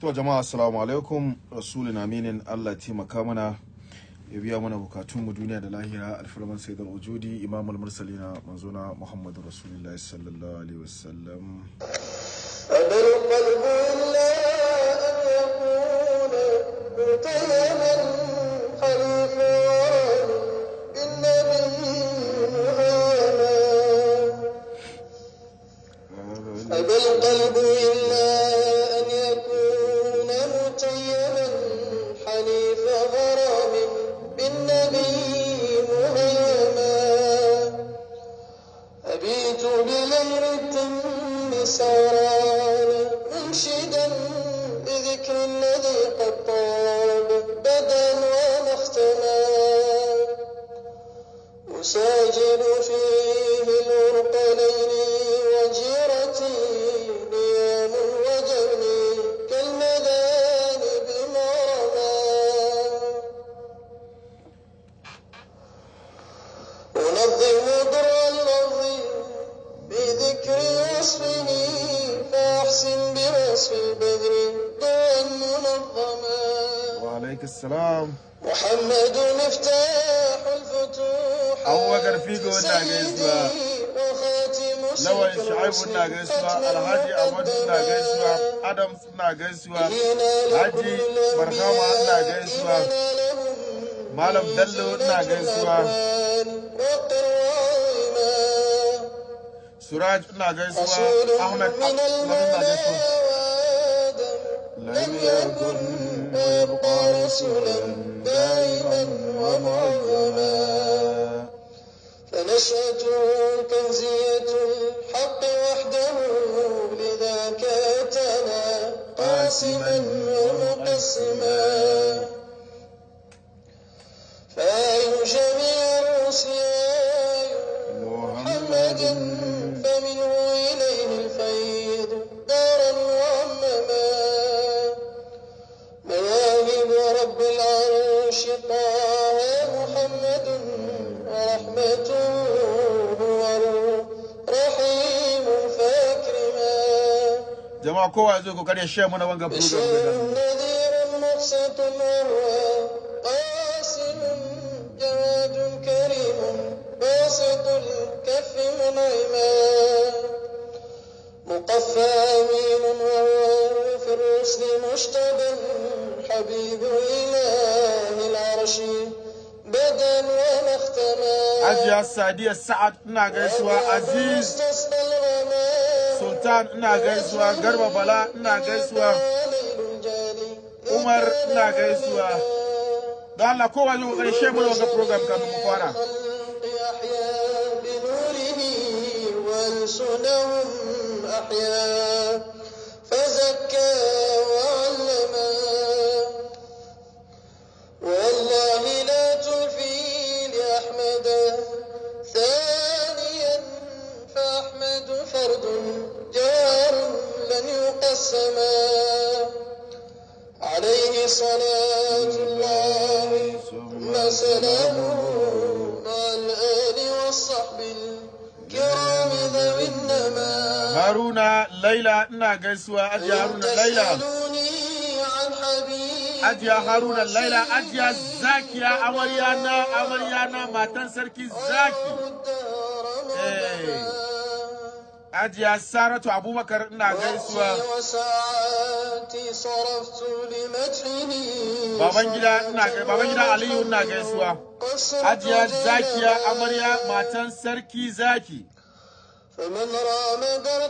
to jama'a assalamu alaikum rasulun aminin allah taimaka mana ya biya mana bukatunmu duniya da lahira alfarman sai dal ujudi imam al-mursalina manzona muhammadu rasulullahi sallallahu alaihi wasallam kowazo kokari ashare mwana wanga program مبسط wanga قاسم جواد كريم باسط الكف منعما مقفى أمين وهو في الرسل مشتبه حبيب العرش بدن ومختما أجي السعدية سعد ناقص وعزيز Sultan ina gaisuwa Garba Bala ina gaisuwa Umar ina gaisuwa don Allah kowa zai kokari mu ga program kafin mu fara فرد سمع السماء عليه صلاة الله ثم سلامه مع الآل والصحب الكرام ذوي النما هارون ليلى إنا قيسوا أجي هارون ليلى ajiya haruna ليلى ajiya zakiya amarya na amarya na matan sarki zaki hey. Hajiya Saratu Abubakar ina gaisuwa. Babangida ina Aliyu ina gaisuwa. Hajiya Zakiya Amarya matan Sarki Zaki.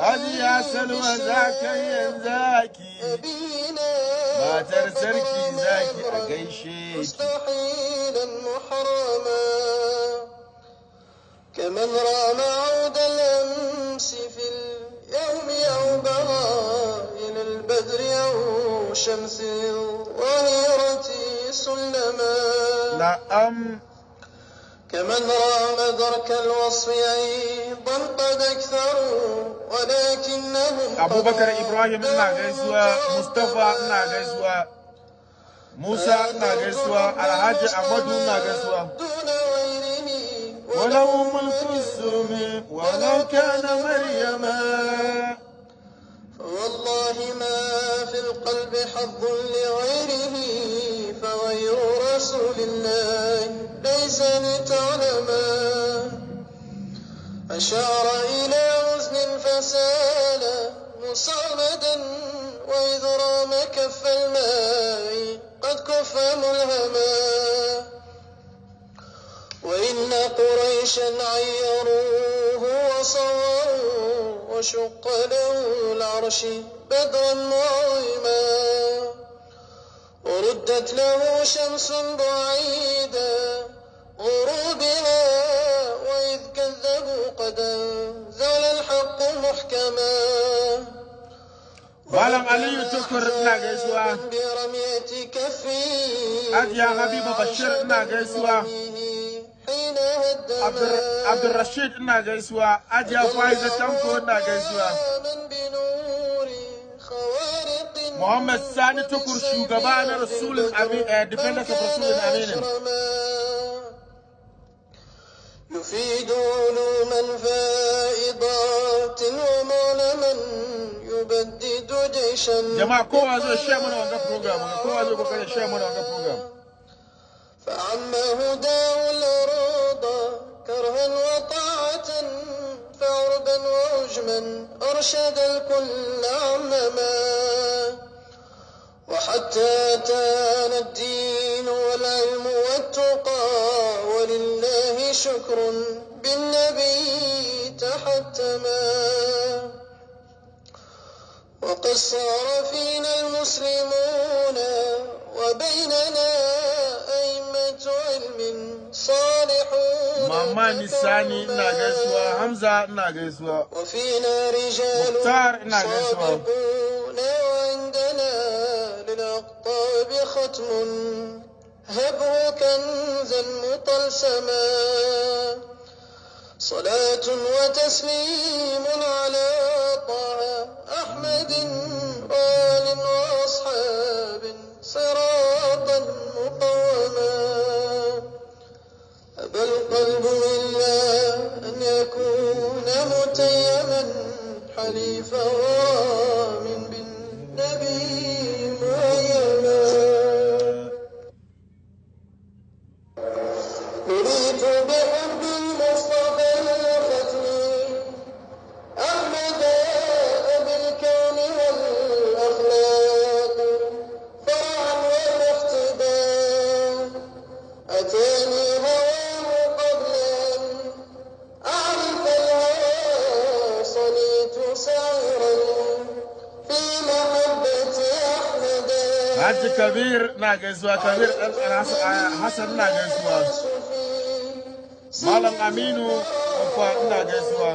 Hajiya Salma Zakayyan Zaki. Matar Sarki Zaki a gaishe. كمن رام عود الأمس في اليوم أو بغى إلى البدر أو شمس الظهيرة سلما نعم كمن رام درك الوصف أيضا قد أكثروا ولكنهم أبو بكر إبراهيم ناقزوا مصطفى ناقزوا موسى ناقزوا الحاج أحمد ناقزوا دون غير ولو ملك السم ولو كان مريما والله ما في القلب حظ لغيره فغير رسول الله ليس لتعلما أشار إلى وزن فسال مصمدا وإذ رام كف الماء قد كف ملهما وإن قريشا عيروه وصوروا وشق له العرش بدرا عظيما وردت له شمس بعيدا غروبها وإذ كذبوا قد أنزل الحق محكما malam aliyu tukur ina gaisuwa adiya habiba بشر ina gaisuwa عبد الرشيد ناجيسوا اجا فايز تنكو ناجيسوا محمد ثاني تكر شوغبان رسول ابي ديفندس اوف آه، رسول امين يفيدون من فائضات ومعنى من يبدد جيشا جماعه كو ازو شيمون اون ذا بروجرام كو ازو كو كان شيمون اون ذا بروجرام فعم هداه الرضا كرها وطاعة فعربا وعجما أرشد الكل عمما وحتى أتانا الدين والعلم والتقى ولله شكر بالنبي تحتما وقد صار فينا المسلمون وبيننا أئمة علم صالحون ماما نساني ناجسوا حمزة ناجسوا وفينا رجال مختار وعندنا للأقطاب ختم هبه كنزا مطلسما صلاة وتسليم على طه أحمد آل وأصحاب صراطا مقوما أبى القلب إلا أن يكون متيما حليفا na gaisuwa kabir hassan na gaisuwa malam aminu ina gaisuwa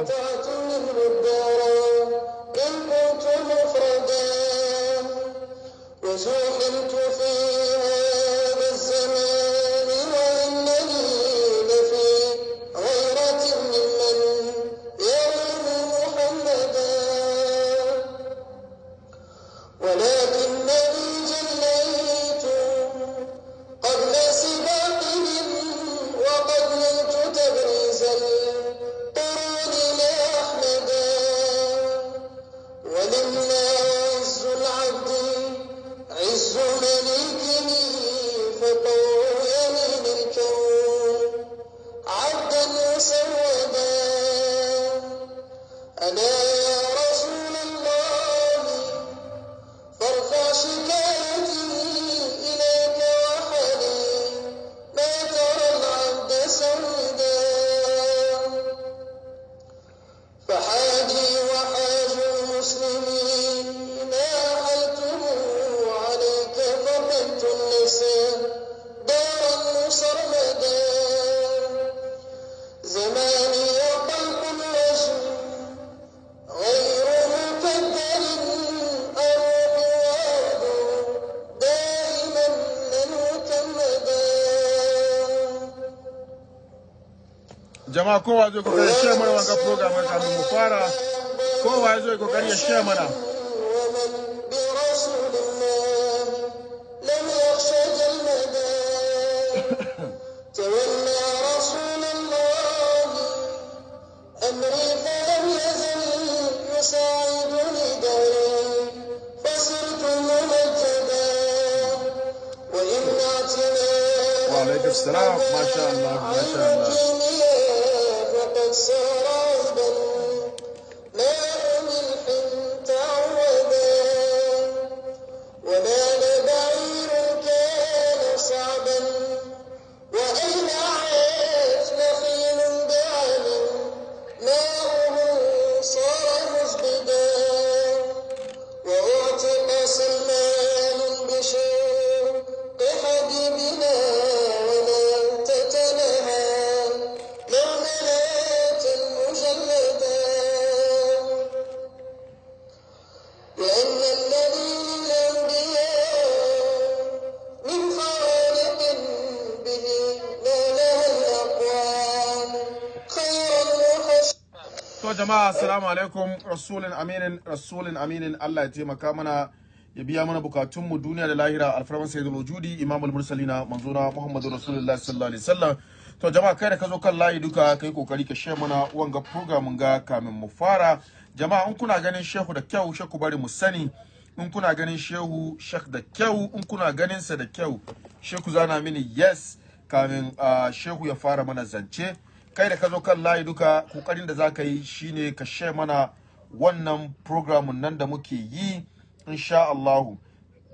rasulin aminin rasulin aminin Allah ya taimaka mana ya biya mana bukatun mu duniya da lahira alfarman sayyidul wujudi imamul mursalina manzona muhammadu rasulullahi sallallahu alaihi wasallam to jama'a kai da kazo kan layi duka kai kokari ka share mana wanga programin ga kamin mu fara jama'a in kuna ganin shehu da kyau shehu bari mu sani in kuna ganin shehu shek da kyau in kuna ganin sa da kyau shehu zana mini yes kamin shehu ya fara mana zance kai da kazo kan layi duka kokarin da zaka yi shine ka share mana wannan programun nan da muke yi insha Allahu.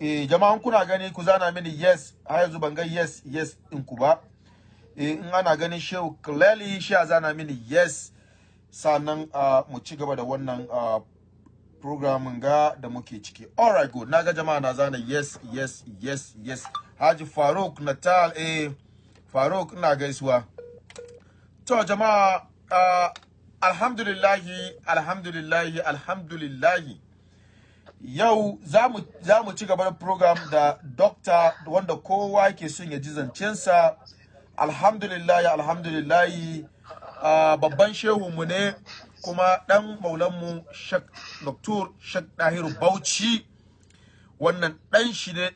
E, eh, jama'an kuna gani ku zana mini yes har yanzu ban ga yes yes din ku ba e in ana ganin shehu clearly shi zana mini yes sannan uh, mu ci gaba da wannan uh, ga da muke ciki All right. good ga jama'a na zana yes yes yes yes Haji Faruk Natal eh Faruk ina gaisuwa to jama'a uh, alhamdulillahi alhamdulillahi alhamdulillahi yau za mu ci gaba da program da dokta wanda kowa ke son ya ji zancensa alhamdulillahi alhamdulillahi uh, babban shehunmu ne kuma ɗan maulanmu shak doktor shak dahiru bauchi wannan ɗan shi ne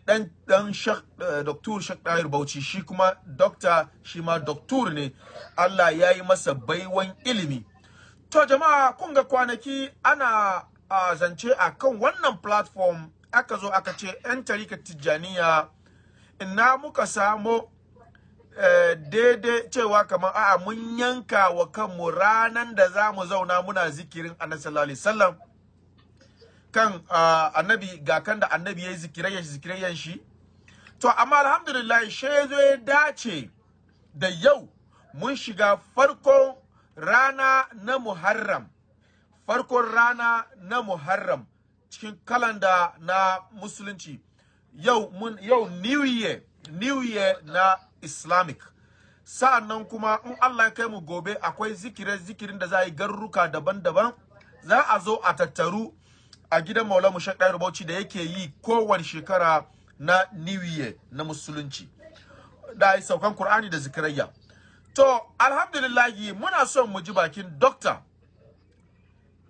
ɗan shak eh, doktor shak dahiru bauchi shi kuma dokta shi ma doktor ne allah ya yi masa baiwan ilimi To jama'a kun ga kwanaki ana uh, zance a kan wannan platform aka zo aka ce 'yan tarika tijjaniya ina muka samo eh, daidai cewa kamar a'a mun yanka wa kanmu ranar da za mu zauna muna zikirin annabi sallallahu alaihi kan uh, annabi ga kan da annabi ya yi zikirayen shi to amma alhamdulillah shezo ya dace da yau mun shiga farkon rana na Muharram farkon rana na Muharram cikin kalanda na musulunci yau mun yau new year new year na islamic sa'annan kuma in Allah ya kai mu gobe akwai zikire zikirin da za a yi garruka daban-daban za a zo a tattaru a gidan Maula Mushak Bauchi da yake yi kowane shekara na new year na musulunci da saukan Qur'ani da zikirayya to alhamdulillahi muna son mu ji bakin doctor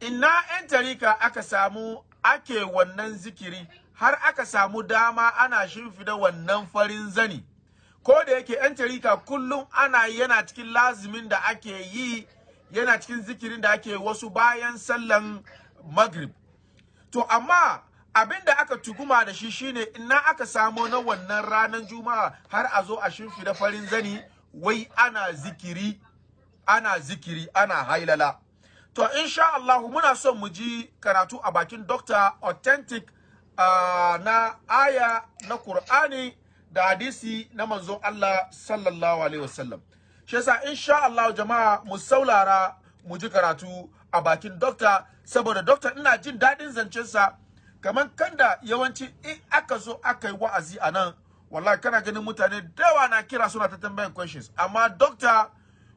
ina yan tarika aka samu ake wannan zikiri har aka samu dama ana shimfida wannan farin zani ko da yake yan tarika kullum ana yana cikin lazimin da ake yi yana cikin zikirin da ake wasu bayan sallan maghrib to amma abin da aka tuguma da shi shine ina aka samo na wannan ranar juma'a har a zo a shimfida farin zani wai ana zikiri ana zikiri ana hailala to insha Allah muna son mu ji karatu a bakin doctor authentic uh, na aya na Qur'ani da hadisi na manzon Allah sallallahu alaihi wasallam shi yasa insha Allah jama'a mu saulara mu ji karatu a bakin doctor saboda doctor ina jin dadin zancensa kaman kanda yawanci in aka zo aka yi wa'azi a nan wallahi kana ganin mutane dawa na kira suna ta tambayan questions amma doctor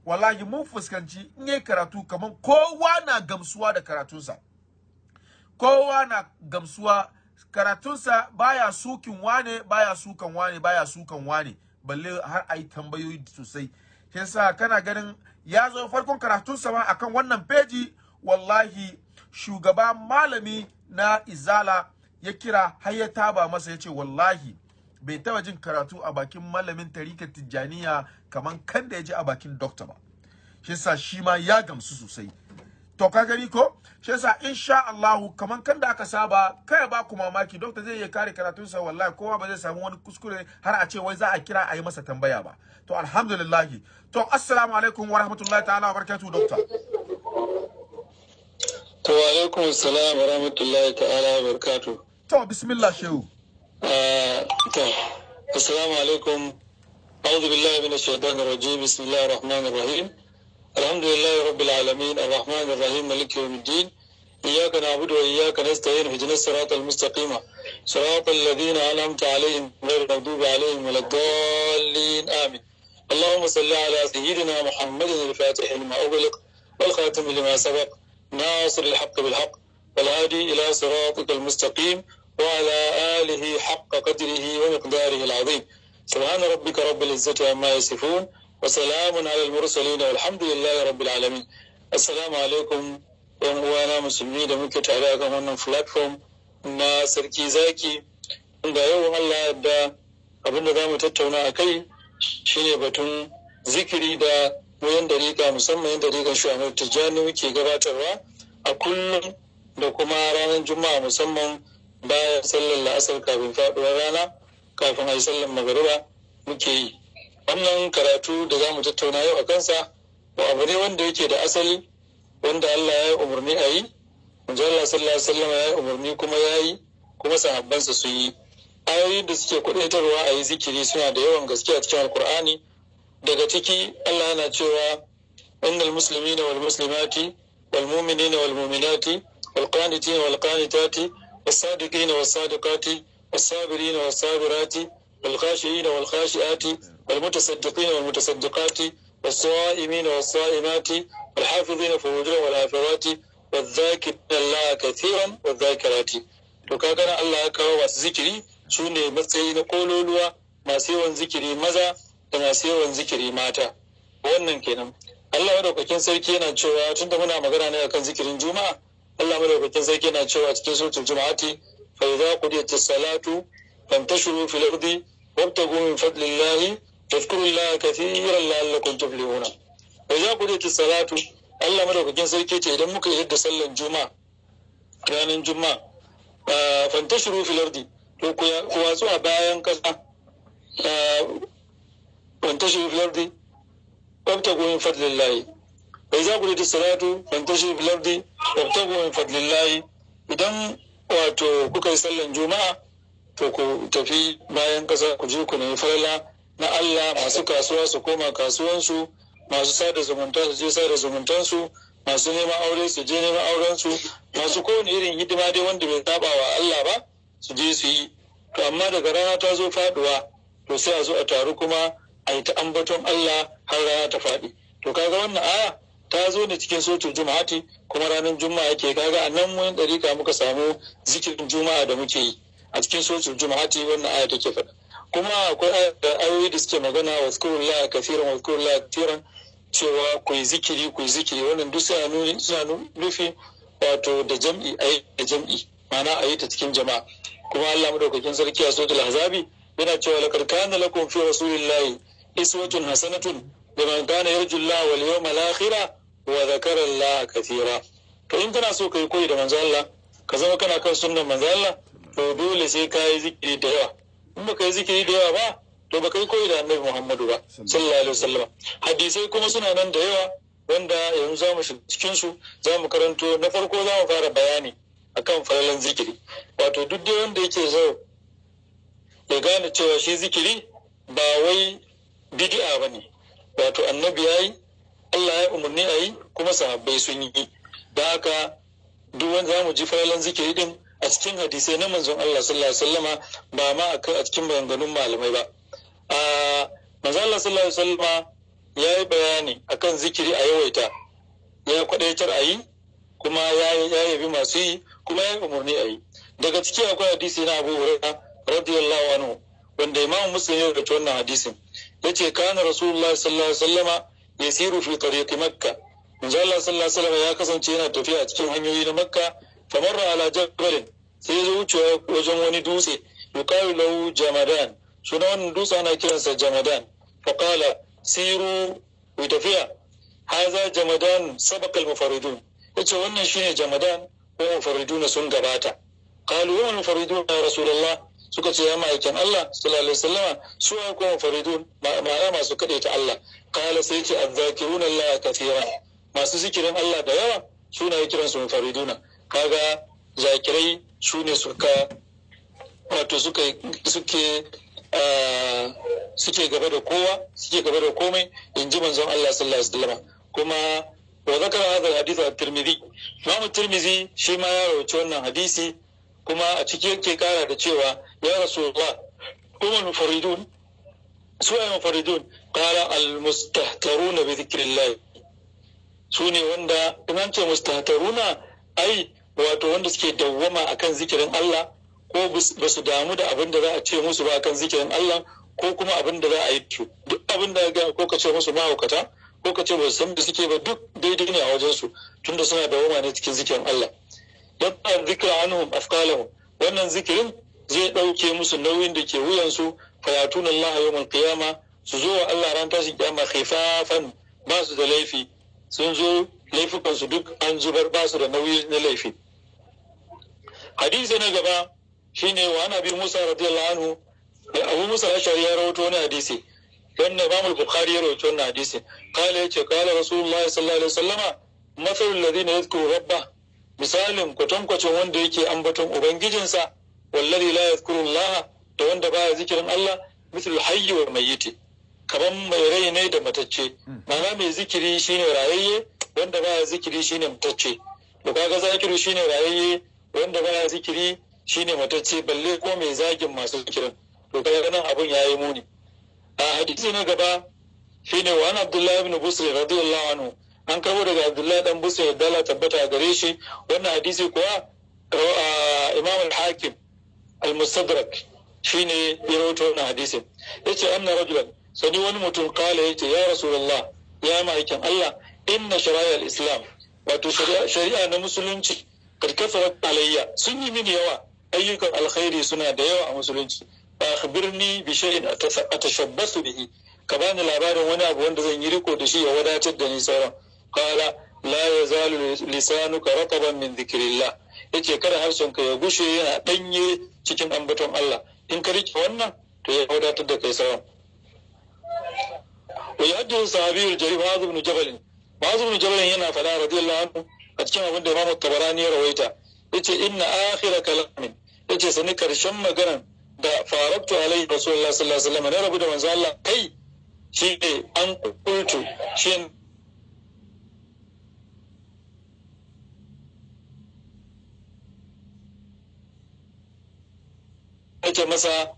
wallahi mun fuskanci in yi karatu kamar kowa na gamsuwa da karatunsa kowa na gamsuwa karatunsa baya sukin wane baya sukan wane baya sukan wane balle har ayi tambayoyi sosai yasa kana ganin ya zo farkon karatunsa ma akan wannan peji wallahi shugaba malami na izala ya kira har ya taba masa ya ce wallahi bai taba jin karatu a bakin malamin tarikar tijjaniya kamar kan da ya ji a bakin dokta ba shi sa shi ma ya gamsu sosai to ka gani ko shi yasa insha Allah kaman kan da aka saba kai ba ku mamaki doctor zai iya kare karatun sa wallahi kowa ba zai samu wani kuskure har a ce wai za a kira a yi masa tambaya ba to alhamdulillah to assalamu alaikum wa rahmatullahi ta'ala wa barakatuhu doctor to alaikum assalam wa rahmatullahi ta'ala wa barakatuhu to bismillah shehu طيب السلام عليكم أعوذ بالله من الشيطان الرجيم بسم الله الرحمن الرحيم الحمد لله رب العالمين الرحمن الرحيم ملك يوم الدين إياك نعبد وإياك نستعين اهدنا الصراط المستقيم صراط الذين أنعمت عليهم غير المغضوب عليهم ولا الضالين آمين اللهم صل على سيدنا محمد الفاتح لما أغلق والخاتم لما سبق ناصر الحق بالحق والهادي إلى صراطك المستقيم وعلى آله حق قدره ومقداره العظيم سبحان ربك رب العزة عما يصفون وسلام على المرسلين والحمد لله رب العالمين السلام عليكم yan uwana musulmi da muke tare kan wannan platform na sarki zaki da yau Allah da abinda za mu tattauna a kai shine batun zikiri da wayan dariƙa musamman yan dariƙa shugaban tijjani muke gabatarwa a kullum da kuma ranar juma'a musamman bayan sallar la'asar kafin faɗuwar rana kafin ayi yi sallar magariba muke yi wannan karatu da za mu tattauna yau a kansa ba abu ne wanda yake da asali wanda Allah ya yi umarni a yi Allah sallallahu alaihi ya yi umarni kuma ya yi kuma sahabbansa su yi ayoyi da suke kudaitarwa a yi zikiri suna da yawan gaske a cikin alkur'ani daga ciki Allah yana cewa innal muslimina wal muslimati wal mu'minina wal mu'minati wal qanitina wal qanitati والصادقين والصادقات والصابرين والصابرات والخاشعين والخاشعات والمتصدقين والمتصدقات والصائمين والصائمات والحافظين فروجهم والحافظات والذاكرين الله كثيرا والذاكرات to ka gana Allah ya kawo masu zikiri su ne matsayi na kololuwa masu yawan zikiri maza da masu yawan zikiri mata wannan kenan Allah madaukakin sarki yana cewa tunda muna magana ne akan zikirin juma'a Allah madaukakin sarki yana cewa cikin suratul juma'ati fa idza qudiyatis salatu fantashiru fil ardi wabtagu min fadlillahi tadhkurullaha kathiran la'allakum tuflihuna fa idza qudiyatis salatu Allah madaukakin sarki ce idan muka yi da sallan juma'a ranar juma'a ah, fantashiru fil ardi to ku watsu a bayan kasa ah, fantashiru fil ardi wabtagu min fadlillahi bai za ku da salatu ban tashi bilardi wabtagu min fadlillahi idan wato kuka yi sallan juma'a to ku tafi bayan kasa ku je ku nemi falala na Allah masu kasuwa su koma kasuwansu masu sada zumunta su je sada zumuntansu masu neman aure su je neman aurensu masu kowane irin hidima dai wanda bai saba wa Allah ba su je su yi to amma daga rana ta zo faɗuwa to sai a zo a taru kuma a yi ta ambaton Allah har rana ta faɗi to kaga wannan aya ta zo ne cikin sotun juma'ati kuma ranar juma'a ke kaga a nan wani ɗarika muka samu zikirin juma'a da muke yi a cikin sotun juma'ati wannan aya take faɗa kuma akwai ayoyi da suke magana wa zkurullah kafiran wa la'a. kafiran cewa ku yi zikiri ku yi zikiri wannan duk suna nuni suna nufi wato da jam'i a yi da jam'i ma'ana a yi ta cikin jama'a kuma Allah madaukakin sarki a sotun hazabi yana cewa laqad kana lakum fi rasulillahi iswatun hasanatun liman kana yarju Allah wal yawm al wa dhakara Allah kathira to in kana so kai koyi da manzo Allah ka zama kana kan sunnan manzo Allah to dole sai ka yi zikiri da yawa in ba ka yi zikiri da yawa ba to baka yi koyi da annabi Muhammadu ba sallallahu alaihi wasallam hadisai kuma suna nan da yawa wanda yanzu za mu cikin su za mu karanto na farko za mu fara bayani akan falalan zikiri wato duk dai wanda yake zo ya gane cewa shi zikiri ba wai bid'a bane wato annabi ya yi Allah ya umarni a yi kuma sahabbai sun yi da haka duk wanda za mu ji falalan zikiri din a cikin hadisai na manzon Allah sallallahu alaihi wasallama ba ma a kai a cikin bayanganun malamai ba a manzon Allah sallallahu alaihi wasallama ya yi bayani akan zikiri a yawaita ya kwadaitar a yi kuma ya yabi masu yi kuma ya umarni a yi daga ciki akwai hadisi na Abu Hurairah radiyallahu anhu wanda imamu Muslim ya rubuta wannan hadisin yace kana rasulullahi sallallahu alaihi wasallama yasiru fi tariqi makka manzo Allah sallallahu alaihi ya kasance yana tafiya a cikin hanyoyi na makka famarra ala jabalin sai ya wuce wajen wani dutse yuqalu lahu jamadan sunan wannan dutse ana kiransa jamadan faqala siru ku tafiya haza jamadan sabaka al-mufaridun yace wannan shine jamadan wa mufaridun sun gabata qalu wa mufaridun ya rasulullah suka ce ya ma'aikin Allah sallallahu alaihi wasallama su an kuma faridun ma'ana masu kaɗai ta Allah kala sai ce azzakirun Allah kafira masu zikirin Allah da yawa suna kiran kiransu mafariduna kaga zakirai su ne suka wato suka suke suke gaba da kowa suke gaba da komai in ji manzon Allah sallallahu alaihi wasallama kuma wa zakara hadha hadith at-tirmidhi Imam at-tirmidhi shi ma ya rawaito wannan hadisi kuma a cikin yake kara da cewa ya rasulullah kuma mufaridun su ai mufaridun qala al mustahtaruna bi dhikrillah su ne wanda in ce mustahtaruna ai wato wanda suke dawwama akan zikirin Allah ko basu damu da abin da za a ce musu ba akan zikirin Allah ko kuma abin da za a yi duk abin da ga ko ka ce musu mahaukata ko ka ce ba san da suke ba duk daidai ne a wajensu tunda suna dawama ne cikin zikirin Allah dan zikra anhum afqalahum wannan zikirin zai ɗauke musu nauyin da ke wuyansu fayatun Allah mai kiyama su zo wa Allah ran tashi kiyama khifafan ba su da laifi sun zo laifukansu duk an zubar ba su da nauyi na laifi hadisi na gaba shine wa ana bi Musa radiyallahu anhu da Abu Musa Ashari ya rawaito wani hadisi dan Imam al-Bukhari ya rawaito wani hadisi kala yace kala Rasulullahi sallallahu alaihi wasallama mathalul ladina yadhkuru rabbah misalin kwatankwacin wanda yake ambaton ubangijinsa wallazi la yazkuru Laha da wanda baya zikirin Allah misal hayyi wa mayyiti kaman mai rai ne da matacce ma'ana mai zikiri shine rayayye wanda baya zikiri shine matacce da kaga zakiru shine rayayye wanda baya zikiri shine matacce balle ko mai zagin masu zikirin to kaga nan abun yayi muni a hadisi na gaba shine wa an Abdullahi ibn Busri radiyallahu anhu an karbo daga Abdullahi dan Busri da Allah tabbata gare shi wannan hadisi kuwa Imam al-Hakim al-mustadrak shine ya rawaito wannan hadisin yace anna rajulan sani wani mutum kala yace ya rasulullah ya ma'aikin Allah inna shari'a islam wato shari'a na musulunci karkafarat alayya sun yi mini yawa ayyukan alkhairi suna da yawa a musulunci ba akhbirni bi shay'in atashabbasu bihi ka bani labarin wani abu wanda zan yi riko da shi ya wadatar da ni sauran qala la yazalu lisanuka rataban min dhikrillah yace kada harshen ka ya gushe yana danye cikin ambaton Allah in ka rike wannan to ya wadatar da kai sawan wa yadda sahabiyul jari Azib ibn Jabal Azib ibn Jabal yana fada radiyallahu anhu a cikin abin da Imam Tabarani ya rawaita yace inna akhira kalamin yace sani karshen maganan da faratu alaihi rasulullah sallallahu alaihi wasallam ne rabu da manzo Allah kai shi ne an kultu shi nake masa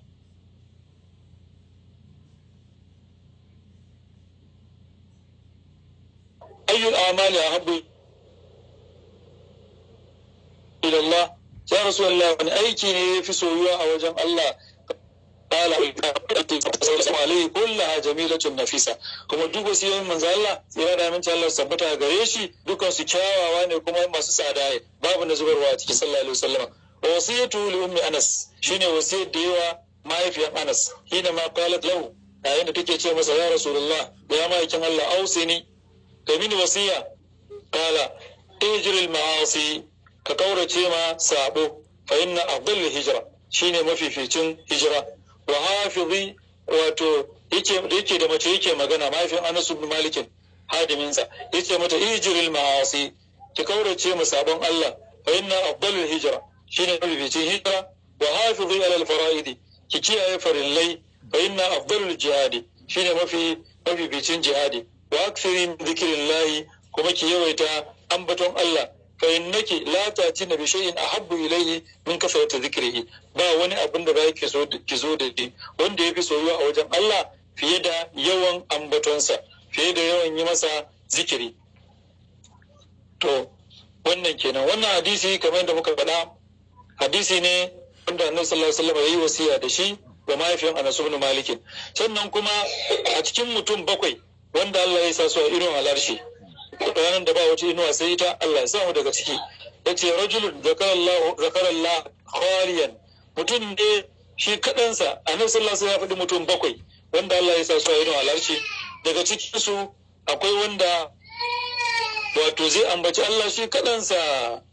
ayyul amali a habbu ilallah ya rasu Allah wani aiki ne ya fi soyuwa a wajen Allah قال alaihi kullaha jamilatun nafisa kuma duk wasiyoyin manzo Allah tsira da aminci Allah sabbata gare shi dukan kyawawa ne kuma masu tsada ne babu na zubarwa a cikin sallallahu wasiyatu li ummi anas shine wasiyar da yawa mahaifiyar anas hina ma qalat lahu yayin da take ce masa ya rasulullah ya ma'aikin Allah ausini ka mini wasiya kala ijril ma'asi ka kaurace ma sabo fa inna afdal hijra shine mafificin hijira wa hafizi wato yake da mace yake magana mahaifin Anas ibn Malik hadiminsa yace mata ijril ma'asi ki kaurace ma sabon Allah fa inna afdal hijra shine mafificin hijira wa zai alal fara'idi ki kiyaye farillai fa inna afdalul jihadi shine mafi mafificin jihadi wa zikirin zikirin kuma ki yawaita ambaton Allah fa innaki la in a shay'in ahabbu ilayhi min kasrati zikiri. ba wani abin da zaki ki zo da shi wanda yafi soyuwa a wajen Allah fiye da yawan ambatonsa fiye da yawan yi masa zikiri to wannan kenan wannan hadisi kamar da muka faɗa hadisi ne wanda annabi sallallahu alaihi wasallam yayi wasiya da shi ga mahaifiyan Anas ibn Malik sannan kuma a cikin mutum bakwai wanda Allah ya sa su a irin alarshi ranar da ba wata inuwa sai ita Allah ya samu daga ciki yace rajulun zakarallahu zakarallahu khaliyan mutum ne shi kadansa annabi sallallahu alaihi wasallam ya faɗi mutum bakwai wanda Allah ya sa su a irin alarshi daga cikin su akwai wanda wato zai ambaci Allah shi kadansa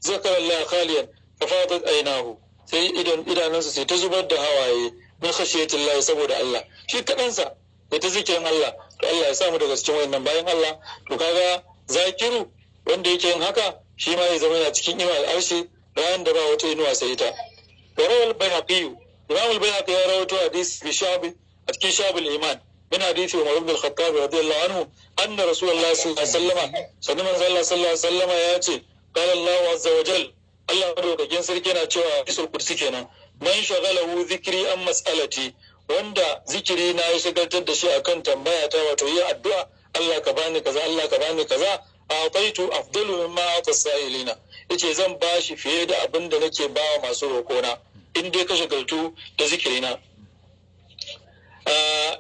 zakarallahu khaliyan fatat ainahu sai idan idanansa sai ta zubar da hawaye min Allah saboda Allah shi kadansa sai ta zikirin Allah to Allah ya samu daga cikin wayannan bayan Allah to kaga zakiru wanda yake yin haka shi ma ya zama yana cikin ima al'arshi bayan da ba wata inuwa sai ita to rawal bayhaqi imam al-bayhaqi ya rawato hadis bi shabi a cikin al iman من حديث عمر بن الخطاب رضي الله عنه أن رسول الله صلى الله عليه وسلم سلم الله صلى الله عليه ya ce قال الله عز وجل Allah madaukakin sarki yana cewa isul kursi kenan man hu zikri an mas'alati wanda zikiri na ya shagaltar da shi akan tambaya ta wato yi addu'a Allah ka bani kaza Allah ka bani kaza a ataitu afdalu mimma atasailina yace zan bashi fiye da abin da nake bawa masu roƙona in dai ka shagaltu da zikirina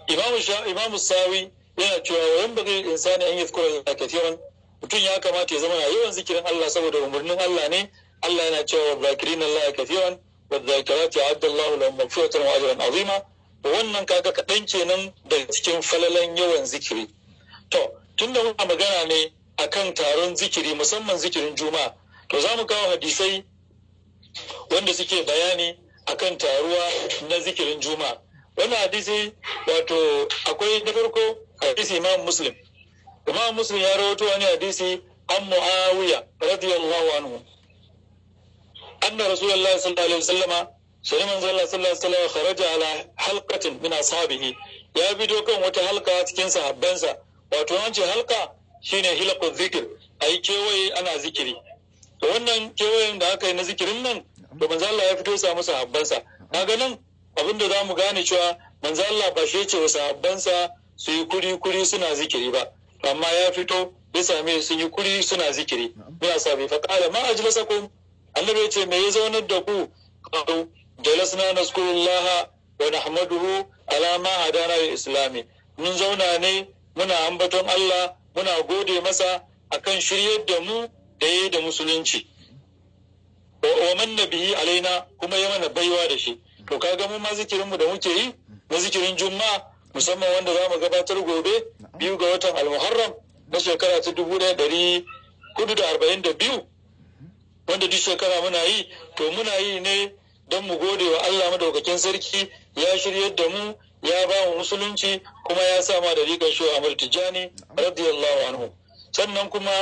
imamu imamu sawi yana cewa yan bagi insani an yi yadhkura kathiran mutum ya kamata ya zama yawan zikirin Allah saboda umurnin Allah ne Allah yana cewa zakirin Allah kafiran wa zakirati adda Allah lahum maghfiratan wa ajran azima wannan kaga kaɗan kenan da cikin falalan yawan zikiri to tunda muna magana ne akan taron zikiri musamman zikirin juma'a to za mu kawo hadisai wanda suke bayani akan taruwa na zikirin juma'a wannan hadisi wato akwai na farko hadisi imam muslim imam muslim ya rawaito wani hadisi an muawiya radiyallahu anhu أن رسول الله صلى الله عليه وسلم شريم الله ya bido kan wata halka cikin sahabbansa wato an ce halka shine hilaqu dhikr ai kewaye ana zikiri wannan kewayen da aka yi na zikirin nan to manzo Allah ya fito samu sahabbansa kaga abin da zamu gane cewa manzo Allah ba shi yace wa sahabbansa su yi kuri kuri suna zikiri ba amma ya fito ya same su yi kuri suna zikiri ya sabi fa qala annabi ya ce me ya zaunar da ku qalu jalasna naskurullaha wa nahmaduhu alama hadana da islami mun zauna ne muna ambaton Allah muna gode masa akan shiryar da mu da ya da musulunci wa man nabihi alaina kuma ya mana baiwa da shi to kaga mu ma zikirin mu da muke yi na zikirin juma'a musamman wanda za mu gabatar gobe biyu ga watan almuharram na shekara ta dubu ɗaya ɗari hudu da arba'in da biyu wanda duk shekara muna yi to muna yi ne don mu gode wa Allah madaukakin sarki ya shiryar da mu ya ba mu musulunci kuma ya sa ma da rigar shi Amir Tijani radiyallahu anhu sannan kuma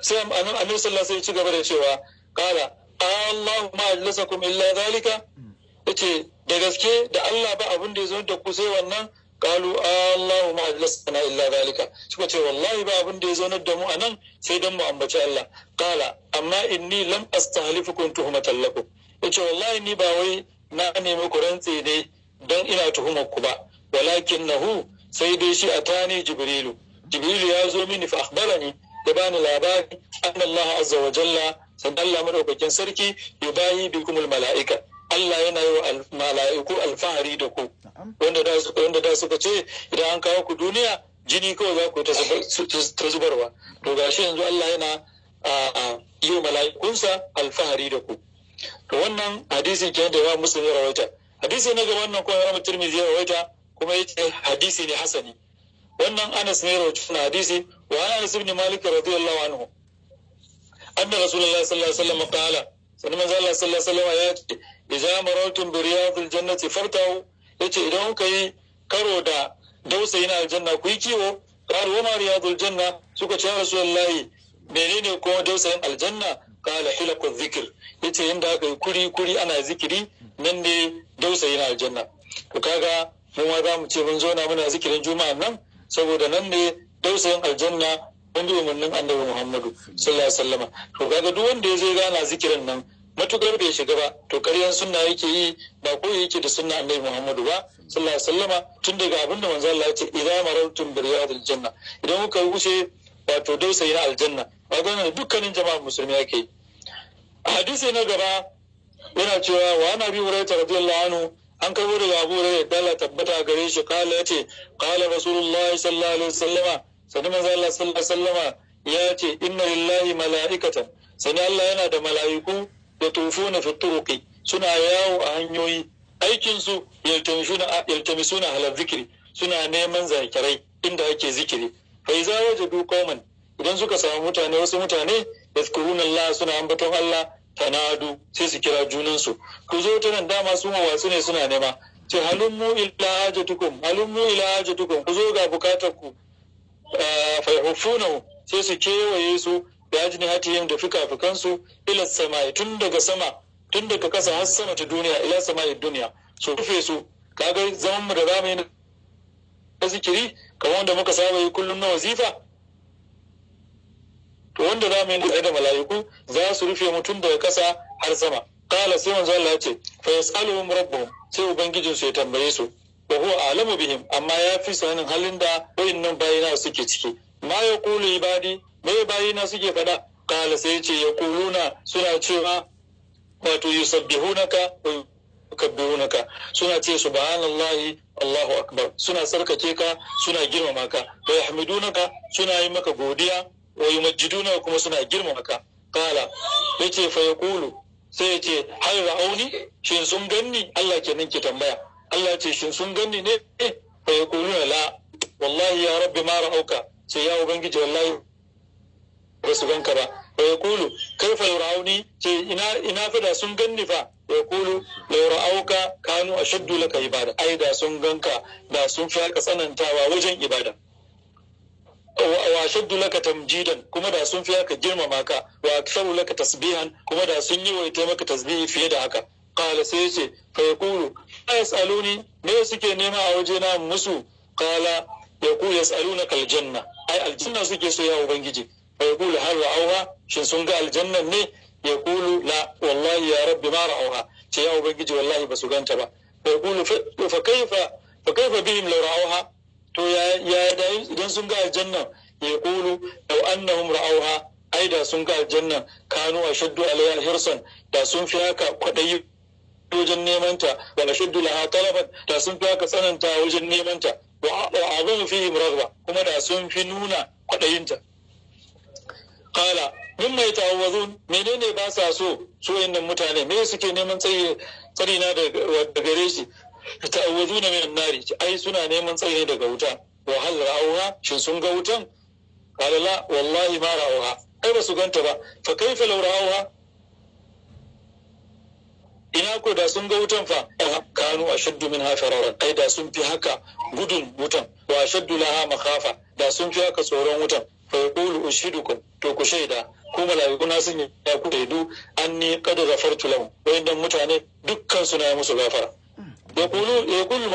sai Amir sallallahu alaihi ci gaba da cewa kala Allahu ma ajlasakum illa zalika hmm. yace da gaske da Allah ba abin da ya zo da ku sai wannan Kalu Allahu ma ajlasana illa zalika suka ce wallahi ba abin da ya zaunar da mu anan sai dan mu ambaci Allah qala amma inni lam astahlifukum tuhmatan lakum yace wallahi ni ba wai na nemi ku rantse ne dan ina tuhumar ku ba walakin nahu sai dai shi atani jibrilu jibrilu ya zo mini fa akhbarani ya bani labari anna Allah azza wa jalla san Allah madaukakin sarki yubayi bikumul mala'ika Allah yana yi wa mala'iku alfahari da ku wanda da suka ce idan an kawo ku duniya jini kawai za ku ta zubarwa to gashi yanzu Allah yana yi wa mala'ikunsa alfahari da ku to wannan hadisin kenan da ya musulmi rawaita hadisi na gaba wannan kuma ya tirmidhi rawaita kuma ya ce hadisi ne hasani wannan anas ne rawaita na hadisi wa ana anas ibn malik radiyallahu anhu anna rasulullahi sallallahu alaihi wasallam qala Sani manzo Allah sallallahu alaihi wasallam ya ce idza marartum bi riyadil jannati fartahu ya ce idan kuka yi karo da dausayi na aljanna ku yi kiwo ƙaru wa mariya janna suka ce mene menene kuma dausayin aljanna hila hilakun zikir ya ce inda aka yi kuri kuri ana zikiri nan ne yin aljanna ku kaga mu ma za mu ce mun zo na muna zikirin juma'a nan saboda nan ne dausayin aljanna wanda umarnin annabi muhammadu sallallahu alaihi wasallama to kaga duk wanda ya zo gana zikirin nan matukar bai shiga ba to ƙaryan sunna yake yi ba ko yake da sunna annabi Muhammadu ba sallallahu alaihi wasallama tun daga abin da manzo Allah ya ce idza marartum bi riyadil janna idan kuka wuce wato dausayi na aljanna ba ga dukkanin jama'a musulmi yake hadisi na gaba yana cewa wa ana bi hurairah radiyallahu anhu an karbo daga abu hurairah da Allah tabbata gare shi kala yace kala rasulullahi sallallahu alaihi wasallama sanin manzo Allah sallallahu alaihi wasallama ya ce inna lillahi mala'ikatan sani Allah yana da mala'iku da tufuna na fituruki suna yawo a hanyoyi aikinsu suna halar zikiri suna neman zakirai inda ake zikiri fai za waje dukoman idan suka samu mutane wasu mutane da Allah suna ambaton Allah tanadu sai su kira junansu ku zo ta dama su mawasu ne suna nema ce halummu ila hajatukum halummu ila ajatukum ku zo ga bukatar ku ah, fa sai su kewaye su hati yin da fikafikansu ila samai tun daga sama tun daga kasa har sama ta duniya ila samai duniya su rufe su kaga zaman mu da zamu yi na zikiri kamar wanda muka saba yi kullum na wazifa to wanda zamu yi da mala'iku za su rufe mu tun daga kasa har sama kala sai manzo Allah ya ce fa yasaluhum rabbuhum sai ubangijinsu ya tambaye su wa huwa alamu bihim amma ya fi sanin halin da wayannan bayina suke ciki ma yaqulu ibadi bayi na suke faɗa kala sai ce ya kuluna suna cewa wato hunaka kabbi hunaka suna ce subhanallahi Allahu akbar suna sarkake ka suna girmama ka wa yahmidunaka suna yi maka godiya wa yumajjiduna kuma suna girmama ka kala yace fa yaqulu sai yace hal ra'auni shin sun ganni Allah kenan ke tambaya Allah ce shin sun ganni ne eh fa yaquluna la wallahi ya rabbi ma auka. sai ya ubangiji wallahi ba su ganka ba wa ya kulu kai fa ce ina ina fa da sun ganni fa ya kulu la yarawka kanu ashaddu laka ibada ai da sun ganka da sun fi haka tsanantawa wajen ibada wa shaddu laka tamjidan kuma da sun fi haka girmama ka wa la laka tasbihan kuma da sun yi waita maka tasbihi fiye da haka qala sai yace fa yaqulu yasaluni me suke nema a waje na musu qala yaqulu yasalunaka aljanna ai aljanna suke so ya ubangiji fa yaqulu hal shin sun ga aljanna ne yaqulu la wallahi ya rabbi ma ra'awha ce ya ubangiji wallahi ba su ganta ba fa yaqulu fa kaifa fa kaifa bihim law to ya ya idan sun ga aljanna yaqulu law annahum ra'awha ai da sun ga aljanna kanu ashaddu alayha hirsan da sun fi haka kwadayi wajen nemanta wa ashaddu laha talaban da sun fi tsananta wajen nemanta wa abun kuma da sun fi nuna kwadayinta kala min mai ta'awazun menene ba sa so su wayannan mutane me suke neman tsaye tsari na daga gare shi ta'awazuna min nari ai suna neman tsaye daga wuta wa hal shin sun ga wutan kala la wallahi ma ra'awha ai ba su ganta ba fa kaifa law ina ko da sun ga wutan fa kanu ashaddu min hafararan ai da sun fi haka gudun wutan wa ashaddu laha makhafa da sun fi haka tsoron wutan fa yaqulu ko to ku shaida ku mala'iku na sun ya ku anni qad ghafartu lahum mutane dukkan su na musu gafara yaqulu yaqulu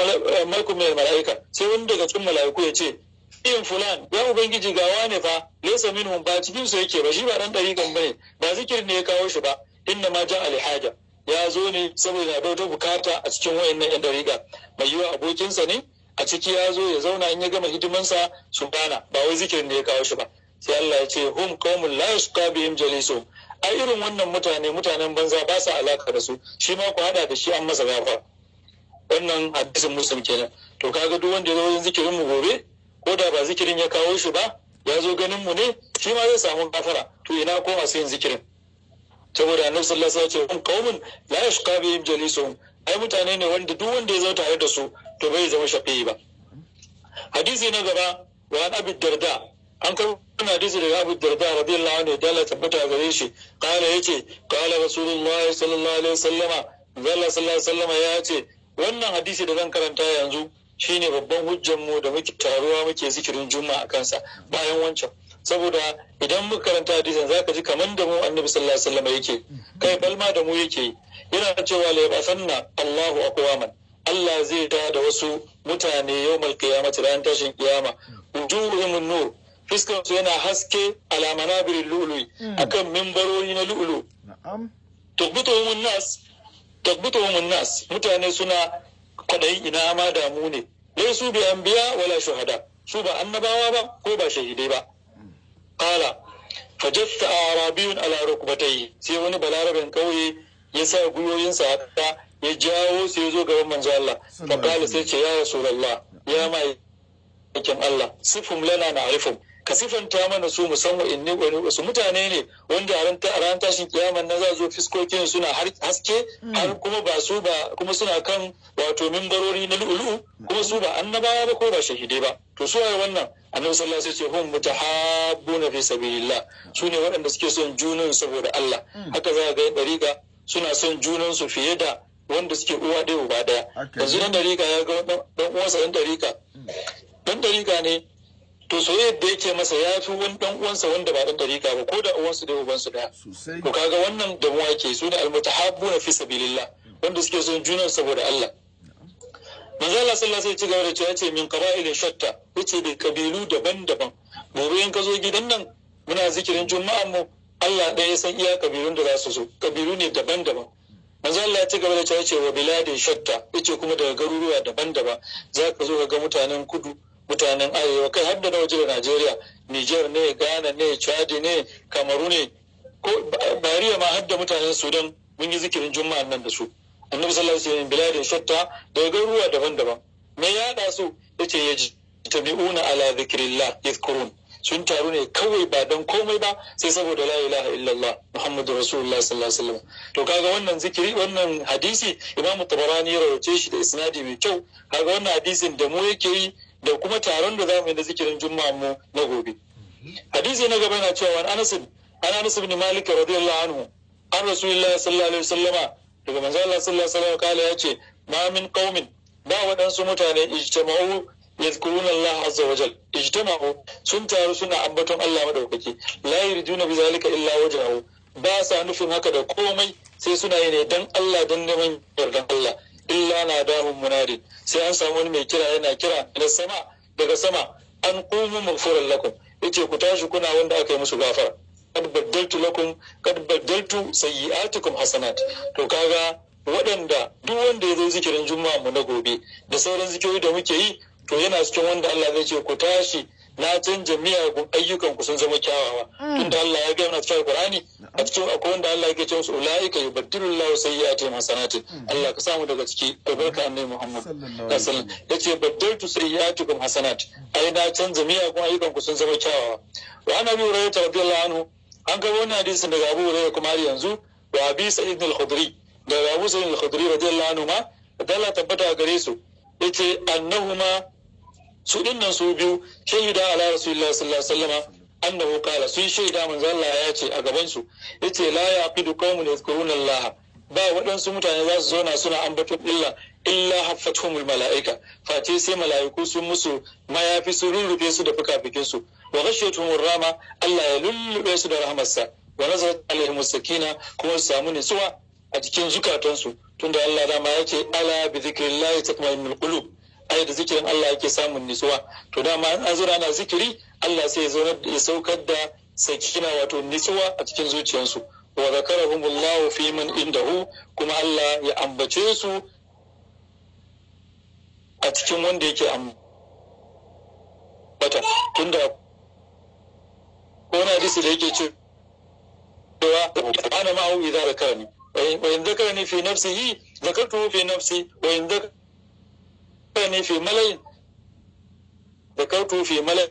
malakun mai mala'ika sai wani daga cikin mala'iku ya ce in fulan ya ubangiji gawa ne fa laysa minhum ba cikin su yake ba shi ba dan dariƙan bane ba zikirin ne ya kawo shi ba inna ma ja'a haja. ya zo ne saboda da wata bukata a cikin wayannan yan dariƙa mai yiwa abokinsa ne a ciki ya zo ya zauna in ya gama hidimansa su bana ba wai zikirin da ya kawo shi ba sai Allah ya ce hum qaumun la yusqa bihim jalisu a irin wannan mutane mutanen banza ba sa alaka da su shi ma ku hada da shi an masa gafa wannan hadisin muslim kenan to kaga duk wanda ya zo zikirin mu gobe ko da ba zikirin ya kawo shi ba ya zo ganin mu ne shi ma zai samu gafara to ina koma yin zikirin saboda annabi sallallahu alaihi wasallam ya ce hum qaumun la yashqa bihim jalisuhum ai mutane ne wanda duk wanda ya zo tare da su to bai zama shafe ba hadisi na gaba wa an abi darda an kai wannan hadisi daga abi darda radiyallahu anhu Allah tabbata gare shi qala yace qala rasulullahi sallallahu alaihi wasallama zalla sallallahu alaihi wasallama ya ce wannan hadisi da zan karanta yanzu shine babban hujjar mu da muke taruwa muke zikirin juma'a a kansa bayan wancan saboda idan muka karanta hadisin zaka ji kaman da mu annabi sallallahu alaihi wasallama yake kai balma da mu yake yana cewa la sannan. Allahu akwaman Allah zai ta da wasu mutane yau qiyamati ran tashin kiyama wujuhum nur fiskan su yana haske alamana birin lu'lu'i hmm. akan mimbarori na lu'lu tabbatuhum nas nas mutane suna kwadayin ina ma damu ne su bi anbiya wala shuhada su ba annabawa ba ko ba shahidai ba qala fajatta arabiyun ala rukbatayhi sai wani balaraben kauye ya sa gwiwoyinsa haka ya jawo su ya zo gaban manzo Allah fa sai ce ya rasulullah ya mai aikin Allah sifum lana na na'rifum ka sifanta mana su musamman inni wani su mutane ne wanda a ran tashin kiyaman nan za zo fiskokin suna haske mm. har kuma ba su ba kuma suna kan wato mimbarori na lu'u kuma su ba annabawa ba ko ba shahidai ba to su waye wannan annabi sallallahu alaihi wasallam hum mutahabbuna fi sabilillah su ne waɗanda suke son junan saboda Allah mm. haka za ga dariga suna son junansu fiye da wanda suke uwa ɗaya uba daya. yanzu dan dariƙa ya ga dan uwansa dan dariƙa dan hmm. dariƙa ne to soyayyar da yake masa ya fi wani dan uwansa wanda ba dan dariƙa ba ko da uwansu da ubansu daya to kaga wannan damuwa yake su ne almutahabbuna fi sabilillah wanda suke son junan saboda Allah manzo Allah sallallahu alaihi wasallam ya ci gaba da cewa ce min qaba'ilin shatta yace da kabilu daban-daban gobe in ka zo gidan nan muna zikirin juma'an mu Allah ɗaya ya san iya kabilun da za su zo kabilu ne daban-daban manzo Allah ya gaba da cewa cewa biladin shatta yace kuma daga garuruwa daban-daban za ka zo ka ga mutanen kudu mutanen arewa kai har da na waje da Najeriya Niger ne Ghana ne Chad ne Kamaru ne ko bariya ma har da mutanen Sudan mun yi zikirin Juma'a nan da su annabi sallallahu alaihi wasallam biladin shatta daga garuruwa daban-daban me ya da su yace yaji tabi'una ala zikrillah yadhkurun sun taru ne kawai ba dan komai ba sai saboda la ilaha illallah muhammadu rasulullah sallallahu alaihi wasallam to kaga wannan zikiri wannan hadisi imam tabarani ya rawace shi da isnadi mai kyau kaga wannan hadisin da mu yake yi da kuma taron da zamu yi da zikirin juma'a mu na gobe hadisi na gaba yana cewa anas an anas ibn malik radiyallahu anhu an rasulullah sallallahu alaihi wasallam daga manzo Allah sallallahu alaihi wasallam kala yace ma min qaumin ba waɗansu mutane ijtama'u yadhkuruna Allah azza wa jal ijtama'u sun taru suna ambaton Allah maɗaukaki la yarjuna bi zalika illa wajhahu ba sa nufin haka da komai sai suna yi ne dan Allah dan neman yardan Allah illa na dahun munadi sai an samu wani mai kira yana kira da sama daga sama an qumu maghfuran lakum yace ku tashi kuna wanda aka yi musu gafara kad baddaltu lakum kad baddaltu sayyi'atukum hasanat to kaga waɗanda duk wanda ya zo zikirin juma'a mu na gobe da sauran zikiyoyi da muke yi to yana cikin wanda Allah zai ce ku tashi na canja miyagun ayyukan ku sun zama kyawawa mm. tunda Allah ya ga yana cikin Qur'ani a cikin akwai wanda Allah yake cewa ulaika yubaddilullahu sayyi'atihim hasanati mm. Allah ka samu daga ciki ka ka annabi Muhammad sallallahu yace baddaltu sayyi'atukum hasanat ai na canja miyagun ayyukan ku sun zama kyawawa wa annabi Hurairah radiyallahu anhu an ga wannan hadisin daga Abu Hurairah kuma har yanzu wa bi Sa'id al-Khudri daga Abu Sa'id al-Khudri radiyallahu anhu ma da Allah tabbata gare su yace annahuma su dinnan su biyu shaida ala rasulullahi sallallahu alaihi wasallam annahu qala sun shaida manzo Allah ya ce a gaban su yace la yaqidu qawmun yadhkuruna Allah ba waɗansu mutane za su zauna suna ambata illa illa haffatuhumul mala'ika fati sai mala'iku sun musu mayafi su rurrufe su da fuka fukafikin su wa ghashiyatuhumur rama Allah ya lullube su da rahmarsa wa nazarat alaihim sakina kuma su samu nutsuwa a cikin zukatansu tunda Allah dama yace ala bi dhikrillahi tatma'innul qulub ai da zikirin Allah yake samun nutsuwa to dama an zura na zikiri Allah sai ya saukar da sakina wato nutsuwa a cikin zuciyarsu wa zakarahumullahu fi man indahu kuma Allah ya ambace su a cikin wanda yake ambata tunda ko na hadisi da yake ce cewa ana ma'au idza zakarani wa in zakarani fi nafsihi zakartu fi nafsi wa in zakarani ne fi malayin da kautu fi malayin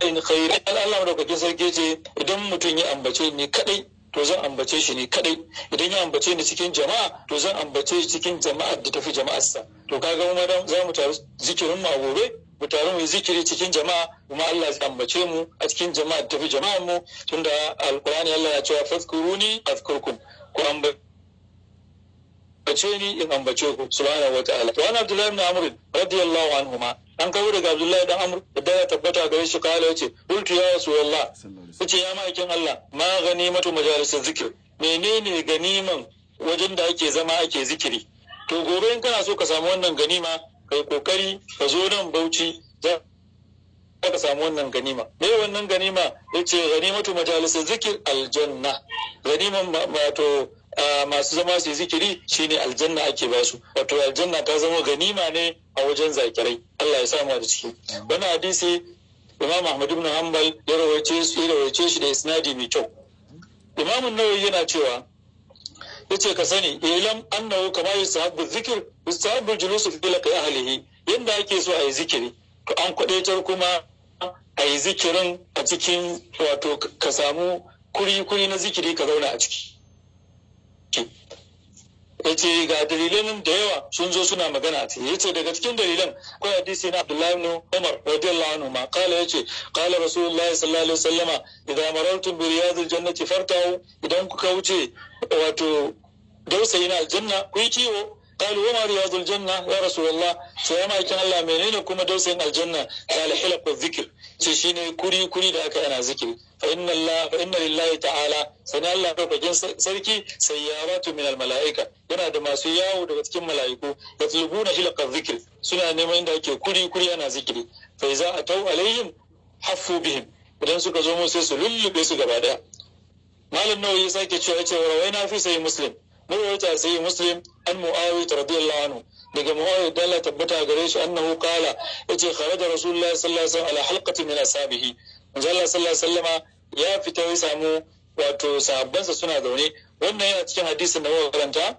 in khairi Allah madaukakin sarki ce idan mutum ya ambace ni kadai to zan ambace shi ne kadai idan ya ambace ni cikin jama'a to zan ambace shi cikin jama'a da tafi jama'arsa to kaga mu za mu taru zikirin mu gobe mu taru mu zikiri cikin jama'a kuma Allah ya ambace mu a cikin jama'a da tafi jama'a mu tunda alqur'ani Allah ya ce fazkuruni azkurkum ku ambace ambace ni in ambace ku subhanahu wa ta'ala To ana abdullahi ibn amr radiyallahu ma. an kawo daga abdullahi dan amr da ya tabbata gare shi kala yace qultu ya rasulullah kace ya ma'aikin Allah ma ganimatu majalisar zikir menene ganiman wajen da ake zama ake zikiri to gobe in kana so ka samu wannan ganima kai kokari ka zo nan Bauchi za ka samu wannan ganima me wannan ganima yace ganimatu majalisar zikir aljanna ganiman wato masu zama su zikiri shine aljanna ake ba su wato aljanna ta zama ganima ne a wajen zakirai Allah ya sa mu da ciki wannan hadisi Imam Ahmad ibn Hanbal ya rawace su ya shi da isnadi mai kyau Imam Nawawi yana cewa yace ka sani ilam annahu kama yusahabu zikr yusahabu julusu fi laqi ahlihi yanda ake so a yi zikiri to an kwadaitar kuma a yi zikirin a cikin wato ka samu kuri kuri na zikiri ka zauna a ciki ya ce ga dalilan da yawa sun zo suna magana ta ya ce daga cikin dalilan akwai hadisi na abdullahi ibn umar radiyallahu anhu ma kala ya ce kala rasulullahi sallallahu alaihi wasallama idan marartum bi riyadil jannati fartahu idan kuka wuce wato dausayi na aljanna ku yi kiwo قالوا وما رياض الجنة يا رسول الله سيما كان الله منين كما دوسين الجنة قال حلق zikir. ce shine kuri kuri da aka yana zikiri fa inna lillahi ta'ala sanan Allah bakin sarki sayyaratu min almalaika yana da masu yawo daga cikin malaiku yatlubuna hilqa zikir suna neman inda ake kuri kuri yana zikiri fa iza atau alaihim hafu bihim idan suka zo mu sai su lullube su gaba daya malam nawawi ya sake cewa cewa wai na fi sayi muslim mu rawaita sayi muslim an muawiya radiyallahu anhu daga da Allah tabbata gare shi annahu kala yace kharaja rasulullahi sallallahu alaihi wasallam ala halqati min ashabihi manzo Allah sallallahu alaihi wasallama ya fita ya samu wato sa suna zaune wannan yana cikin hadisin da muka karanta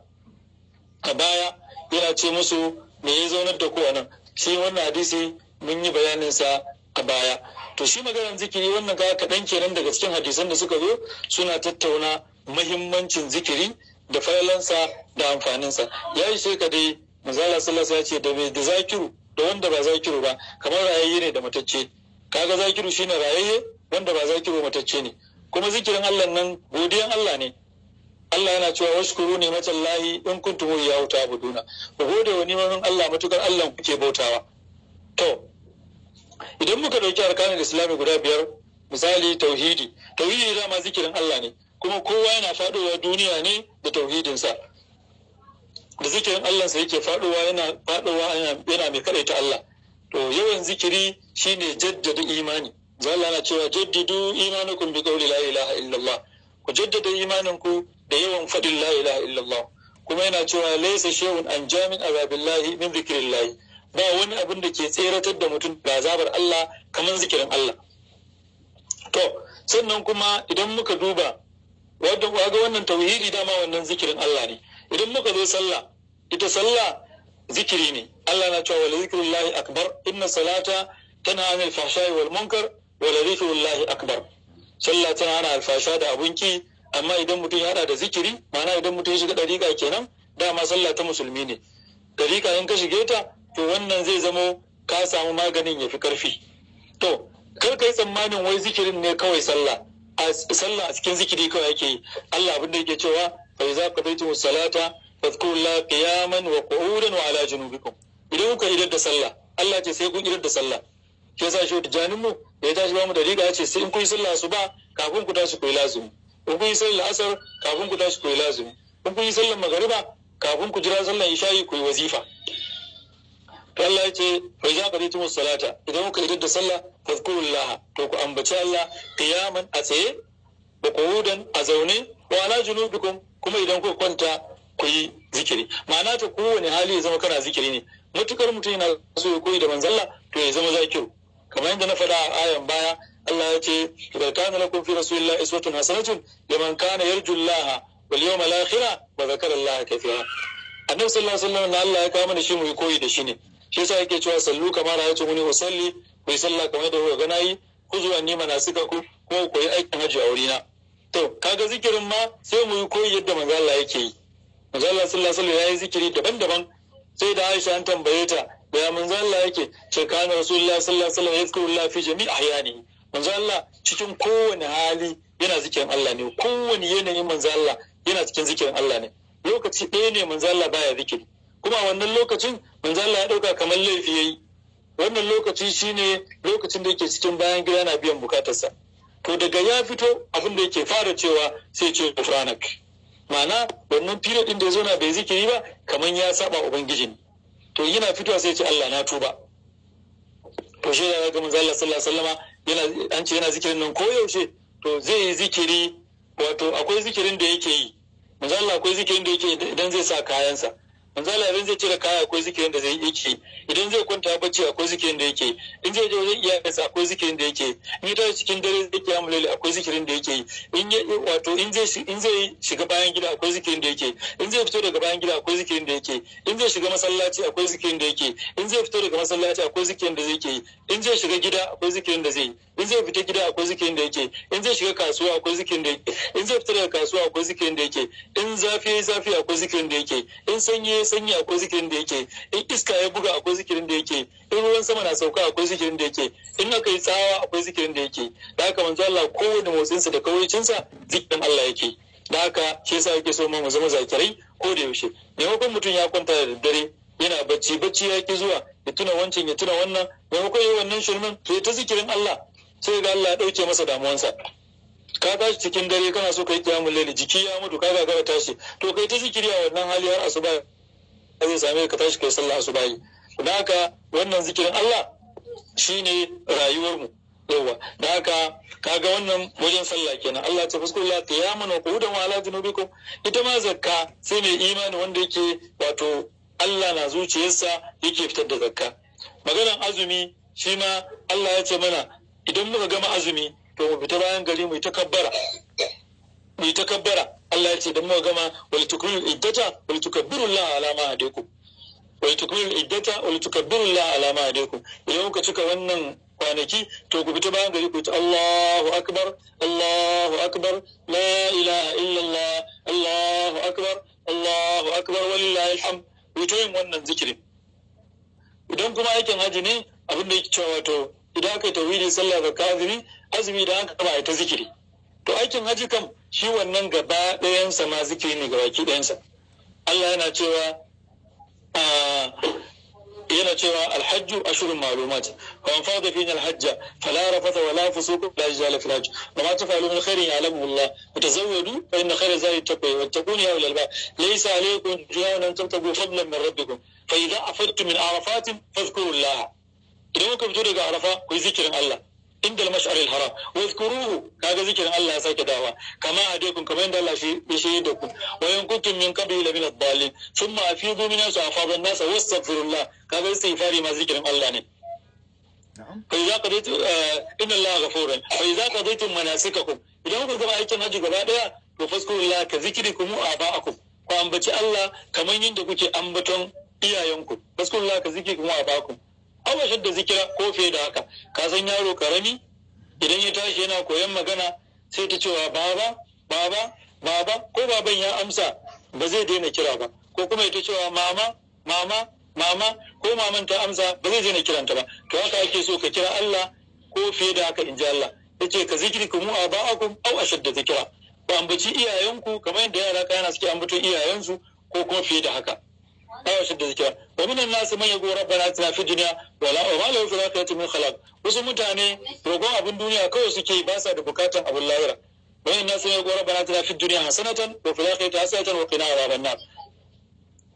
a baya yana ce musu me ya zaunar da ku anan shi wannan hadisi mun yi bayanin sa a baya to shi maganar zikiri wannan ga kaɗan kenan daga cikin hadisan da suka zo suna tattauna mahimmancin zikiri da falalansa da amfaninsa ya yi sheka dai mazala sallallahu ya ce da mai da zakiru da wanda ba zakiru ba kamar rayayye ne da matacce kaga zakiru shine rayayye wanda ba zakiru matacce ne kuma zikirin Allah nan godiyan Allah ne Allah yana cewa washkuru ne matallahi in kuntum ya wuta buduna ku gode wa nimamin Allah matukar Allah ke bautawa to idan muka dauki arkanin islami guda biyar misali tauhidi tauhidi zama zikirin Allah ne kuma kowa yana faɗowa duniya ne da tauhidinsa da zikirin Allah sa yake faduwa yana faduwa yana mai ta Allah to yawan zikiri shine jaddada imani Allah na cewa jaddidu imanukum bi qawli la ilaha illallah ku jaddada imaninku da yawan faɗin la ilaha illallah kuma yana cewa laisa shay'un an jamin azabillahi min zikirillahi ba wani abin da ke tseratar da mutum da azabar Allah kamar zikirin Allah to sannan kuma idan muka duba wadda ga wannan tauhidi dama wannan zikirin Allah ne idan muka zo sallah ita sallah zikiri ne Allah na cewa wala akbar inna salata tana hana alfasha wal munkar wala lahi akbar sallah tana hana alfasha da abunki amma idan mutum ya hada da zikiri ma'ana idan mutum ya shiga dariƙa kenan dama sallah ta musulmi ne dariƙa in ka shige ta to wannan zai zamo ka samu maganin ya fi karfi to kar ka yi tsammanin wai zikirin ne kawai sallah sallah a cikin zikiri kawai yake Allah abin da yake cewa fa idza qadaytum salata fadhkurullaha Kiyaman, wa qu'udan wa ala junubikum idan kuka idar da sallah Allah ce sai kun idar da sallah shi yasa shi tijanin mu da ya tashi ba mu da riga ce sai in kun yi sallah su ba kafin ku tashi ku yi lazumi in kun yi sallah asar kafin ku tashi ku yi lazumi in kun yi sallah magariba kafin ku jira sallah isha'i ku yi wazifa Allah ya ce fa idza qadaytum salata idan kuka idar da sallah fadhkurullaha to ku ambaci Allah qiyaman a tsaye da kowudan a zaune wa ala junubikum kuma idan ku kwanta ku yi zikiri ma'ana ta kowane hali ya zama kana zikiri ne matukar mutum yana so ya koyi da manzalla to ya zama zakiru kamar yadda na faɗa a ayan baya Allah ya ce da kana lakum fi rasulillahi iswatun hasanatun liman kana yarju Allah wal al akhir wa zakara Allah kafira annabi sallallahu alaihi wasallam Allah ya kawo mana shi mu koyi da shi ne shi yasa yake cewa sallu kamar ce muni usalli ku yi sallah kamar da kuka ga nayi ku zuwa ni mana ku kuma ku yi aikin haji a wurina to kaga zikirin ma sai mu yi koyi yadda Manzala yake yi Manzala sun sallallahu alaihi yi zikiri daban-daban sai da Aisha an tambaye ta da ya Allah yake ce kana rasulullahi sallallahu alaihi wasallam yazkurullah fi jami'i ya ne. Manzala cikin kowane hali yana zikirin Allah ne kowane yanayin Manzala yana cikin zikirin Allah ne lokaci ɗaya ne Manzala baya zikiri kuma wannan lokacin Manzala ya ɗauka kamar laifi ya yi. wannan lokaci shine lokacin da yake cikin bayan gida yana biyan bukatarsa to daga ya fito abin da yake fara cewa sai ce ranak ma'ana wannan period din da ya na bai zikiri ba kamar ya saba ubangiji to yana fitowa sai ce Allah na tuba to shi da ga manzo Allah sallallahu alaihi yana an ce yana zikirin nan ko yaushe to zai yi zikiri wato akwai zikirin da yake yi manzo Allah akwai zikirin da yake idan zai sa kayansa manzo Allah abin zai cire kaya akwai zikirin da zai yake idan zai kwanta bacci akwai zikirin da yake in zai je wajen iyayensa akwai zikirin da yake in ya tashi cikin dare zai kiya mulali akwai zikirin da yake in ya wato in zai in zai shiga bayan gida akwai zikirin da yake in zai fito daga bayan gida akwai zikirin da yake in zai shiga masallaci akwai zikirin da yake in zai fito daga masallaci akwai zikirin da zai ke in zai shiga gida akwai zikirin da zai in zai fita gida akwai zikirin da yake in zai shiga kasuwa akwai zikirin da yake in zai fita daga kasuwa akwai zikirin da yake in zafi zafi akwai zikirin da yake in sanyi ya sanyi akwai zikirin da yake in iska ya buga akwai zikirin da yake in ruwan sama na sauka akwai zikirin da yake in aka yi tsawa akwai zikirin da yake da haka manzo Allah kowane motsinsa da kawaicinsa zikirin Allah yake da haka shi yasa yake so mu zama zakirai ko da yaushe maimakon mutum ya kwanta da daddare yana bacci bacci ya ki zuwa ya tuna wancan ya tuna wannan maimakon yi wannan shirmin to ya ta zikirin Allah sai ga Allah ya dauke masa damuwansa ka tashi cikin dare kana so ka yi kiyamun laili jiki ya mutu ka gara tashi to kai ta zikiri a wannan hali har asuba zai same ka tashi kai sallah asubahi da haka wannan zikirin Allah shine rayuwarmu yawa da haka kaga wannan wajen sallah kenan Allah ta fuskul la qiyaman wa qu'udan wa ala junubikum ita ma zakka sai mai imani wanda yake wato Allah na zuciyarsa yake fitar da zakka maganan azumi shi ma Allah ya ce mana idan muka gama azumi to mu fita bayan gari mu yi takabbara mu yi takabbara Allah ya ce da muka gama wal tukmilul iddata wal tukabbirullah ala ma hadaykum wal tukmilul iddata wal tukabbirullah ala ma hadaykum idan kuka cika wannan kwanaki to ku fita bayan gari ku ta Allahu akbar Allahu akbar la ilaha illallah Allahu akbar Allahu akbar walillahi alhamd ku ta yin wannan zikirin idan kuma aikin haji ne abin da yake cewa to idan aka yi tawhidi sallah ga kazini azumi da aka ba ta zikiri to aikin haji kam shi wannan gaba ɗayansa ma zikiri ne gabaki ɗayansa Allah yana cewa yana cewa alhajju ashurun malumat fa man farada fihi alhajja fala rafatha wala fusuqa wala jidala fil hajj wa ma taf'alu min khairin ya'lamu Allah wa tazawwadu fa inna khayra zadi at-taqwa wa taquni ya ulil albab laysa alaykum junahun an tabtagu fadlan min rabbikum fa idha afadtum min arafatin fadhkuru Allah idan kuka fito daga arafa ku yi zikirin Allah inda al-mash'ar al-haram kuruhu zkuruhu kaga zikirin Allah ya sake dawa kama dekun kamar yadda Allah shi bishi da ku wa in kuntum min qabli la min ad-dallin thumma afidu min as-afad an-nas wastaghfirullah kaga fari ma zikirin Allah ne فإذا قضيتم إن الله غفور فإذا قضيتم مناسككم idan kuka كما aikin haji gaba daya to fazkurullaha ka zikrikum aba'akum ku ambaci Allah kamar yadda kuke ambaton iyayenku fazkurullaha ka ba ku. aw ashadda zikira ko fiye da haka ka san yaro karami idan ya tashi yana koyon magana sai ta cewa baba baba baba ko baban ya amsa ba zai daina kira ba ko kuma ita cewa mama mama mama ko maman ta amsa ba zai daina kiranta ba to haka ake so ka kira Allah ko fiye da haka inji Allah yace ka zikiri mu aba'akum aw ashadda zikira ku ambaci iyayenku kamar yadda yara kana suke ambaton iyayensu ko kuma fiye da haka aya shidda zikira wa minan nasu man yago rabbana atina fid dunya wa wala wa lahu fil akhirati min khalaq wasu mutane rogon abin duniya kawai suke ba sa da bukatan abin lahira wa minan nasu man yago rabbana atina fid dunya hasanatan wa fil akhirati hasanatan wa qina adhaban nar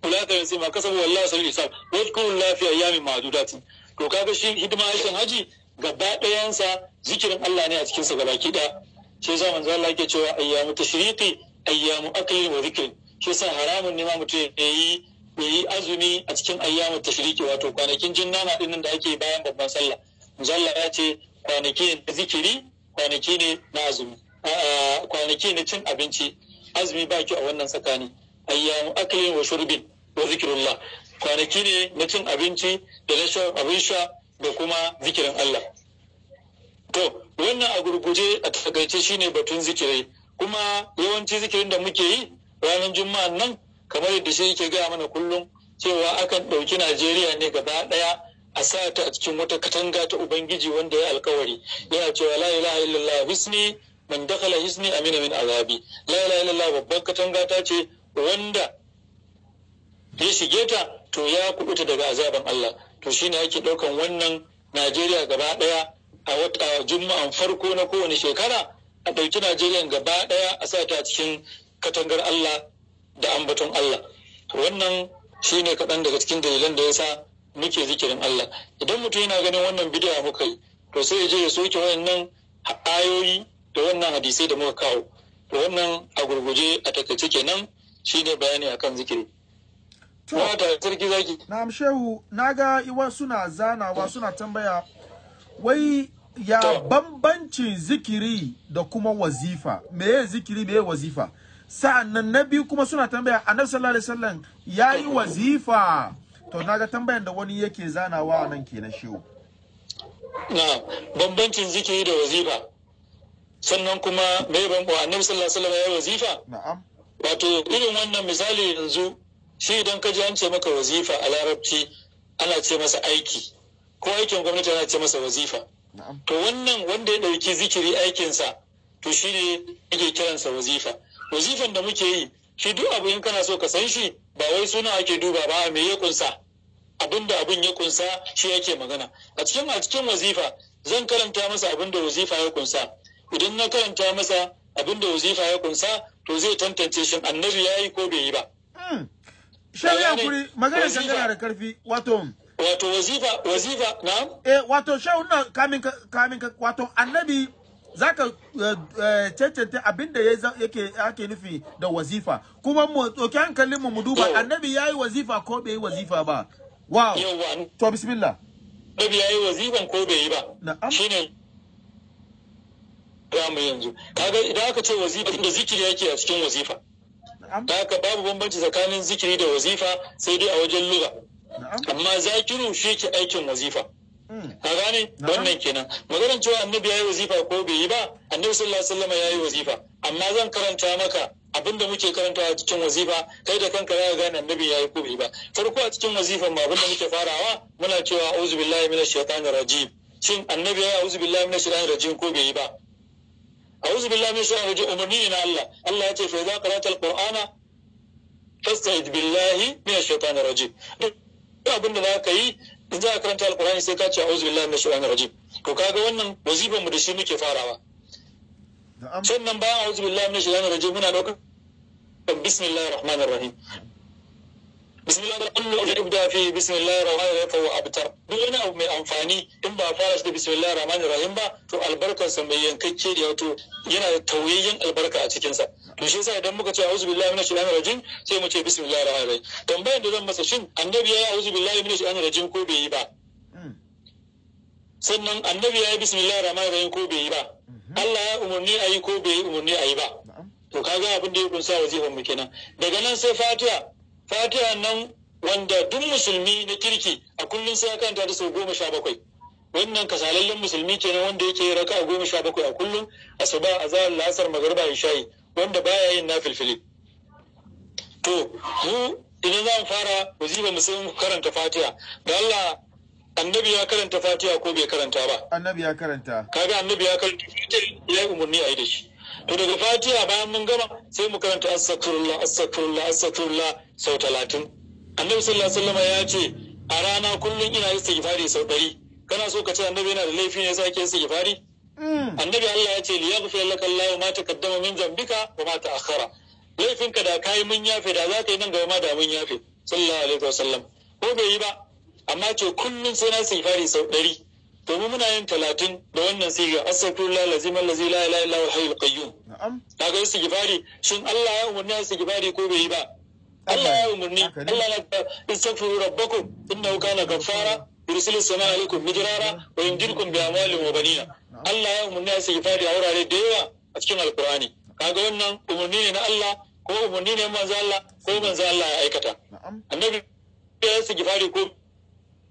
ulaka yanzu ma kasabu wallahi sallallahu alaihi wasallam wa zkurullahi fi ayyamin ma'dudatin to kaga shi hidima aikin haji gaba ɗayansa zikirin Allah ne a sa gaba kiɗa? da shi yasa manzo Allah yake cewa ayyamu tashriqi ayyamu yi wa zikrin shi yasa haramun ne ma mutum ya yi ya yi azumi a cikin ayyamu tashiriki wato kwanakin jinnana dinnan da ake bayan babban sallah zalla ya ce kwanaki ne zikiri kwanaki ne na azumi kwanaki ne cin abinci azumi ba a wannan tsakani ayyamu yi wa shurbin wa zikirullah kwanaki ne na cin abinci da na abin sha da kuma zikirin Allah to wannan a gurguje a takaice shine batun zikirai kuma yawanci zikirin da muke yi ranar juma'a nan kamar yadda shi yake gaya mana kullum cewa akan ɗauki najeriya ne gaba ɗaya a sa ta a cikin wata katanga ta ubangiji wanda ya alkawari yana cewa la ilaha illallah hisni man dakhala hisni amina min azabi la ilaha illallah babban katanga ta ce wanda ya shige ta to ya kubuta daga azaban Allah to shine ake ɗaukan wannan Najeriya gaba ɗaya a wata juma'an farko na kowane shekara a ɗauki Najeriya gaba ɗaya a sa ta cikin katangar Allah da ambaton Allah wannan shine kaɗan daga cikin dalilan da ya sa muke zikirin Allah idan mutum yana ganin wannan bidiyo muka yi to sai ya je ya soke wayannan ayoyi da wannan hadisai da muka kawo to wannan a gurguje a takaice kenan shine bayani akan zikiri to sarki zaki na shehu naga iwa suna zanawa suna tambaya wai ya bambancin zikiri da kuma wazifa meye zikiri me wazifa sa'annan na biyu kuma suna tambaya annabi sallallahu alaihi wasallam yayi wazifa to naga tambayan da wani yake zanawa nan kenan shehu na bambancin zikiri da wazifa sannan kuma mai ban annabi sallallahu alaihi wasallam yayi wazifa na'am wato irin wannan misali yanzu shi idan ka ji an ce maka wazifa a larabci ana ce masa aiki ko aikin gwamnati ana ce masa wazifa to wannan wanda ya ɗauki zikiri aikinsa to shi ne yake kiransa wazifa wazifan da muke yi shi duk abu in kana so ka san shi ba wai suna ake duba ba me ya kunsa abin da abin ya kunsa shi yake magana a cikin a cikin wazifa zan karanta masa abin da wazifa ya kunsa idan na karanta masa abin da wazifa ya kunsa to zai tantance shin annabi ya yi ko bai yi ba hmm. shari'a kuri magana gana da karfi wato wato wazifa wazifa na eh wato shehu na kamin kamin wato annabi zaka eh, eh, cancanta abinda yake ake nufi da wazifa kuma mu ɗauki hankalin mu mu duba annabi yayi wazifa ko bai yi wazifa ba wow to bismillah annabi yayi wazifan ko bai yi ba na'am shine mu yanzu kaga idan aka ce wazifa inda zikiri yake a cikin wazifa da aka babu bambanci tsakanin zikiri da wazifa sai dai a wajen lura amma zakiru shi yake aikin wazifa ka gane wannan kenan maganar cewa annabi ya yi wazifa ko bai yi ba annabi sallallahu alaihi wasallam ya yi wazifa amma zan karanta maka abin da muke karanta a cikin wazifa kai da kanka za ka gane annabi ya yi ko bai ba farko a cikin wazifa ma abin da muke farawa muna cewa auzu billahi minash shaitani rajim shin annabi ya auzu billahi minash shaitani rajim ko bai yi ba auzu billahi minash shaitani rajim umarni na Allah Allah ya ce fa idza qara'ta alqur'ana qurana fasta'id billahi minash shaitani rajim duk abin da za ka yi in za a karanta alkur'ani sai ka ce a uzu billahi minash wani rajim ka kaga wannan wazifan mu da shi muke farawa sannan bayan uzu billahi shi wani rajim muna ɗaukar bismillahir rahmanir rahim bismillah da kullu wani ibda fi bismillah rahman rahim wa abtar duk wani abu mai amfani in ba fara shi da bismillah rahman rahim ba to albarkar sa mai yankakke da wato yana da tauyayyen albarka a cikinsa to shi yasa idan muka ce a'udhu billahi minash shaitanir rajim sai mu ce bismillah rahman rahim tambayar da zan masa shin annabi ya yi a'udhu billahi minash shaitanir rajim ko bai yi ba sannan annabi ya yi bismillah rahman rahim ko bai yi ba mhm. Allah ya umarni a yi ko bai yi umarni a yi ba to kaga abin da ya kunsa wazifar mu kenan daga nan sai fatiha fatiha nan wanda duk musulmi na kirki a kullum sai ya kanta da sau goma sha bakwai wannan kasalallen musulmi kenan wanda yake raka a goma sha bakwai a kullum a ba a lasar magarba magariba shayi wanda baya yin nafilfili to mu idan za mu fara wazifa mu sun karanta fatiha da Allah annabi ya karanta fatiha ko bai karanta ba annabi ya karanta kaga annabi ya karanta fatiha ya umurni a yi da shi to daga Fatiya bayan mun gama sai mu karanta Asakurullah Asakurullah Asakurullah sau talatin annabi sallallahu alaihi wasallam ya ce a rana kullum ina istighfari sau ɗari kana so ka ce annabi yana da laifi ne yasa ake istighfari mm. annabi Allah ya ce liyaghfir laka Allahu ma taqaddama min dhanbika wa ma ta'akhkhara laifinka da kai mun yafe da za ka yi nan gaba ma da mun yafe sallallahu alaihi wasallam ko bai yi ba amma ce kullum sai na istighfari sau ɗari domin muna yin talatin da wannan siga astaghfirullah lazim allazi la ilaha illa huwa hayyul qayyum na ga istighfari shin Allah ya umarni istighfari ko bai yi ba Allah ya umarni Allah na istaghfiru rabbakum innahu kana ghaffara yursilu sama alaikum mijrara wa yumdidukum bi amwalin wa banina Allah ya umarni istighfari a wurare da yawa a cikin alqur'ani kaga wannan umarni ne na Allah ko umarni ne manzo Allah ko manzo Allah ya aikata annabi ya su istighfari ko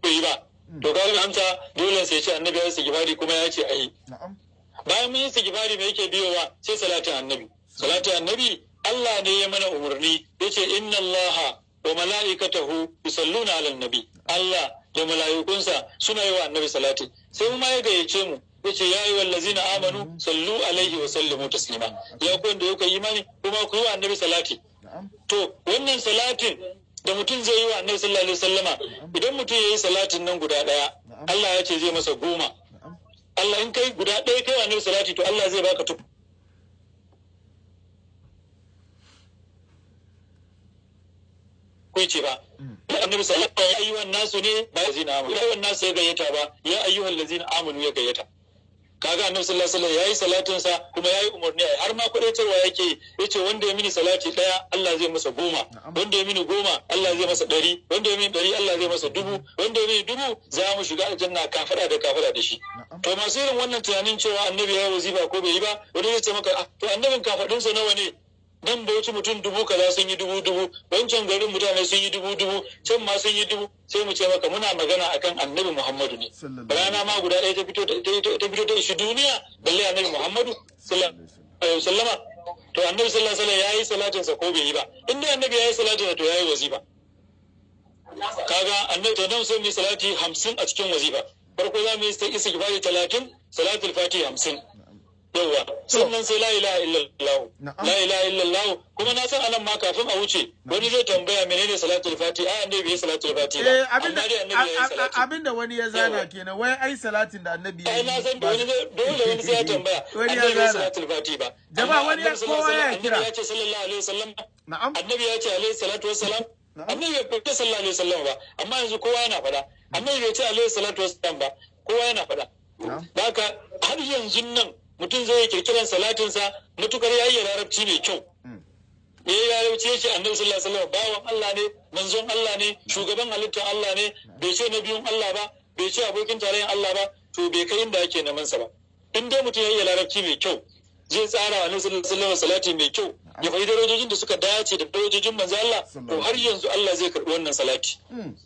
bai yi ba to ga amsa dole sai ce annabi ya sigibari kuma ya ce yi bayan mun yi sigibari me yake biyowa sai salatin annabi salatin annabi Allah ne ya mana umarni ce inna Allah wa mala'ikatahu yusalluna 'alan nabi Allah da mala'ikunsa suna yi wa annabi salati sai kuma ya gayyace mu ce ya yi na amanu sallu alaihi wa sallimu taslima ya ku ya yau imani kuma ku yi wa annabi salati to wannan salatin da mutum zai yi wa annabi sallallahu alaihi wasallama idan mutum yayi salatin nan guda daya Allah ya ce zai masa goma Allah in kai guda ɗaya kai wa annabi salati to Allah zai baka tuku kai ce ba mm. annabi sallallahu alaihi wasallama ya yi wannan nasu ne ba zina ya yi wannan nasu ya gayyata ba ya ayyuhal ladzina amanu ya gayyata kaga annabi sallallahu alaihi wasallam yayi salatin sa kuma yayi umarni ai har ma kudaitarwa yake yace wanda ya mini salati daya Allah zai masa goma wanda ya mini goma Allah zai masa dari wanda ya mini dari Allah zai masa dubu wanda ya mini dubu za mu shiga aljanna kafara da kafara da shi to masu irin wannan tunanin cewa annabi ya wazifa ko bai yi ba Wani zai ce maka ah, to annabin kafadunsa nawa ne nan wasu mutum dubu kaza sun yi dubu dubu wancan garin mutane sun yi dubu dubu can ma sun yi dubu sai mu ce maka muna magana akan annabi muhammadu ne rana ma guda ɗaya ta fito ta fito ta ishi duniya balle annabi muhammadu sallama to annabi sallallahu alaihi wasallam yayi salatin sa ko bai yi ba in dai annabi yayi salatin to yayi wazifa kaga annabi to nan sai mu salati 50 a cikin wazifa farko za mu yi istighfari 30 salatul fatiha 50 yawa sannan sai la ilaha illallah la ilaha illallahu kuma na san anan ma kafin a wuce wani zai tambaya menene salatul fati a annabi ya salatul fati ba eh, abinda abinda wani ya zana kenan wai ai salatin da annabi ya na san wani dole wani sai ya tambaya wani ya zana salatul fati ba jama'a wani ya kowa ya kira annabi ya ce sallallahu alaihi wasallam na'am annabi ya ce alaihi salatu wassalam annabi ya fita sallallahu alaihi wasallam ba amma yanzu kowa yana faɗa annabi bai ce alaihi salatu wassalam ba kowa yana faɗa da haka har yanzu nan mutum zai kirkiran salatinsa matukar ya yi larabci mai kyau hmm. ya yi larabci ya ce annabi sallallahu alaihi wasallam bawan Allah ne manzon Allah ne shugaban halittar Allah ne hmm. bai ce na biyun Allah ba bai ce abokin tarayyar Allah ba to bai kai inda ake sa ba in dai mutum ya yi larabci mai kyau zai tsara wa annabi sallallahu alaihi salati mai kyau ya da darajojin da suka dace da darajojin manzon Allah to har yanzu Allah zai karɓi wannan salati hmm.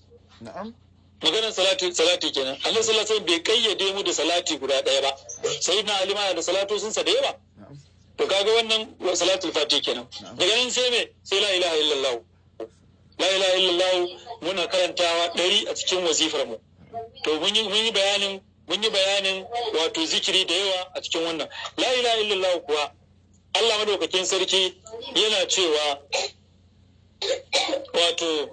na'am maganar salati salati kenan Allah sallallahu alaihi bai kayyade mu da salati guda daya ba sai na alima da salatu sun sa da yawa to kaga wannan salatul fatih kenan daga nan sai me sai la ilaha illallah la ilaha illallah muna karantawa ɗari a cikin wazifar mu to mun yi bayanin mun yi bayanin wato zikiri da yawa a cikin wannan la ilaha illallah kuwa Allah madaukakin sarki yana cewa wato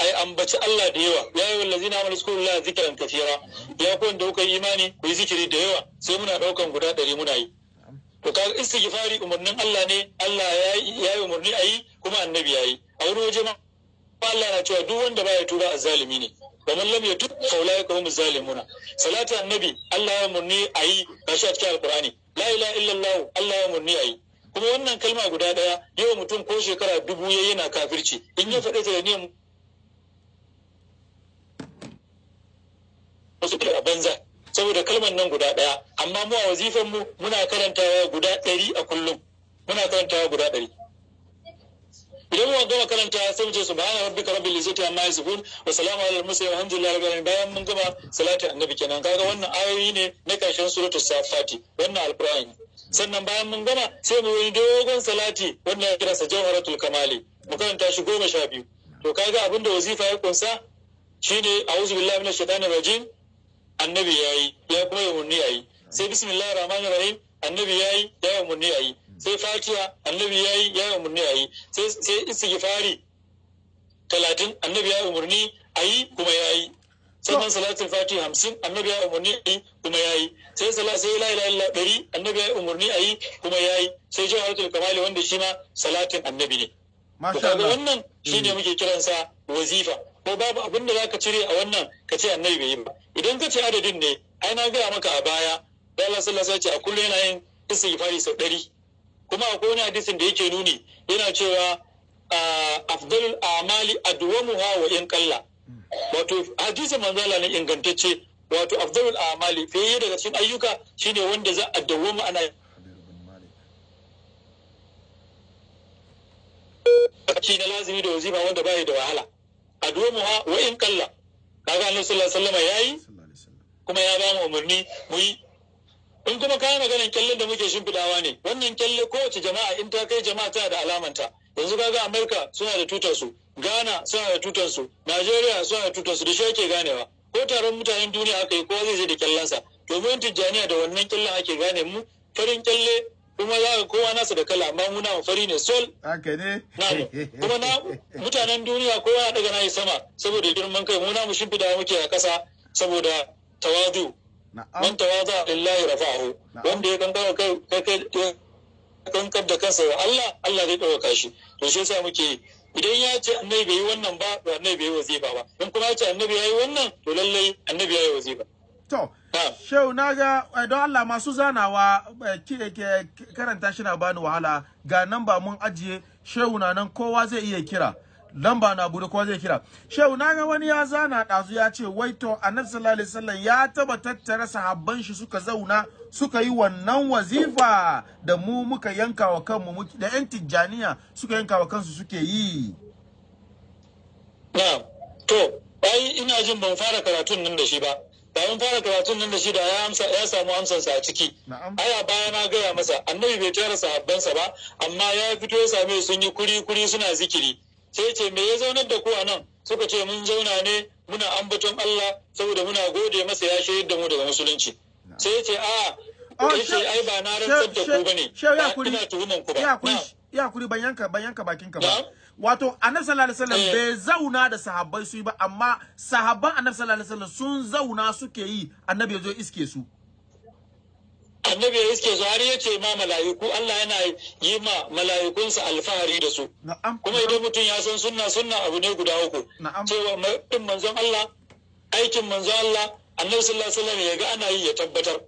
ai ambaci Allah da yawa ya yi wallazi na amal sukuru la zikiran kafira ya kun da kuka imani ku yi zikiri da yawa sai muna ɗaukan guda ɗari muna yi to ka istighfari umarnin Allah ne Allah ya yi umarni a yi kuma annabi ya yi a wani waje ma Allah na cewa duk wanda baya tuba zalimi ne lamya man lam yatub fa ulaika hum zalimuna salatu annabi Allah ya umarni a yi shi a cikin alqur'ani la ilaha illallah Allah ya umarni a yi kuma wannan kalma guda daya yau mutum ko shekara dubu ya yana kafirci in ya faɗe ta da niyan wasu a banza saboda kalmar nan guda ɗaya amma mu a wazifan mu muna karantawa guda ɗari a kullum muna karantawa guda ɗari idan mu gama karanta sai mu ce subhana rabbika rabbil izzati amma yasifun wa salamu alal mursalin alhamdulillahi rabbil alamin bayan mun gama salatu annabi kenan kaga wannan ayoyi ne na karshen suratul safati wannan alqur'ani sannan bayan mun gama sai mu yi dogon salati wanda ya kira sa jawharatul kamali mu karanta shi goma sha biyu to ga abinda wazifa ya kunsa shine a'udhu billahi minash shaitanir rajim annabi yayi ya kuma umarni yayi sai bismillahir rahmanir rahim annabi yayi ya yi umarni yayi sai fatiha annabi yayi ya yi umarni yayi sai sai istighfari talatin annabi ya umarni ayi kuma yayi sannan salatul fatiha hamsin annabi ya umarni ayi kuma yayi sai sala sai la ilaha illa dari annabi ya yi umarni ayi kuma yayi sai jawharatul kamali wanda shi ma salatin annabi ne masha Allah wannan shine hmm. muke kiransa wazifa ko babu abin da zaka cire a wannan ka ce annabi bai yi ba idan ka ce adadin ne ai na gaya maka a baya da Allah sallallahu alaihi wasallam a kullum yana yin istighfari sau ɗari kuma akwai wani hadisin da yake nuni yana cewa afdalul amali adwamuha wa in qalla hmm. wato hadisin manzala ne ingantacce wato afdalul a'mali fiye daga cikin ayyuka shine wanda za a dawwama ana shi na lazimi da wazifa wanda bai da wahala a ha wa in kalla kaga annabi sallallahu alaihi wasallam yayi kuma ya ba mu umarni mu yi in kuma kayan maganan kyallen da muke shimfidawa ne wannan kyalle kowace jama'a in ta kai jama'a tana da alamanta yanzu kaga Amurka suna da tutar su ghana suna da tutar su najeriya suna da tutar su da shi ake ganewa ko taron mutanen duniya aka yi kowa zai je da kyallansa domin tijjaniya da wannan kyallan ake gane mu farin kyalle kuma za ka kowa nasa da kala amma muna fari ne sol haka ne kuma na mutanen duniya kowa na daga nayi sama saboda girman kai muna mu shimfida muke a kasa saboda tawadu man tawada lillahi rafa'ahu wanda ya kankara kai kai kankar da kansa wa Allah Allah zai dauka shi to shi yasa muke idan ya ce annabi bai yi wannan ba to annabi bai yi wazifa ba don kuma ya ce annabi ya yi wannan to lallai annabi ya yi wazifa to Shehu na ga eh, don Allah masu zanawa eh, eh, karanta shi na bani wahala ga nan ba mun ajiye shehu na nan kowa zai iya kira lamba na gudu kowa zai kira shehu na ga wani ya zana ɗazu ya ce wai to annabi sallallahu alaihi wasallam ya taba tattara sahabban shi suka zauna suka yi wannan wazifa da mu muka yanka wa kanmu da yan tijjaniya suka yanka wa kansu suke yi na to ai ina jin ban fara karatun nan da shi ba bayan fara karatun nan da shi da ya samu amsansa a ciki aya baya na gaya masa annabi bai tara sahabbansa ba amma ya fito ya same sun yi kuri kuri suna zikiri sai ce me ya zaunar da ku a nan suka ce mun zauna ne muna ambaton Allah saboda muna gode masa ya shirya da mu daga musulunci sai ce a ce ah, ai ba na rantsar da ku bane ina tuhuman ku ba ya kuri ban yanka ban yanka bakin ka ba wato annabi sallallahu alaihi wasallam eh. bai zauna da sahabbai su yi ba amma sahabban annabi sallallahu alaihi wasallam sun zauna suke yi annabi ya zo iske su annabi ya iske su har ya ce ma mala'iku Allah yana yi ma mala'ikunsa alfahari da su kuma idan mutum ya san sunna sunna abu ne guda uku cewa din manzon Allah aikin manzon Allah annabi sallallahu alaihi wasallam ya ga ana yi ya tabbatar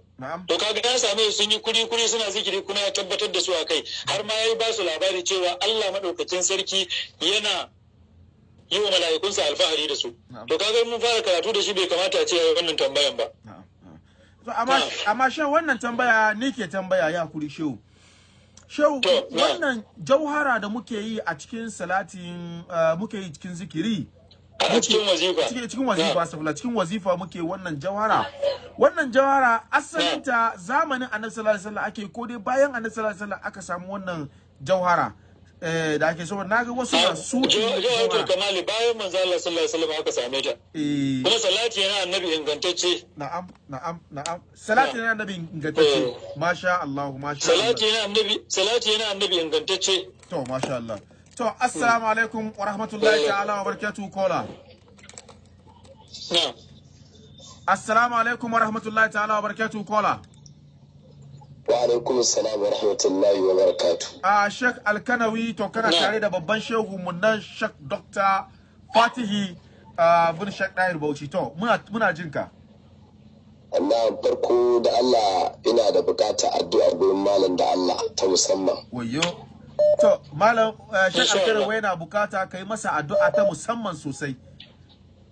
to kaga ya same sun yi kuri kuri suna zikiri kuma ya tabbatar da su a kai har ma ya ba su labari cewa Allah madaukakin sarki yana yi wa mala'ikunsa alfahari da su to kaga mun fara karatu da shi bai kamata a ce wannan tambayan ba so amma ah. shan wannan tambaya ni ke tambaya ya kuri shehu shehu wannan jauhara da muke yi a cikin salatin eh, muke yi cikin zikiri cikin wazifa cikin wazifa a ah. cikin wazifa muke wannan jauhara wannan jauhara asalinta ah. zamanin annabi sallallahu alaihi wasallam ake ko dai bayan annabi sallallahu alaihi wasallam aka samu wannan jauhara. Eh, da ake so ga wasu da ah, su jo wato kamali bayan manzo Allah sallallahu alaihi wasallam aka same ta eh. kuma salati yana annabi ingantacce na'am na'am na'am salati yana annabi ingantacce eh. masha Allah masha Allah salati yana annabi salati yana annabi ingantacce to masha Allah to assalamu alaikum wa rahmatullahi ta'ala wa barakatuh kola na'am assalamu alaikum wa rahmatullahi ta'ala wa barakatuh kola Wa alaikum salam wa rahmatullahi wa barakatu. A ah, Sheikh Alkanawi to kana tare da babban shehu mun nan Sheikh Dr. Fatihi ah, bin Sheikh Dair Bauchi to muna muna jin ka. Allah farko da Allah ina da bukata addu'a gurin malam da Allah ta musamman. Wayyo. To malam ah, Sheikh Alkanawi yana bukata kai masa addu'a ta musamman sosai.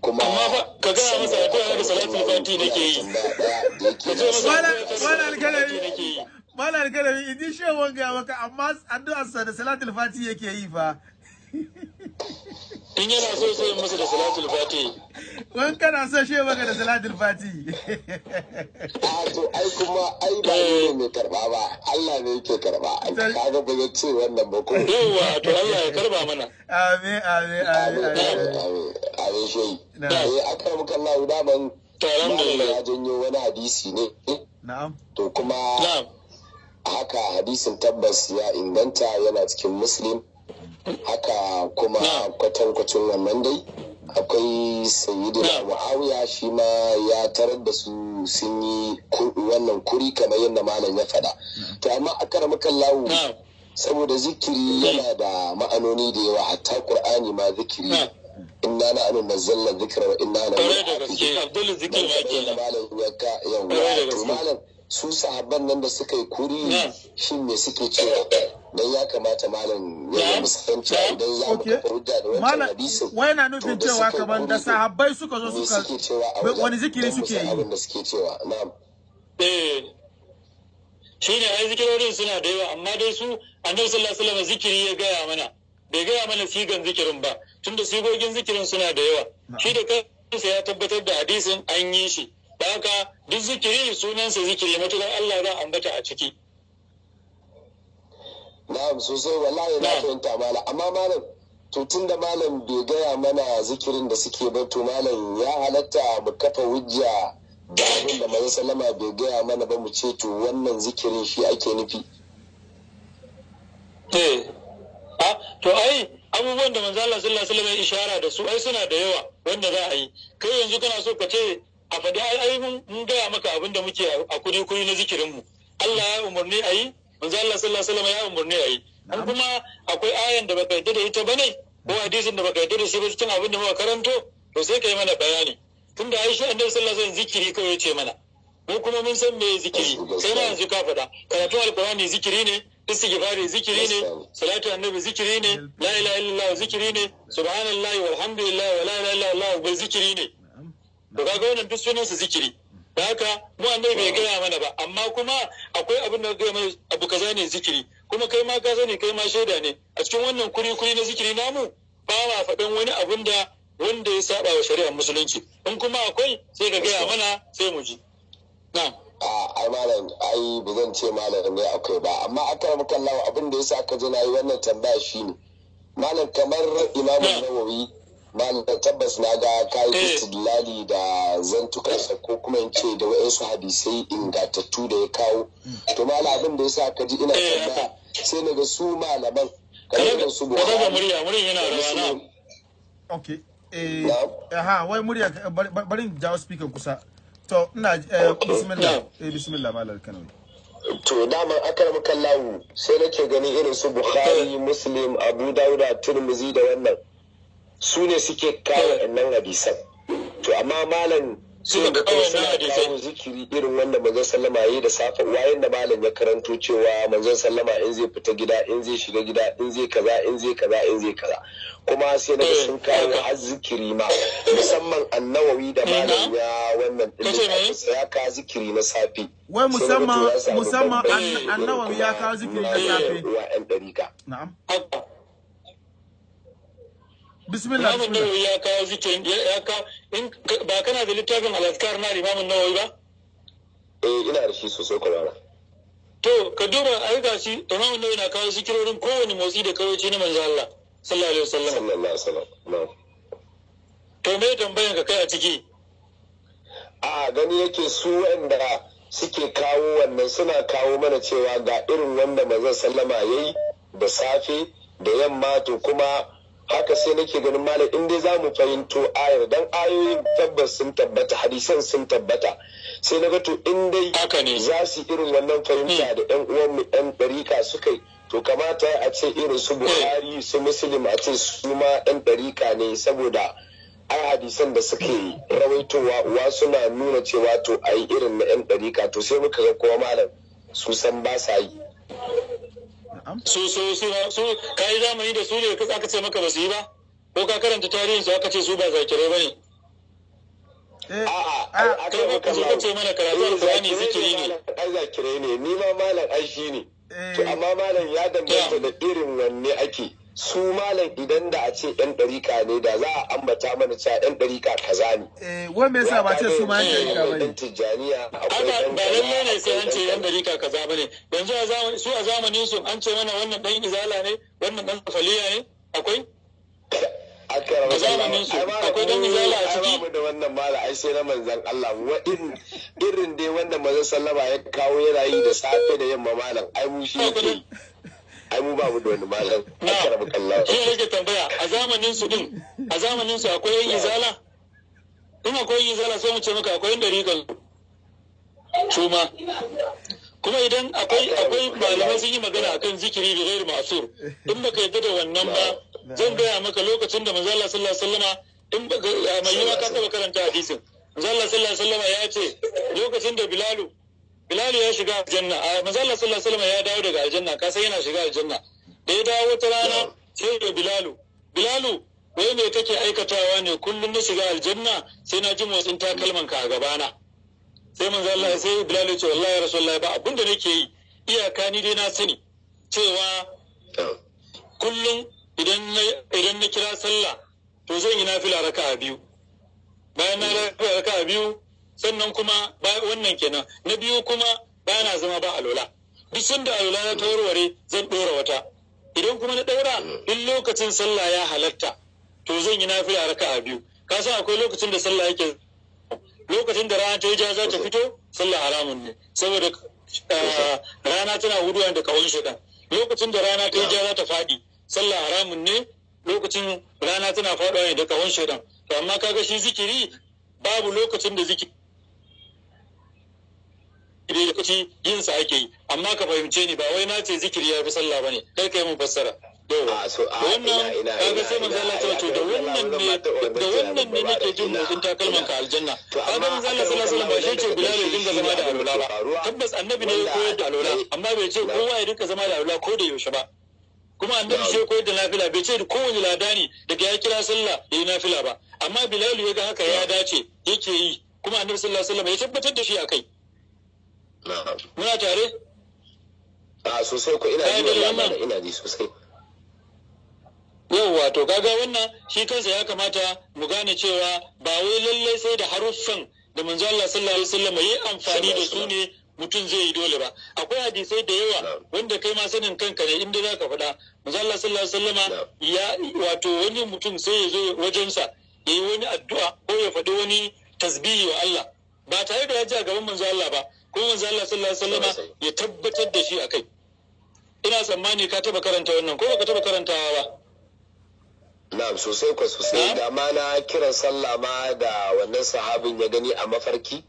kuma ka gaya masa ya koya da salatul fati nake yi wala alkalami wala alkalami idi shewon ga maka amma addu'arsa da salatul fati yake yi fa in yana so yin masa da salatul fati wani kana so shi maka da salatul fati Ato, ah, to ai kuma ai ba ne mai karba ba Allah ne yake karba kaga ba zai ce wannan ba ko yawa to Allah ya karba mana amin amin amin amin amin shi eh akramaka Allah da ban alhamdulillah ya janyo wani hadisi ne na'am to kuma na'am haka hadisin tabbas ya inganta yana cikin muslim haka kuma kwatankwacin wannan dai akwai da muawiya shi ma ya tarar da su sun yi wannan kuri kamar yadda malam ya faɗa to amma a karamakan lawu saboda zikiri yana da ma'anoni da yawa hatta Kur'ani ma zikiri inna na anu nazzalna dhikra wa inna na lafiz malam ya ka yawa malam su sahabban nan da suka yi kuri shi me suke cewa dan ya kamata malam ya yi cewa idan za mu kafa da wancan hadisin wai na nufin cewa kaman da sahabbai suka zo suka wani zikiri suke yi abin da suke cewa na'am eh shine ai zikirorin suna da yawa amma dai su annabi sallallahu alaihi wasallam zikiri ya gaya mana bai gaya mana sigan zikirin ba tunda sigogin zikirin suna da yawa shi da kansa ya tabbatar da hadisin an yi shi Baka duk zikiri sunansa zikiri matuƙar Allah ba ambata a ciki na'am sosai wallahi na fahimta malam amma malam to da malam bai gaya mana zikirin da suke ba to malam ya halatta mu kafa hujja da abin da mai salama bai gaya mana ba mu ce to wannan zikirin shi ake nufi eh. ah, to ai abubuwan da manzo Allah sallallahu alaihi wasallam ya ishara da su ai suna da yawa wanda za a yi kai yanzu kana so ka ce a faɗi ai mun gaya maka abin da muke a kuni kuni na zikirin mu Allah ya umarni a yi manzo Allah sallallahu alaihi wasallam ya umarni a yi an kuma akwai ayan da baka yadda da ita bane ko hadisin da baka yadda da shi ba cikin abin da muka karanto to sai kai mana bayani tunda Aisha shi annabi sallallahu alaihi wasallam zikiri kawai ce mana mu kuma mun san me zikiri sai na yanzu ka faɗa karatun alqur'ani zikiri ne istighfari zikiri ne salatu annabi zikiri ne la ilaha illallah zikiri ne subhanallahi walhamdulillah wala ilaha illallah zikiri ne da kaga wannan duk sunan su zikiri da haka mu annabi bai gaya mana ba amma kuma akwai abin da gaya mai abu kaza ne zikiri kuma kai ma kaza ne kai ma shaida ne a cikin wannan kuri kuri na zikiri namu ba ma faɗan wani abin da wanda ya saba wa shari'ar musulunci in kuma akwai sai ka gaya mana sai mu ji na. ai malam ai ba zan ce malam ne akwai ba amma kan makallawa abin da yasa ka ji na yi wannan tambaya shine malam kamar imamu nawawi malam tabbas na ga kayi eh. istidlali da tukarsa ko kuma in ce da wa'insu hadisai ingantattu da ya kawo to malam abin da yasa ka ji ina eh. tambaya sai na ga su malaman kare da su buhari ka murya murya yana rawana okay eh ha wai murya bari jawo speaker kusa to ina eh, bismillah bismillah malam kanawi to dama akar mukan lawu sai nake gani irin su bukhari muslim abu dauda turmizi da wannan su ne suke kawo eh. wannan hadisan to amma malam suna da kawai na hadisan zikiri irin wanda manzon sallama yi da safa wayan da malam ya karanto cewa manzon sallama in zai fita gida in zai shiga gida in zai kaza in zai kaza in zai kaza kuma sai na eh, sun kawo har zikiri ma musamman annawawi da eh, malam ya wannan din ya kawo zikiri na safe wai musamman musamman annawawi ya kawo zikiri na safe na'am bismillah ya kawo ya ba kana da littafin alaskar na limamin nawawi ba eh ina da shi sosai kwarara to ka duba ai nawawi na kawo zikirorin kowane motsi da karoci na manzo Allah sallallahu alaihi wasallam sallallahu alaihi wasallam to me tambayan ka kai a ciki a gani yake su wanda suke kawo wannan suna kawo mana cewa ga irin wanda manzon sallama yayi da safe da yamma to kuma haka sai nake ganin malam in dai za mu fahimto ayar dan ayoyin tabbas sun tabbata hadisan sun tabbata sai na to in dai za su irin wannan fahimta hmm. da yan uwanmu yan ɗarika suka yi to kamata a ce irin su hmm. buhari su muslim a ce su ma yan ɗarika ne saboda a hadisan da suke rawaitowa uwa suna nuna cewa to yi irin na yan ɗarika to sai muka ga kowa malam su san ba sa yi su su su su kai zamani da su ne ka aka ce maka ba su yi ba ko ka karanta tarihin su aka ce su ba zakirai bane eh, a a kai ka zo ka ce mana karatu eh, alqur'ani zikiri ne ai zakirai ne ni ma malam ai shi ne to eh. amma malam ya danganta da irin wanne ake su malam idan da a ce yan ɗarika ne da za a ambata mana cewa yan ɗarika kaza ne. Eh, wai me yasa ba ce su malam ɗarika ba ne? Tijjaniya. Aka ne sai an ce yan ɗarika kaza ba ne. Yanzu su a zamanin su an ce mana wannan ɗan izala ne, wannan ɗan faliya ne, akwai? akwai dan izala a ciki na manzan Allah irin dai wanda sallama ya kawo yana da safe da yamma malam ai mu ai mu ba mu da wani malam akaramu kallah shi eh, nake eh, tambaya a zamanin su din a zamanin su akwai yan izala in akwai yan izala sai mu ce maka akwai dari kan su ma kuma idan akwai akwai malamai sun yi magana akan zikiri da gairu masur in baka yadda da wannan ba zan gaya maka lokacin da manzo Allah sallallahu alaihi wasallama in baka mai yiwa ka karanta hadisin manzo Allah sallallahu alaihi wasallama ya ce lokacin da Bilalu bilal ya shiga aljanna a manzalla sallallahu alaihi ya dawo daga aljanna ka yana shiga aljanna da ya dawo wata rana sai ga bilalu bilalu wai me kake aikatawa ne kullum na shiga aljanna sai na ji motsin takalman ka a gabana sai manzalla sai bilal ya ce wallahi rasulullahi ba abin da nake yi iyaka ni dai na sani cewa kullum idan na kira sallah to zan yi nafila raka'a biyu bayan na raka'a biyu sannan kuma wannan kenan na biyu kuma ba na zama ba alola duk da alola na ta warware zan ɗora wata idan kuma na ɗaura in mm. lokacin sallah ya halatta to zan yi a raka a biyu ka san akwai lokacin da sallah yake lokacin da rana ta yi za ta fito sallah haramun ne saboda eh, rana tana huduwa da kawon shekan lokacin da rana ta yi za ta faɗi sallah haramun ne lokacin rana tana faɗuwa ne da kawon shekan to amma kaga shi zikiri babu lokacin da zikiri zikiri lokaci yin sa ake yi amma ka fahimce ni ba wai na ce zikiri ya fi sallah bane kar ka yi mun fassara wannan kaga sai manzo Allah ta to da wannan ne da wannan ne nake jin motsin takalman ka aljanna kaga manzo Allah sallallahu alaihi ba shi ce bilal ya dinga zama da alula ba tabbas annabi ne ya koyar da alula amma bai ce kowa ya dinga zama da alula ko da yaushe ba kuma annabi shi ya koyar da nafila bai ce kowane ladani daga ya kira sallah ya yi nafila ba amma bilal ya ga haka ya dace yake yi kuma annabi sallallahu alaihi wasallam ya tabbatar da shi akai muna tare a sosai ko ina ji wallahi ina ji sosai yauwa to kaga wannan shi kansa ya kamata mu gane cewa ba wai lallai sai da haruffan da manzo Allah sallallahu alaihi wasallam yayi amfani da su ne mutum zai yi dole ba akwai hadisai da yawa wanda kai ma sanin kanka ne inda zaka faɗa manzo Allah sallallahu alaihi wasallam ya wato wani mutum sai ya zo wajensa yayi wani addu'a ko ya faɗi wani tasbihi wa Allah ba tare da ya ji a gaban manzo Allah ba Ko manzo Allah sallallahu alaihi wasallam ya tabbatar da shi akai ina tsammani ka taba karanta wannan ko baka taba karantawa ba na'am sosai ko sosai da ma na kiran sallah ma da wannan sahabin ya gani a mafarki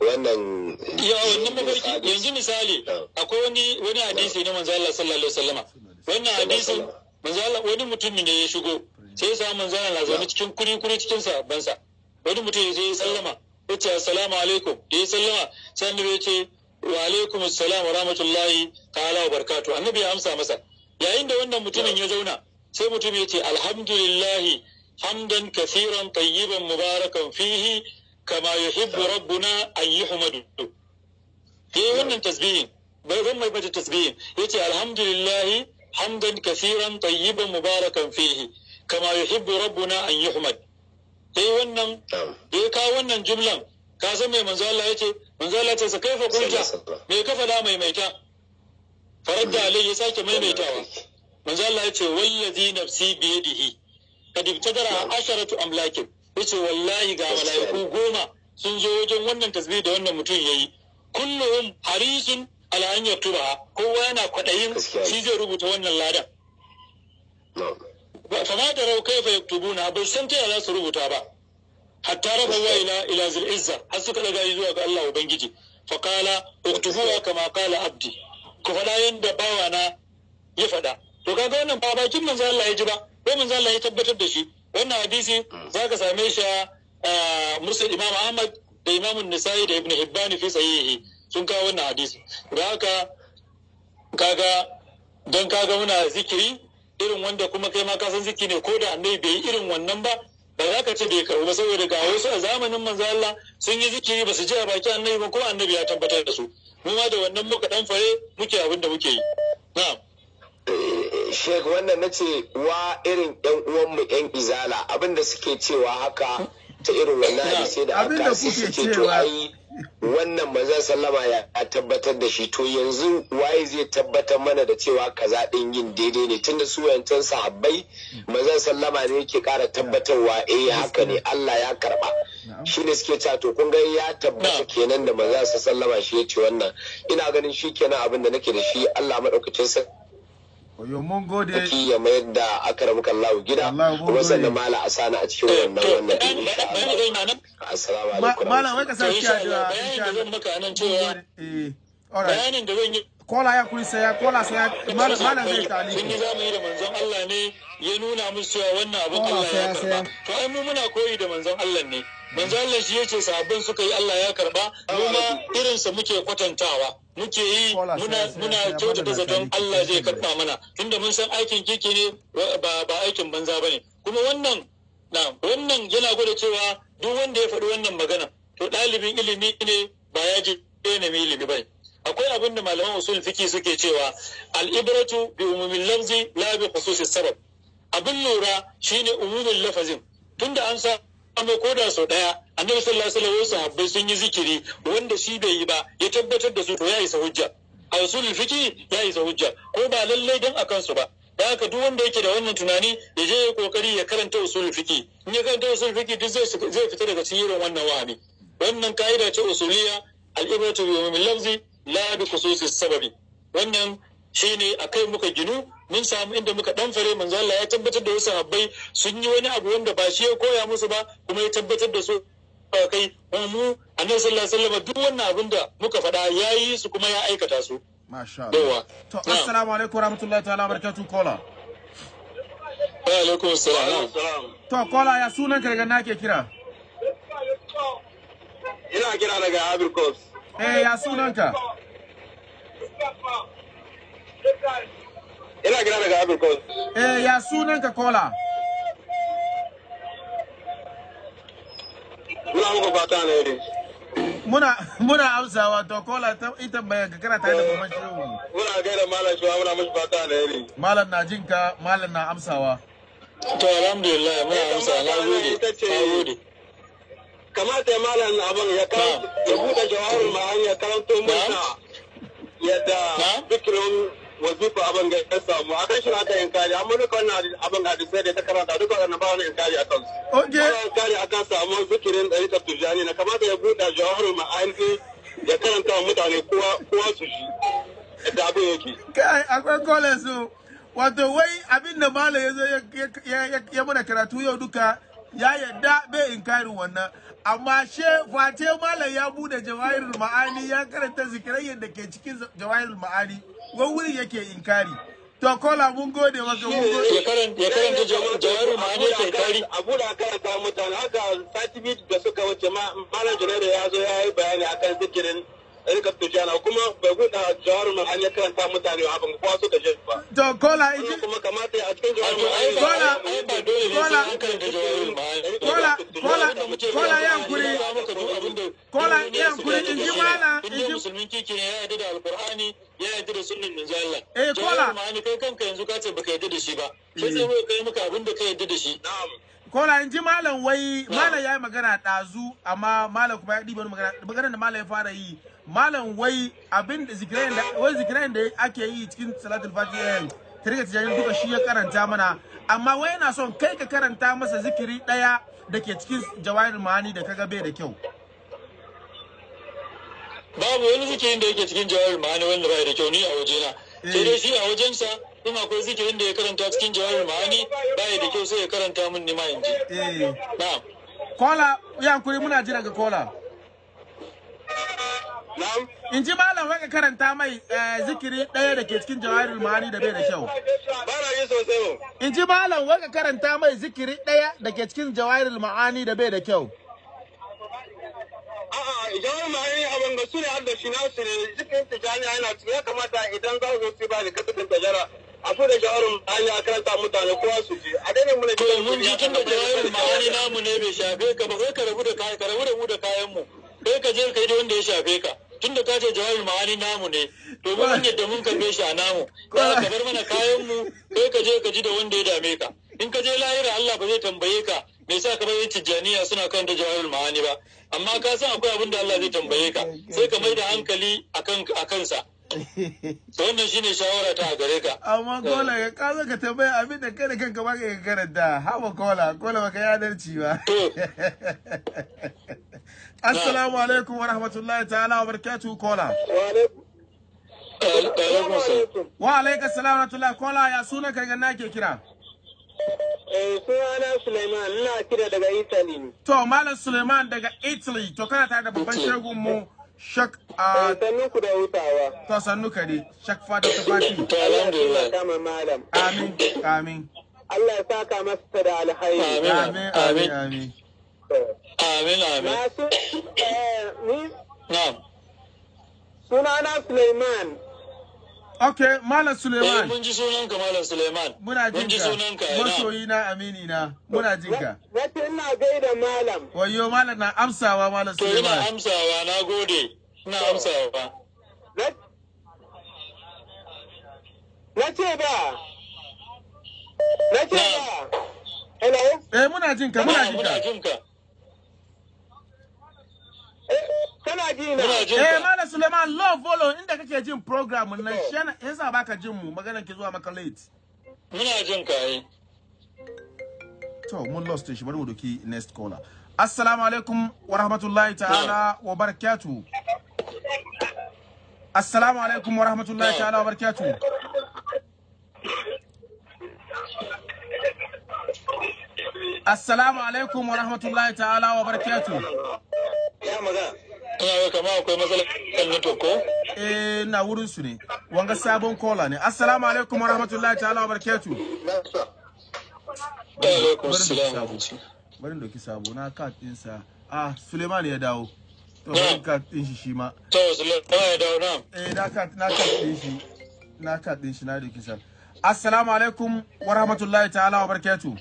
wannan ya wannan mafarki yanzu misali akwai wani wani hadisi na manzo Allah sallallahu alaihi wasallama wannan hadisin manzo Allah wani mutum ne ya shigo sai ya samu manzo Allah zama cikin kuri kuri cikin sa bansa. wani mutum ya je ya sallama ya ce assalamu alaikum da ya sallama sai annabi ya ce wa alaikum assalam wa rahmatullahi ta'ala wa barkatu annabi ya amsa masa yayin da wannan mutumin ya zauna sai mutum ya ce alhamdulillahi hamdan kathiran tayyiban mubarakan fihi kama yuhibbu rabbuna an yuhmadu yayi wannan tasbihin bai ban mai bata tasbihin yace alhamdulillahi hamdan kathiran tayyiban mubarakan fihi kama yuhibbu rabbuna an yuhmadu sai wannan yayi eh, kawo wannan jumlan ka san mai manzo Allah yace manzo Allah ce kai fa kulta me ka fada maimaita faradda mm. alai ya sake maimaitawa manzo Allah yace wallazi nafsi bi yadihi kad ibtadara asharatu amlakin yace wallahi ga malaiku goma sun zo wajen wannan tasbih da wannan mutum yayi kulluhum harisun ala an yatuba kowa yana kwaɗayin shi zai rubuta wannan ladan fama da rau kai fa na, bai san ta za su rubuta ba hatta wa ila ila zil izza har suka daga zuwa ga Allah ubangiji fa qala uktubuha kama qala abdi ku faɗa yanda bawa na ya faɗa to kaga wannan ba bakin manzo Allah ya ji ba ko manzo Allah ya tabbatar da shi wannan hadisi zaka same shi a musul imam Ahmad da imam Nisa'i da Ibn Hibban fi sahihi sun kawo wannan hadisi da haka kaga don kaga muna zikiri irin wanda kuma kai ma ka san ziki ne ko da annabi bai yi irin wannan ba ba za ka ce bai karɓi ba saboda ga wasu a zamanin manzo Allah sun yi zikiri ba su ji a baki annabi ba ko annabi ya tabbatar da su mu ma da wannan muka dan fare muke abin da muke yi na'am eh, Sheikh wannan na ce wa irin yan mu yan izala abin da suke cewa haka ta irin wannan hadisi da aka suke cewa wannan manzon sallama ya tabbatar da shi to yanzu waye zai tabbatar mana da cewa kaza din yin daidai ne tunda su yancan sahabbai manzon sallama ne yake kara tabbatarwa eh haka ne Allah ya karba shi ne suke cewa to kun ga ya tabbata kenan da manzon sallama shi ya ce wannan ina ganin shi kenan abin da nake da shi Allah madaukakin sarki Oyo mun gode. ya mayar da akaram kallahu gida. Kuma sannan mala asana a cikin wannan wannan din insha Allah. Assalamu alaikum. Mala wai ka sake addu'a insha Allah. maka anan cewa. Eh. All right. Bayanin da zan yi kola ya kuri saya kola saya malam malam zai tali sun yi zamani da manzon Allah ne ya nuna musu cewa wannan abin Allah ya karba to ai mu muna koyi da manzon Allah ne manzon Allah shi yace sabbin suka yi Allah ya karba mu ma irin sa muke kwatantawa muke yi muna kyautata zaton Allah zai karɓa mana tunda mun san aikin kirki ne ba aikin banza ba ne kuma wannan wannan yana gwada cewa duk wanda ya faɗi wannan magana to ɗalibin ilimi ne ba ya ji nemi ilimi ba akwai abin da malaman usul fiki suke cewa al'ibratu bi umumin lafzi la bi khususis sabab abin lura shine umumin lafazin tunda an sa ko da sau ɗaya annabi sallallahu alaihi wasallam sahabbai sun yi zikiri wanda shi bai yi ba ya tabbatar da su to ya isa hujja a usul fiqi ya isa hujja ko ba lallai dan akan su ba da haka duk wanda yake da wannan tunani ya je ya kokari ya karanta usul fiqi in ya karanta usul fiqi duk zai zai fita daga cikin irin wannan wahami wannan kaida ce usuliya al-ibratu bi umumil lafzi la bi khususi sababi wannan shine akai muka ginu mun samu inda muka dan fare manzo Allah ya tabbatar da wasu habbai sun yi wani abu wanda ba shi ya koya musu ba kuma ya tabbatar da su kai mu annabi sallallahu alaihi wasallam duk wannan abin da muka faɗa yayi su kuma ya aikata su masha Allah to assalamu alaikum warahmatullahi ta'ala barakatuh kola wa alaikum assalam to kola ya sunan ka daga nake kira ina kira daga Cops eh ya sunan ka Ina gina daga Abirkos. Eh, ya sunan ka kola? Muna muka fata na yare. Muna muna amsawa to kola ta ita bayan ka kana tare da mamman shehu. Muna gaida malam shehu muna mishi fata na yare. Malam na jin ka, malam na amsawa. To alhamdulillah muna eh, amsawa na gode. Na gode. Kamata ya malam abin ya karanta ya bude jawarin ma'an ya karanto mana yadda bikirin wasu ko abin ga ya samu a kan shi na ta kari amma duka wannan abin ga hadisai da ta karanta duka wannan ba wani kari a kansu. Oke. Ba kari a kan samu zikirin ɗari ta tujani na kamata ya buɗa ma ma'ani ya karanta mutane kowa su shi. Da abin yake. Kai akwai kola su. Wato wai abin da Malam ya zo ya mana karatu yau duka ya yadda bai kari wannan amma she fate Malam ya bude jawahirul ma'ani ya karanta zikirai yadda ke cikin jawahirul ma'ani wuri yake inkari to kola mun gode maka mun gode ya karanta jawaru ma ne kai kari abu aka ta mutane haka biyu da suka wuce ma malam jarida ya zo ya yi bayani akan zikirin rika tujana kuma bai guda jawar mu an ya karanta mutane abin su da ba to kola kuma kamata a cikin jawar mu kola kola kola yan kuri kola yan kuri in ji mana in ji musulmin kike ya da ya da eh kola kai kanka yanzu ka ce baka da shi ba sai sai mu kai maka abin da ka da shi na'am kola in ji malam wai malam ya yi magana ɗazu amma malam kuma ya ɗiba magana da malam ya fara yi malam wai abin da zikirai da wai zikirai da ake yi cikin salatul fatiha eh, tarika tijani duka shi ya karanta mana amma wai yana son kai ka karanta masa zikiri daya da ke cikin jawahir ma'ani da kaga bai da kyau babu wani zikirin da yake cikin jawahir ma'ani wanda bai da kyau ni a wajena eh. sai dai shi a wajensa in akwai zikirin da ya karanta cikin jawahir ma'ani bai da kyau sai ya karanta min ma in ji eh. na'am kola yankuri muna jira ga kola in ji malam waka eh, karanta mai zikiri ɗaya da ke cikin jawarin ma'ani da bai da kyau in ji malam waka karanta mai zikiri ɗaya da ke cikin jawarin ma'ani da bai da kyau jawar ma'ani a da su ne har da shi nasu ne zikirin tijani yana cikin ya kamata idan za su su ba da kasafin tajara a so da jawarin ma'ani a karanta mutane kowa su ji a daina mu da jawarin mun ji tun da jawarin ma'ani namu ne bai shafe ka ba kai ka rabu da kayan mu da kayan mu ka je ka yi da wanda ya shafe ka da ta ce jawabin ma'ani namu ne to mun da mun kalle shi a namu da ka bar mana kayan mu kai ka je ka ji da wanda ya dame ka in ka je lahira Allah ba zai tambaye ka me sa ka bai tijjaniya suna kan da jawabin ma'ani ba amma ka san akwai abin da Allah zai tambaye ka sai ka mai da hankali akan kansa wannan shine shawara ta gare ka amma eh. kola ya kaza ka tambaya abin da kai da kanka ba ka karanta hawa kola kola ba yi yadarci ba Assalamu alaikum wa rahmatullahi ta'ala wa barakatuh kola. Wa alaikum salam wa rahmatullahi kola ya suna kargan na ke kira. Eh sunana Suleiman ina kira daga Italy. To Malam Suleiman daga Italy to kana tare da babban shagun mu Shak a ah, eh, sannu ku da hutawa. To sannu ka dai Shak Fatu Tafati. Alhamdulillah. Amin amin. Allah ya saka masa da alhairi. Amin amin amin. Amin amin. Eh, ni? Na'am. Sunana Suleiman. Ok, Malam Suleiman. Eh, mun ji sunan ka Malam Suleiman. Muna jinka. Mun ji sunanka. Masoyi na amini na. Muna jinka. Wace ina gaida Malam. Wayo Malam na amsawa Malam Suleiman. To ina amsawa, na gode. Ina amsawa. Na ce ba. Na ce ba. Hello? Eh muna jinka, muna jinka. Muna jinka. Kana ji na. Eh Malam Suleiman love follow inda kake jin program nan oh. shi yasa baka jin mu magana ki zuwa maka late. Muna jin kai. Eh. To mun lost shi bari mu doki next caller. Assalamu alaikum wa rahmatullahi ta'ala wa barakatuh. Assalamu alaikum wa rahmatullahi ta'ala wa barakatuh. Assalamu alaikum wa rahmatullahi ta'ala wa barakatuh. ko eh na wurin su ne wanga sabon kola ne assalamu alaikum wa rahmatullahi ta'ala wa barakatu barin doki sabo na kat sa ah suleiman ya dawo to barin kat ɗin shi shi ma to suleiman ya dawo na eh na kat na kat ɗin shi na kat ɗin shi na doki sabo assalamu alaikum wa rahmatullahi ta'ala wa barakatuh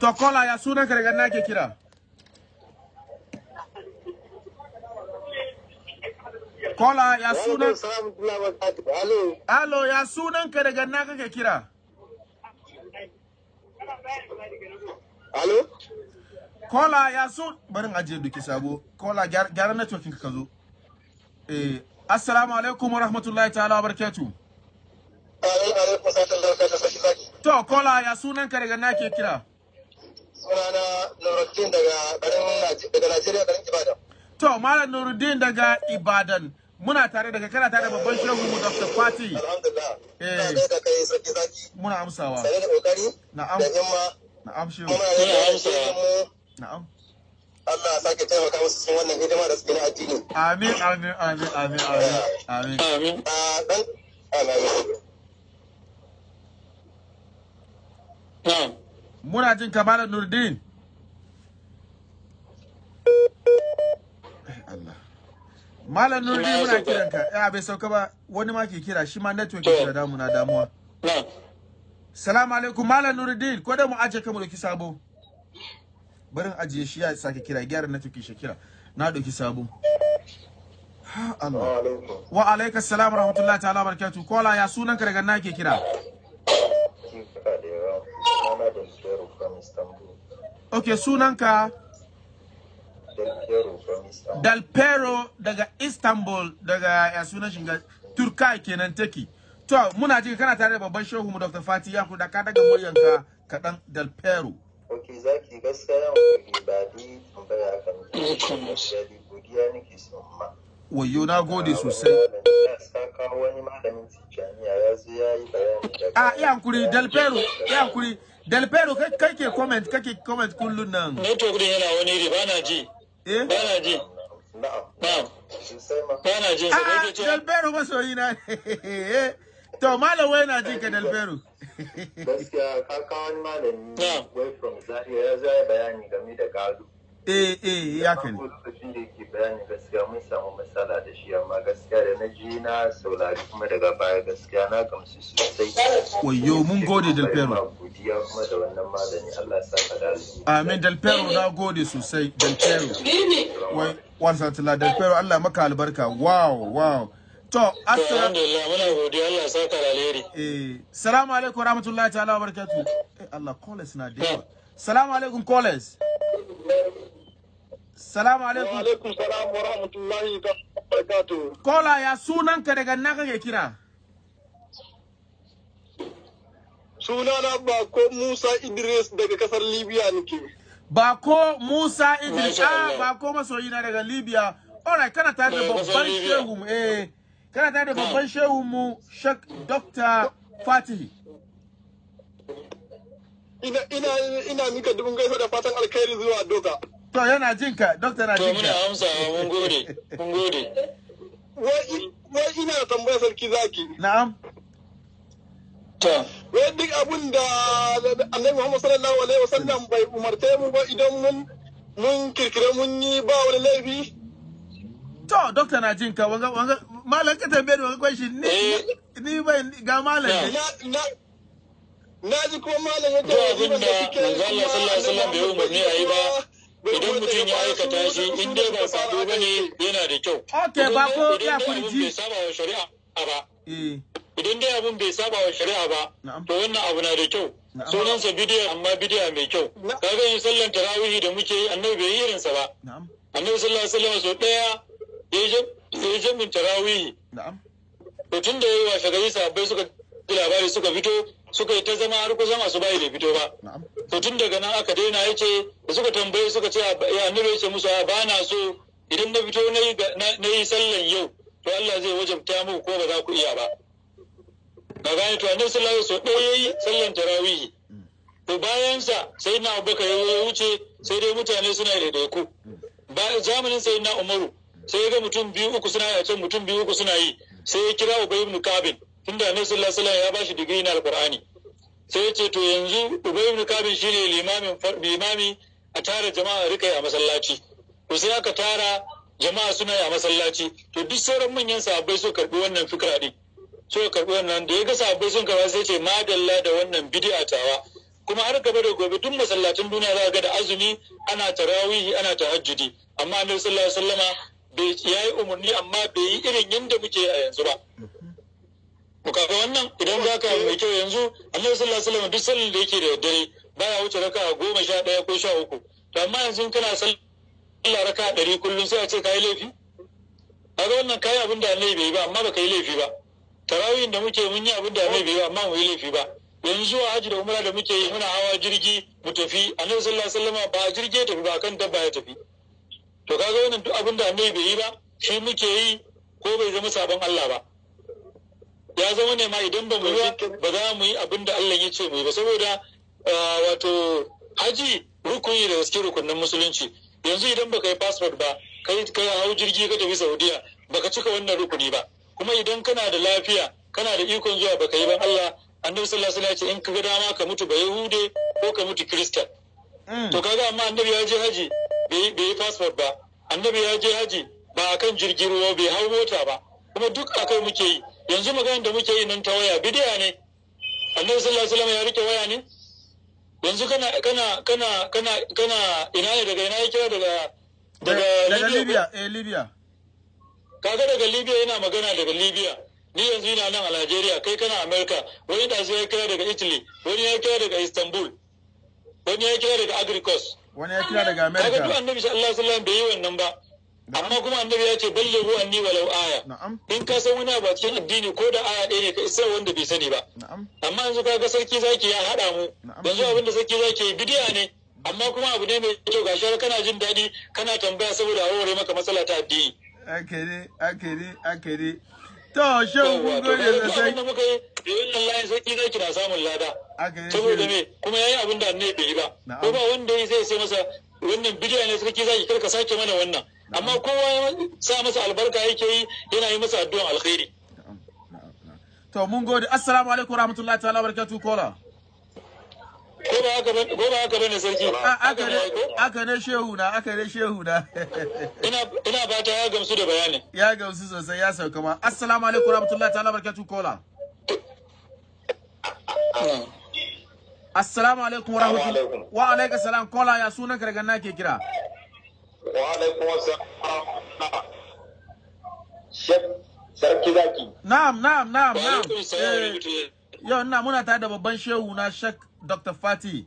To kola ya sunan ka daga na ke kira? Kola ya sunan Alo ya sunan ka daga na kake kira Alo Kola ya sun barin ajiye duki sabo Kola gyara networking ka zo Eh Assalamu alaikum wa rahmatullahi ta'ala wa barakatuh To Kola ya sunan ka daga na ke kira sunana Nuruddin daga garin daga Najeriya garin Ibadan. To Malam Nuruddin daga Ibadan muna tare da kana tare da babban shehu mu Dr. Fati eh muna amsawa sai da kokari na'am na'am shehu muna amsawa na'am Allah ya sake taimaka musu cikin wannan hidima da suke na addini amin amin amin amin amin amin ah, dan muna jin kamar Nurdin Malam Nurdi muna kiran ka. Eh bai sauka ba. Wani ma ke kira shi ma network ke damu na damuwa. Salamu alaikum Malam nurdi ko da mu aje ka mu doki sabo. Barin ajiye shi ya sake kira gyara na tuki Shakira. Na doki sabo. Allah. Wa alaika salam rahmatullahi ta'ala barakatuh. Kola ya sunan ka daga na ke kira. Okay sunan ka. Del Pero daga Istanbul daga ya suna shiga Turkai kenan take. To muna jin kana tare da babban shehu mu Dr. Fati ya da ka daga muryanka kaɗan Del Pero. okay zaki gaskiya mu ba ni tambaya eh, kan godiya nake so ma. Wayo na gode ah, sosai. kawo wani malamin tijjaniya ya zo ya yi bayani daga. A ah, iya kuri Del Pero iya kuri Del Pero kai ke comment kake comment kullun nan. to din yana wani riba na ji. Eh? Bana ah, masoyi na ne. Eh? To malam wai na jin ka Gaskiya ka kawo ne wai from Zaria ya zai bayani game da gado. eh eh ya ka ne lokacin da yake bayani gaskiya mun samu matsala da shi amma gaskiya da na je na saurari kuma daga baya gaskiya na gamsu sosai wayo mun gode del godiya kuma da wannan magani Allah ya saka da amin del na gode sosai del pero wai del Allah maka albarka wow wow to assalamu alaikum godiya Allah saka da eh, eh Allah na salamu alaikum Salamu alaikum. Wa alaikum salam wa rahmatullahi wa barakatuh. Kola ya sunan ka daga na kake kira? Sunana Bako Musa Idris daga kasar Libya nake. Bako Musa Idris, ah Bako masoyina daga Libya. Alright, kana ta da babban shehu mu eh. Kana ta da babban hmm. shehu mu Shek Dr. Fatih. Ina ina ina mika dubun gaisa da fatan alkhairi zuwa doka. To yana jin ka, doctor na jin ka. To muna amsa mun gode, mun gode. Wai ina tambaya sarki zaki. Na'am. To. Wai duk abin da Annabi Muhammad sallallahu alaihi wasallam bai umarce mu ba idan mun mun kirkire mun yi ba wani laifi. To, doctor na jin ka, wanga wanga malam ka tambaye da wani question ni eh. ni bai ga malam. Na na ji kuma malam ya ce abin da Allah sallallahu alaihi wasallam bai umarni a yi ba. idan mutum ya aikata shi in dai ba sabo ba ne yana da kyau. Ok ba ko ya kuri ji. Idan dai abin bai saba wa shari'a ba, e. to wannan abu na da kyau. Sunansa bidiyo amma bidiyo mai kyau. Kaga yin sallan tarawihi da muke yi annabi bai yi irinsa ba. Annabi sallallahu alaihi wasallam sau ɗaya ya yi jamin tarawihi. To tun da ya yi wa shagari sahabbai suka labari suka fito suka yi ta zama har kusan masu bayi bai fito ba to tun daga nan aka daina ya ce da suka tambaye suka ce ya annabi ya ce musu ba na so idan na fito na yi sallan yau to Allah zai wajabta muku ko ba za ku iya ba ka gane to annabi sallallahu alaihi wasallam ɗaya yi sallan tarawih to bayan sa sai na abubakar ya wuce sai dai mutane suna daidaiku zamanin sai na umaru sai ga mutum biyu uku suna yi a can mutum biyu uku suna yi sai ya kira ubay ibn kabin tunda annabi sallallahu alaihi ya bashi digiri na alqur'ani sai ya ce to yanzu ubay ibn kabi shine limamin limami a tara jama'a rika a masallaci to sai aka tara jama'a suna a masallaci to duk sauran manyan sahabbai suka karbi wannan fikra din suka karbi wannan da ya ga sahabbai sun karba sai ce madalla da wannan bid'a tawa kuma har gaba da gobe tun masallacin duniya za ga da azumi ana tarawihi ana tahajjudi amma annabi sallallahu alaihi wasallama bai yayi umarni amma bai yi irin yadda muke a yanzu ba ku kaga wannan idan za ka mai kyau yanzu annabi sallallahu alaihi wasallam duk sallar da yake da dare baya wuce raka goma sha ɗaya ko sha uku to amma yanzu kana sallar raka ɗari kullum sai a ce kayi laifi kaga wannan kayi abin da annabi bai yi ba amma baka yi laifi ba tarawihin da muke mun yi abin da annabi bai yi ba amma mu yi laifi ba yanzu a haji da umara da muke yi muna hawa jirgi mu tafi annabi sallallahu alaihi wasallam ba jirgi ya tafi ba kan dabba ya tafi to kaga wannan duk abin da annabi bai yi ba shi muke yi ko bai zama sabon Allah ba ya zama ne ma idan ba mu yi ba za mu yi abin da Allah ya ce mu ba saboda uh, wato haji rukuni da gaske rukunin musulunci yanzu idan baka yi passport ba kai ka hau jirgi ka tafi Saudiya ka cika wannan rukuni ba kuma idan kana da lafiya kana da ikon zuwa ka yi ba Allah annabi sallallahu alaihi wasallam ya ce in ka ga dama ka mutu ba yahude ko ka mutu krista mm. to kaga amma annabi ya je haji bai yi passport ba annabi ya je haji ba akan jirgin ruwa bai hau mota ba kuma duk akai muke yi yanzu maganin da muke yi nan ta waya bidiya ne annabi sallallahu alaihi wasallam ya rike waya ne yanzu kana kana kana kana kana ina ne daga ina ya kira daga daga libya eh libya kaga daga libya yana magana daga libya ni yanzu ina nan a Najeriya kai kana Amerika wani da ya kira daga Italy wani ya kira daga Istanbul wani ya kira daga Agricos wani ya kira daga Amerika kaga duk annabi sallallahu alaihi wasallam bai yi wannan ba amma kuma annabi ya ce ballighu anni walau aya in ka san wani abu a cikin addini ko da aya ɗaya ne ka isa wanda bai sani ba amma yanzu ka ga sarki zaki ya haɗa mu yanzu abin da sarki zaki bidiya ne amma kuma abu ne mai kyau gashi kana jin daɗi kana tambaya saboda a warware maka matsala ta addini akere akere akere to shan kun gode da sai muka yi da layin sarki zaki na samun lada saboda me kuma yayi abin da annabi bai yi ba ko ba wanda zai sai masa wannan bidiya ne sarki zaki kar ka sake mana wannan amma kowa sa masa albarka yake yi yana yi masa addu'an alkhairi to mun gode assalamu alaikum rahmatullahi ta'ala barakatuh kola ko ba haka bane sarki ah, aka ne shehu na aka ne shehu na ina fata ya gamsu da bayanin ya gamsu sosai ya sauka ma assalamu alaikum rahmatullahi ta'ala barakatuh kola assalamu alaikum wa rahmatullahi wa alaikum salam kola ya sunan karganna ke kira wa alaikum assalam shek sarki zaki na'am na'am na'am na'am eh, yau ina muna tare da babban shehu na shek dr fati.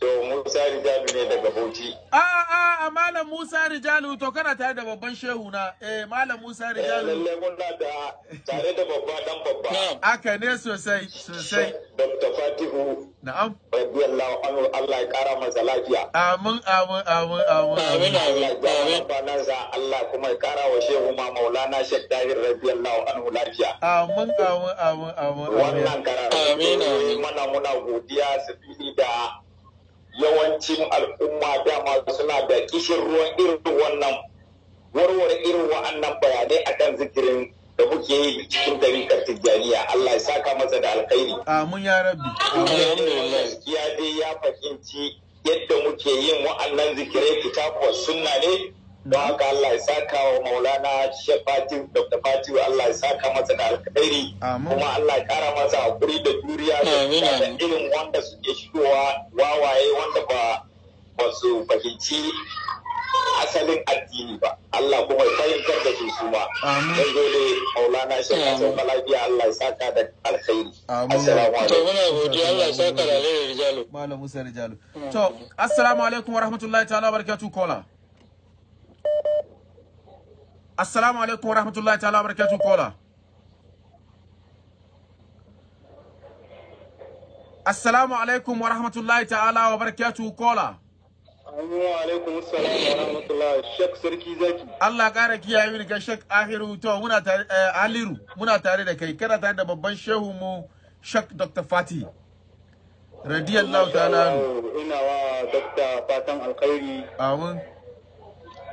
To Musa Rijalu ne daga Bauchi. A a a Malam Musa Rijalu to kana tare da babban shehu na eh Malam Musa eh, Rijalu. lalle muna da tare da babba dan babba. Aka ne sosai sosai. Dr. Fatihu. Na'am. Radiyallahu anhu Allah ya kara masa lafiya. Amin amin amin amin. Amin amin amin. Banansa Allah kuma ya kara wa shehu ma Maulana Sheikh Dahir radiyallahu anhu lafiya. Amin amin amin amin. Wannan karara. Amin amin. Mana muna godiya sabili da yawancin al'umma dama suna da kishin ruwan irin wannan warware irin wa'annan bayanai akan zikirin da muke yi cikin tarikar tijjaniya Allah ya saka masa da alkhairi amin ya rabbi ya dai ya fahimci yadda muke yin wa'annan zikirai kitabuwar sunna ne don haka Allah ya saka wa maulana Sheikh Fatiu Dr. Fatiu Allah ya saka masa da alkhairi kuma Allah ya kara masa hakuri da juriya da irin wanda suke shigowa wawaye wanda ba ba su fahimci asalin addini ba Allah kuma ya fahimtar da su su ma don dole maulana shi ka lafiya Allah ya saka da alkhairi assalamu alaikum to muna godiya Allah ya saka da alkhairi malam Musa rijalu to assalamu alaikum wa rahmatullahi ta'ala wa barakatuh kola assalamu alaikum warahmatullahi ta'ala barakatuh kola assalamu alaikum warahmatullahi ta'ala barakatuh kola alaikum assalam warahmatullahi shek sarki zaki Allah kare kiyaye mini ga shek ahiru to muna tare eh, aliru muna tare da kai kana tare da babban shehu mu shek dr fati radiyallahu ta'ala ina wa dr fatan alkhairi amin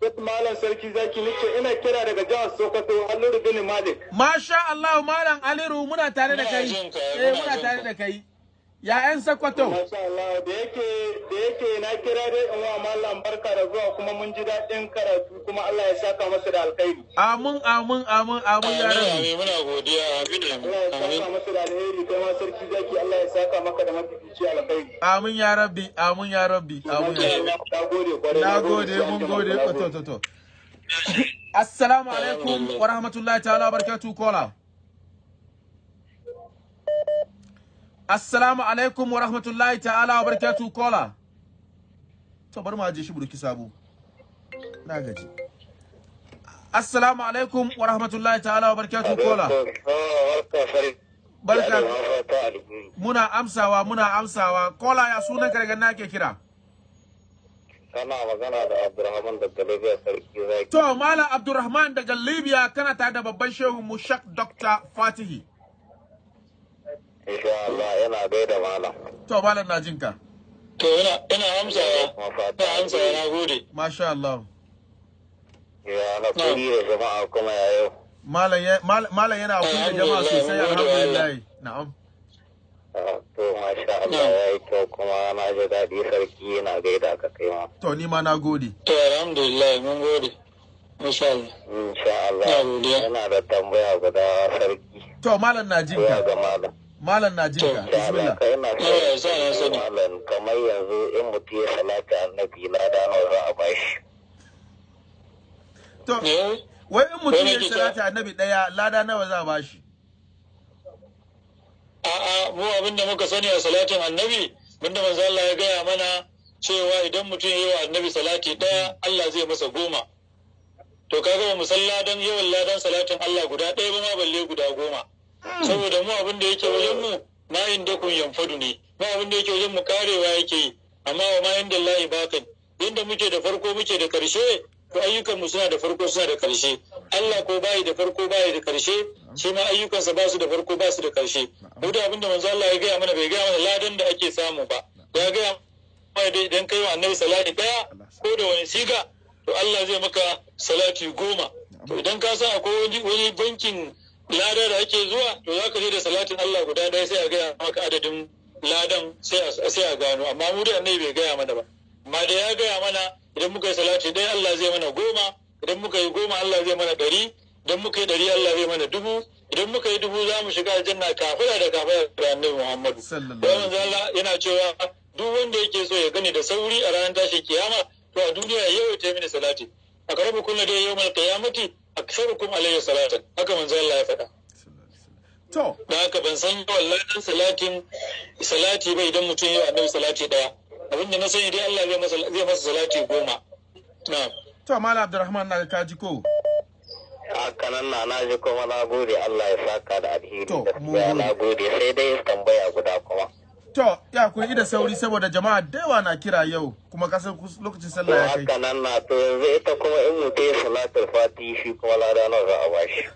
Duk Malam Sarki Zaki nake ina kira daga jihar Sokoto Halliru bin Malik. Masha Allah Malam Aliru muna tare da kai. Eh muna tare da kai. ya yan sakwato da yake da yake na kira dai in wa mallam barka da zuwa karatu kuma Allah ya assalamu alaikum wa rahmatullahi ta'ala barakatuh kola assalamu alaikum wa rahmatullahi ta'ala wa barakatuhu kola to bari mu aje shi burki sabo na gaji assalamu alaikum wa rahmatullahi ta'ala wa barakatuhu kola barka muna amsawa muna amsawa kola ya sunan gargan nake kira kana magana da Abdurrahman daga Libya sarki zaki to mala Abdurrahman daga Libya kana tare da babban shehu Mushak Dr Fatihi Insha Allah yana gaida malam. To malam na jinka. To ina ina hamsawa. Ina hamsawa na gode. Masha Allah. Ya na kuri da jama'a kuma ya yau. Malam yana kuri da jama'a sosai alhamdulillah. Na'am. Ah, to masha Allah ya yi kyau kuma na ji daɗi sarki yana gaida ka kai ma. To ni ma na gode. To alhamdulillah mun gode. Insha Allah. Yana da tambaya guda sarki. To malam na jinka. Ya ga malam. malam na jin ka bismillah kai na so eh, malam kamar yanzu in mutum ya salata annabi eh? lada nawa za a bashi to wai in mutum ya salata annabi daya lada nawa za a bashi a'a mu abinda muka sani a salatin annabi bunda manzo Allah ya gaya mana cewa idan mutum ya yi wa annabi salati daya Allah zai masa goma to kaga ba musalla dan yawan ladan salatin Allah guda ɗaya ba ma balle guda goma saboda mu abin da yake wajen mu mayin da kun fadu ne mu abin da yake wajen mu karewa yake yi amma wa mayin da layi bakan inda muke da farko muke da karshe to ayyukan mu suna da farko suna da karshe Allah ko bai da farko bai da karshe shi ma ayyukansa ba su da farko ba da karshe ko da abin da manzo Allah ya gaya mana bai gaya mana ladan da ake samu ba ya gaya mana dai idan kai wa annabi salati daya ko da wani siga to Allah zai maka salati goma to idan ka san akwai wani bankin lada da ake zuwa to za ka je da salatin Allah guda ɗaya sai a gaya maka adadin ladan sai a gano amma mu da bai gaya mana ba amma da ya gaya mana idan muka yi salati ɗaya Allah zai mana goma idan muka yi goma Allah zai mana ɗari idan muka yi ɗari Allah zai mana dubu idan muka yi dubu za mu shiga aljanna kafira da kafira da annabi Muhammadu. Bayan zala yana cewa duk wanda yake so ya gani da sauri a ranar tashin kiyama to a duniya yau ta mini salati. A karabu kullum da yau mai kiyamati aksarukum alayhi salatan haka manzo Allah ya faɗa to da haka ban san wallahi dan salatin salati ba idan mutum ya annabi salati daya abin da na sani dai Allah zai masa zai masa salati goma na'am to mala abdurrahman na ka jiko ko kanan na na ji kuma na gode Allah ya saka da alheri da na gode sai dai tambaya guda kuma To, ya ku da sauri saboda jama'a da yawa na kira yau kuma kasan lokacin sallah ya kai. Haka nan na to yanzu ita kuma in mutu ya salatul fati shi kuma lada nawa za a bashi.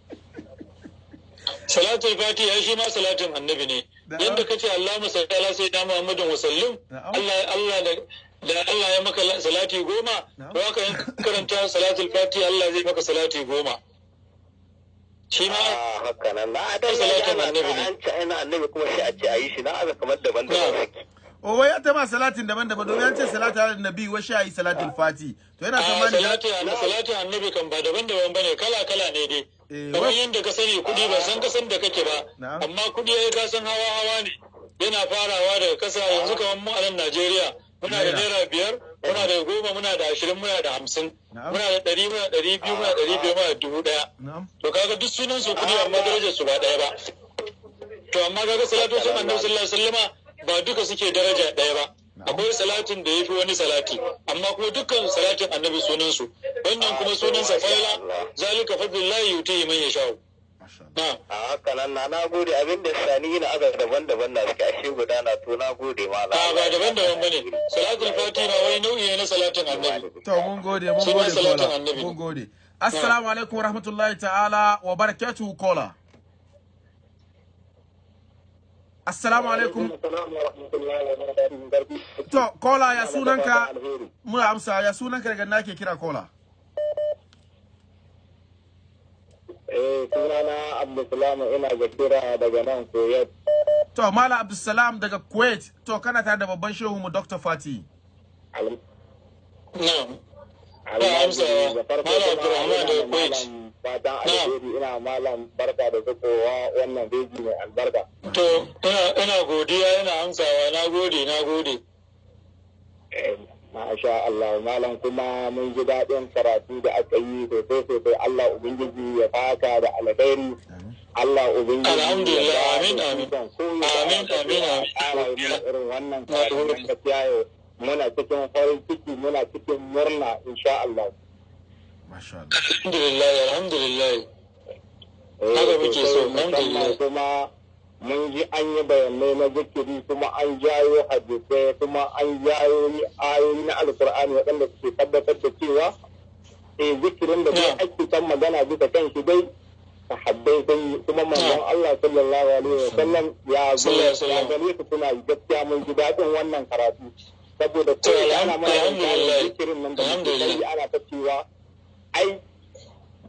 Salatul fati ya shi ma salatin annabi ne. Yadda kace Allah masalli Allah sai da Muhammadu wasallim Allah Allah da da Allah ya maka salati goma, ba ka karanta salatul fati Allah zai maka salati goma. shi ma ah, haka nan na adam salatin annabi ne an ce ina annabi kuma sai a ce a yi shi na aza kamar daban-daban o wai ta ma salatin daban-daban domin an ce salatu ala nabi wa sha yi salatin fati to yana tsammani ah, salatu ala salatu annabi kan ba daban-daban bane kala-kala ne dai eh, kamar yadda ka sani kudi ba san kasan da kake ba amma kudi ya ka san hawa-hawa ne yana farawa daga kasa yanzu kamar mu a nan Najeriya muna da naira biyar muna da goma muna da ashirin muna da hamsin muna da ɗari muna da ɗari biyu muna da ɗari biyu muna da dubu ɗaya to kaga duk sunan su kuɗi amma darajar su ba ɗaya ba to amma kaga salatu sun annabi sallallahu alaihi wasallama ba duka suke daraja ɗaya ba akwai salatin da ya fi wani salati amma kuma dukkan salatin annabi sunansu wannan kuma sunansa fa'ila zalika fadlullahi yutihi man yasha'u Hmm, a haka nan na gode abin da sani ina aga daban-daban na suke ashe guda na to na gode ma la ah, ba daban-daban bane salatul fatima wai nau'i na salatin annabi to mun gode mun gode kola mun gode assalamu alaikum wa rahmatullahi ta'ala wa barakatuhu kola assalamu alaikum to kola ya sunanka muna amsa ya sunanka daga nake kira kola Eh sunana Abdulsalam ina ga kira daga nan Kuwait. To Mala Abdulsalam daga Kuwait. To kana tare da babban shehu mu Dr. Fati. Na'am. fatan eh, alheri ina malam barka da fitowa wannan beji mai albarka. To ina godiya ina amsawa na gode na gode. Eh, Masha Allah malam kuma mun ji daɗin karatu da aka yi sosai sosai Allah Ubangiji ya faka da alkhairi Allah Ubangiji alhamdulillah amin amin amin amin amin irin wannan karatu da kiyaye muna cikin farin ciki muna cikin murna insha Allah Masha Allah alhamdulillah alhamdulillah eh, haka muke so alhamdulillah mun ji an yi bayanai na zikiri kuma an jayo hadisai kuma an jayo ayoyi na alkur'ani waɗanda suke tabbatar da cewa eh zikirin da dai ake kan magana bisa kan shi dai sahabbai sun yi kuma manzon Allah sallallahu alaihi wa sallam ya gure ya gare su suna yi gaskiya mun ji daɗin wannan karatu saboda kowa yana mana zikirin nan da muke ana ta cewa ai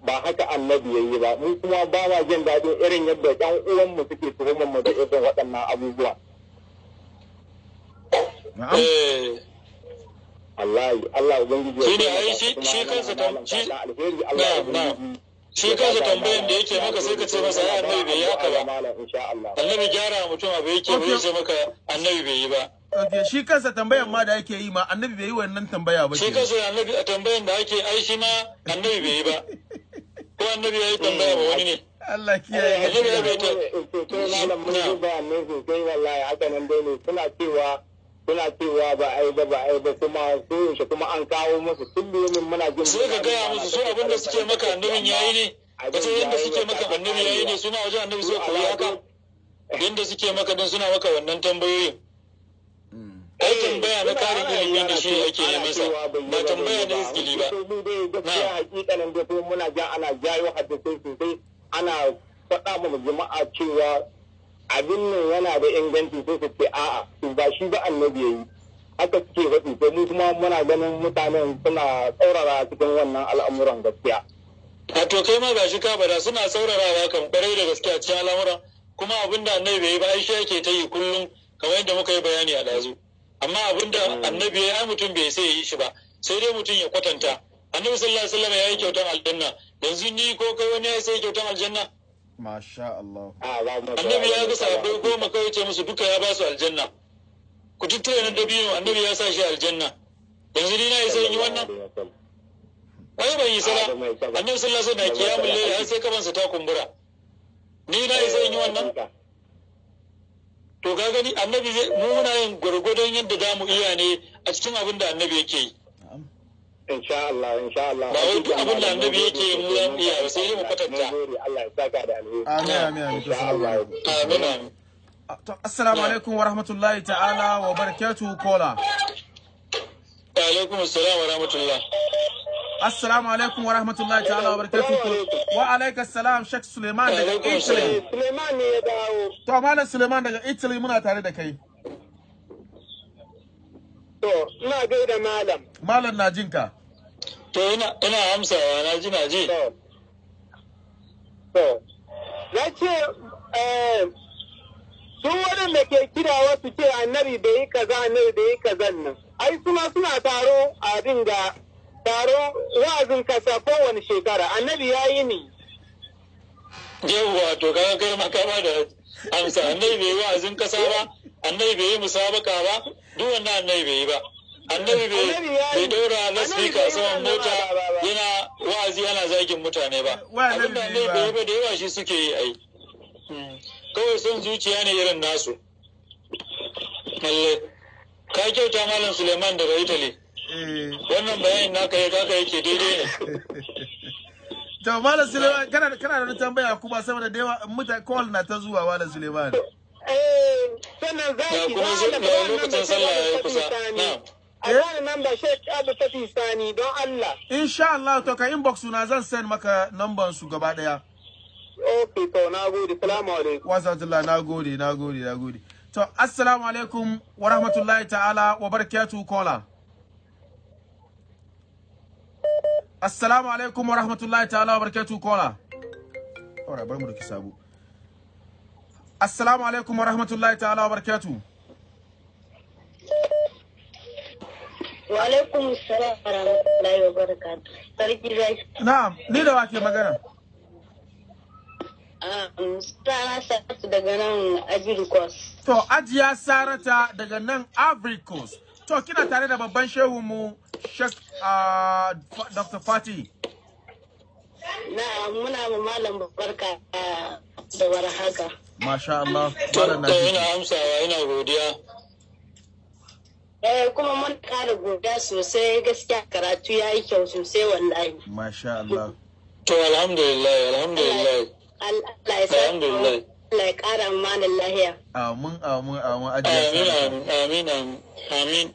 ba haka annabi ya yi ba mu kuma ba ma jin daɗin irin yadda ɗan uwanmu suke tuhumar mu da irin waɗannan abubuwa. Eh. Allah Allah ubangiji ya yi shi shi kansa shi shi kansa tambayan da yake maka sai ka ce masa ya annabi bai yi haka ba annabi gyara mutum abu yake bai ce maka annabi bai yi ba Okay, shi kansa tambayan ma da ake yi ma annabi bai yi wannan tambaya ba shi kansa annabi tambayan da ake ai shi ma annabi bai yi ba ko annabi yayi tambaya ba wani ne Allah kiyaye ga shi da to to malam ba ne sosai wallahi haka nan dai ne suna cewa suna cewa ba ai ba ba ai ba kuma so shi kuma an kawo musu kullum muna jin sai ka gaya musu so abin da suke maka annabin yayi ne kace yanda suke maka annabi yayi ne suna wajen annabi sai koyi haka yanda suke maka din suna maka wannan tambayoyin ai tambaya eh, na karin ilimin da shi yake yi masa ba tambaya na iskili ba na da sai muna ja ana jayo hadisai sosai ana faɗa mu jama'a cewa abin nan yana da inganci sai su ce a'a to ba shi ba annabi yayi haka suke faɗi sai mu kuma muna ganin mutanen suna tsaurara cikin wannan al'amuran gaskiya a to kai ma shi ka bada suna saurarawa kan kwarai da gaskiya cikin al'amuran kuma abin da annabi bai yi ba aisha yake ta yi kullum kamar yadda muka yi bayani a dazu amma abinda hmm. annabi ya mutum bai sai ya yi shi ba sai dai mutum ya kwatanta annabi sallallahu alaihi wasallam ya yi kyautan aljanna yanzu ni ko kai wani ya sai kyautan aljanna masha Allah ah, annabi ya ga sahabbai goma kawai ce musu duka ya ba su aljanna ku tuttura na dabiyo annabi ya sa shi aljanna yanzu ni na yi sai yi wannan ai ban yi sala annabi sallallahu alaihi wasallam ya kiyamul layl har sai sa ta kumbura ni na yi sai yi wannan to ga gani annabi mu muna yin gwargwadon yadda za mu iya ne a cikin abin da annabi yake yi insha Allah insha Allah ba wai duk abin da annabi yake yi mu zan iya sai mu kwatanta Allah ya saka da alheri amin amin amin ah, to assalamu alaikum wa rahmatullahi ta'ala wa barakatuhu kola wa alaikum assalam wa rahmatullahi السلام alaikum wa الله تعالى وبركاته وعليك wa alaika salam shek suleiman daga italy suleiman suleiman daga italy muna tare da kai to ina gaida malam malam na jinka to ina waɗanda ke kirawa su ce annabi bai yi kaza ne bai yi kaza nan ai suna suna taro a dinga taro wa'azin kasa kowane shekara annabi ya yi ni yawwa to kaga kai makama da amsa annabi bai yi wa'azin kasa ba annabi bai yi musabaka ba duk wannan annabi bai yi ba annabi bai daura lasfika saman mota yana wa'azi yana zagin mutane ba abinda annabi bai yi ba da yawa shi suke yi ai hmm. kawai son zuciya ne irin nasu ka kyauta malam suleiman daga italy wannan bayanin naka ya kaka yake daidai ne to malam suleiman kana kana da tambaya kuma saboda da yawa mutane call na ta zuwa malam suleiman eh sannan zaki za ka lokacin sallah ya kusa na'am a wani eh? namba shek abu tafi sani don Allah. Insha Allah to ka inbox na zan send maka namban su gaba daya. Okay to na gode salamu alaikum. Wa sallallahu na gode na gode na gode. To assalamu alaikum wa rahmatullahi ta'ala wa barakatuhu kola. Assalamu alaikum wa rahmatullahi ta'ala wa barakatuh kola. Ora bari mu duki sabu. Assalamu alaikum wa rahmatullahi ta'ala wa barakatuh. Wa alaikum assalam wa rahmatullahi wa barakatuh. Sarki zaki. Na'am, ni da wake magana. Sara Saratu daga nan Ivory Coast. To, Ajiya Sarata daga nan Ivory Coast. To kina tare da babban shehu mu Sheikh uh, ah, Dr. Fati. Na'am muna ma malam barka da warhaka. Masha Allah. To ina amsawa ina godiya. Eh kuma mun kara godiya sosai gaskiya karatu ya kyau sosai wallahi. Masha Allah. To alhamdulillah alhamdulillah. Allah ya sa. Alhamdulillah. Allah ya kara mana lahiya. Amin amin amin ajiya. amin amin amin.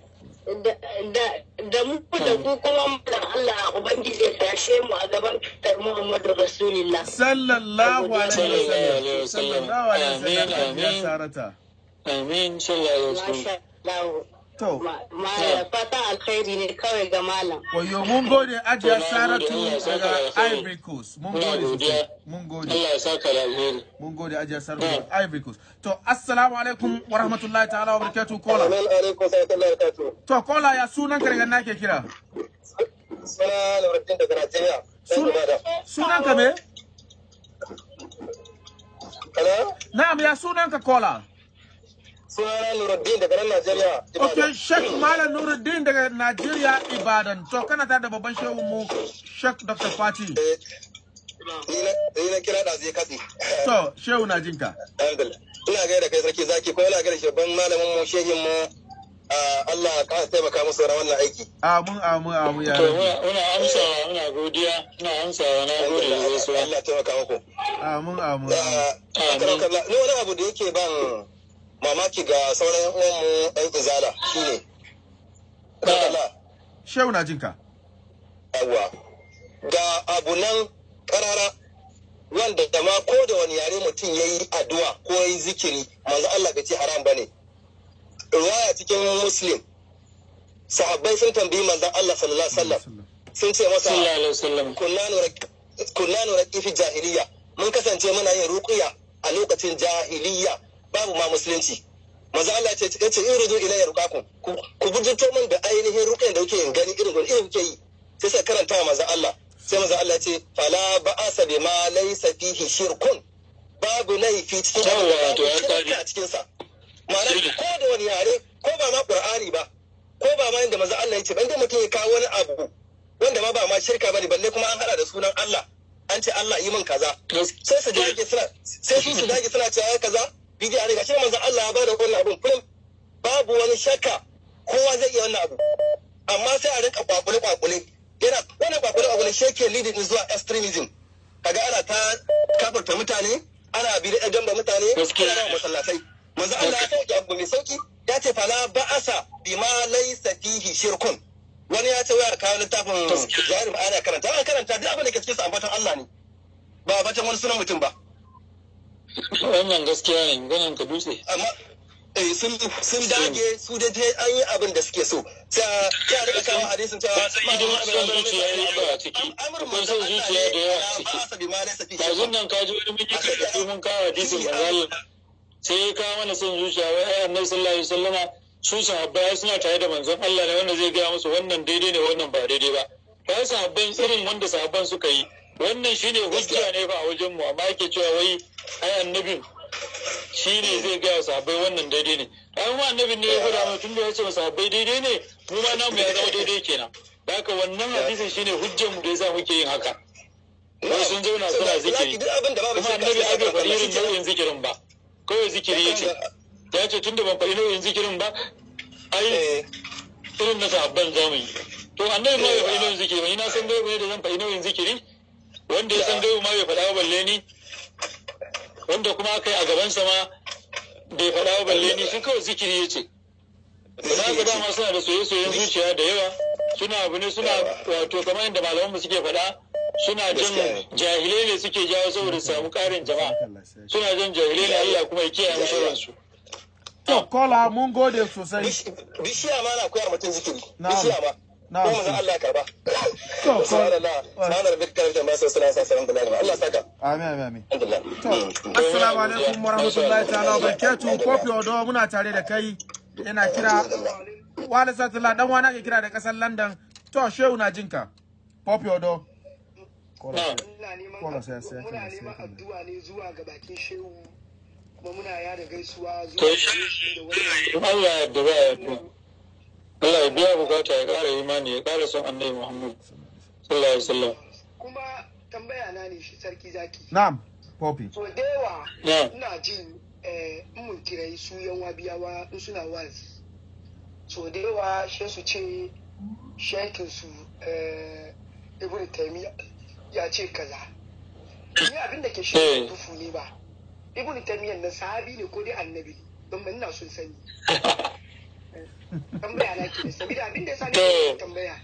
da mu da ku kuma da Allah ubangiji ya tashe mu a gaban fitar Muhammadu Rasulullah sallallahu alaihi wasallam sallallahu alaihi wasallam ya sarata amin sallallahu alaihi wasallam To. Fata alkhairi ne kawai ga malam. Wayo mun gode ajiya Saratu daga Ivory Coast. Mun gode sosai. Mun gode. Allah ya saka alheri. Mun gode ajiya Saratu hmm. daga Ivory Coast. To assalamu alaikum wa rahmatullahi ta'ala wa barakatuh kola. Wa alaikum wa barakatuh. To kola ya sunan ka daga nake kira. Sunan alwarkin daga Najeriya. Sunan ka me? Hello? Na'am ya sunan ka kola. sunana Nuruddin daga nan Najeriya. Ok, Sheikh Malam Nuruddin daga Najeriya Ibadan. To kana tare da babban shehu mu Sheikh Dr. Fati. Eh, ni na kira da zai katse. To, shehu na jinka. Allah ka taimaka musu da wannan Amin amin amin amin. Amin. Eh, ni wani abu da yake ban mamaki ga sauran yan uwanmu yan izala shine shehu na jinka yawa ga abu nan karara wanda dama ko da wani yare mutum ya yi addu'a ko ya yi zikiri manzo Allah bai ce haram bane riwaya cikin muslim sahabbai sun tambayi manzo Allah sallallahu alaihi wasallam sun ce masa sallallahu alaihi wasallam kunna nuraqi fi jahiliya mun kasance muna yin ruqiya a lokacin jahiliya babu ma musulunci maza Allah ce ce in rudu ila ya rukakum ku bujurto min da ainihin rukayen da kuke yin gani irin gurin irin kuke yi sai sai karanta maza Allah sai maza Allah ce fala ba'asa bi ma laysa fihi shirkun babu laifi cikin abin da cikin sa ma'ana ko da wani yare ko ba ma qur'ani ba ko ba ma inda maza Allah ya ce ban da mutum ya kawo wani abu wanda ma ba ma shirka bane balle kuma an hada da sunan Allah an ce Allah yi min kaza sai su dage suna sai su dage suna cewa kaza bidiya ne gashi manzon Allah ya bada wannan abun kullum babu wani shakka kowa zai iya wannan abu amma sai a rika kwakule kwakule yana wannan kwakule kwakule shi yake leading zuwa extremism kaga ana ta kafarta mutane ana bi da gamba mutane ana rawa masallatai manzon Allah ya sauke abu mai sauki ya ce fala ba'asa bima laysa fihi shirkun wani ya ce waya kawo littafin jahilin ana karanta ana karanta duk abin da ke cikin sa ambaton Allah ne ba a ambaton wani sunan mutum ba wannan gaskiya ne ganin ka dutse amma eh, sun dage su da ta an yi abin da suke so ta ya rika kawo hadisin ta ba san idan son zuciya ne ba ciki akwai son zuciya da yawa ciki ba nan ka ji wani miki ka ji mun kawo hadisin manzal sai ya mana son zuciya wai ai annabi sallallahu alaihi wasallama su ya suna tare da manzon Allah ne wanda zai gaya musu wannan daidai ne wannan ba daidai ba ba sahabban irin wanda sahabban suka yi wannan shine hujja ne fa a wajen mu amma yake cewa wai ai annabin shine hmm. zai ga sahabbai wannan daidai ne ai mu annabin ne ya fada mu tun ya ce sahabbai daidai ne mu ma namu ya zama daidai kenan haka wannan hadisin shine hujjar mu da yasa muke yin haka wai sun zauna suna zikiri kuma annabi a bai faɗi irin nau'in zikirin ba kawai zikiri ya ce ya ce tunda ban faɗi nau'in zikirin ba ai eh. irin na sahabban zamu yi to annabi ma bai faɗi eh. nau'in zikiri ba ina san bai da zan faɗi nau'in zikiri wanda ya san gaibu ma bai faɗawa balle ni wanda kuma aka yi a gabansa ma bai faɗawa balle ni shi kawai zikiri ya ce na ga dama suna da soye-soyen zuciya da yawa suna abu ne suna wato kamar yadda malamanmu suke faɗa suna jan jahilai ne suke jawo saboda samu ƙarin jama'a suna jan jahilai ne Allah kuma ya kiyaye musu ransu to kola mun gode sosai bishiya ma na koyar mutum zikiri bishiya ma na Allah karba to subhanallah subhanallah da Allah saka amin amin amin to assalamu alaikum wa ta'ala kofi odo muna tare da kai yana kira wala satala dan ke kira da kasar London to shehu na jinka kofi odo kola sai sai muna neman addu'a ne zuwa ga bakin shehu kuma muna yada gaisuwa zuwa Allah ya yarda Allah ya biya bukata ya ƙara imani ya ƙara son annabi Muhammad sallallahu alaihi wasallam kuma tambaya na ne shi sarki zaki na'am popi so da yawa ina jin eh mun kira su yan wabiyawa in suna wazi so da yawa shi su ce shekin su eh ibn taymiya ya ce kaza ni abin da ke shi dufu eh. ne ba ibn taymiya na sahabi ne ko dai annabi don ina son sani tambaya na ke saboda abin da ya sani tambaya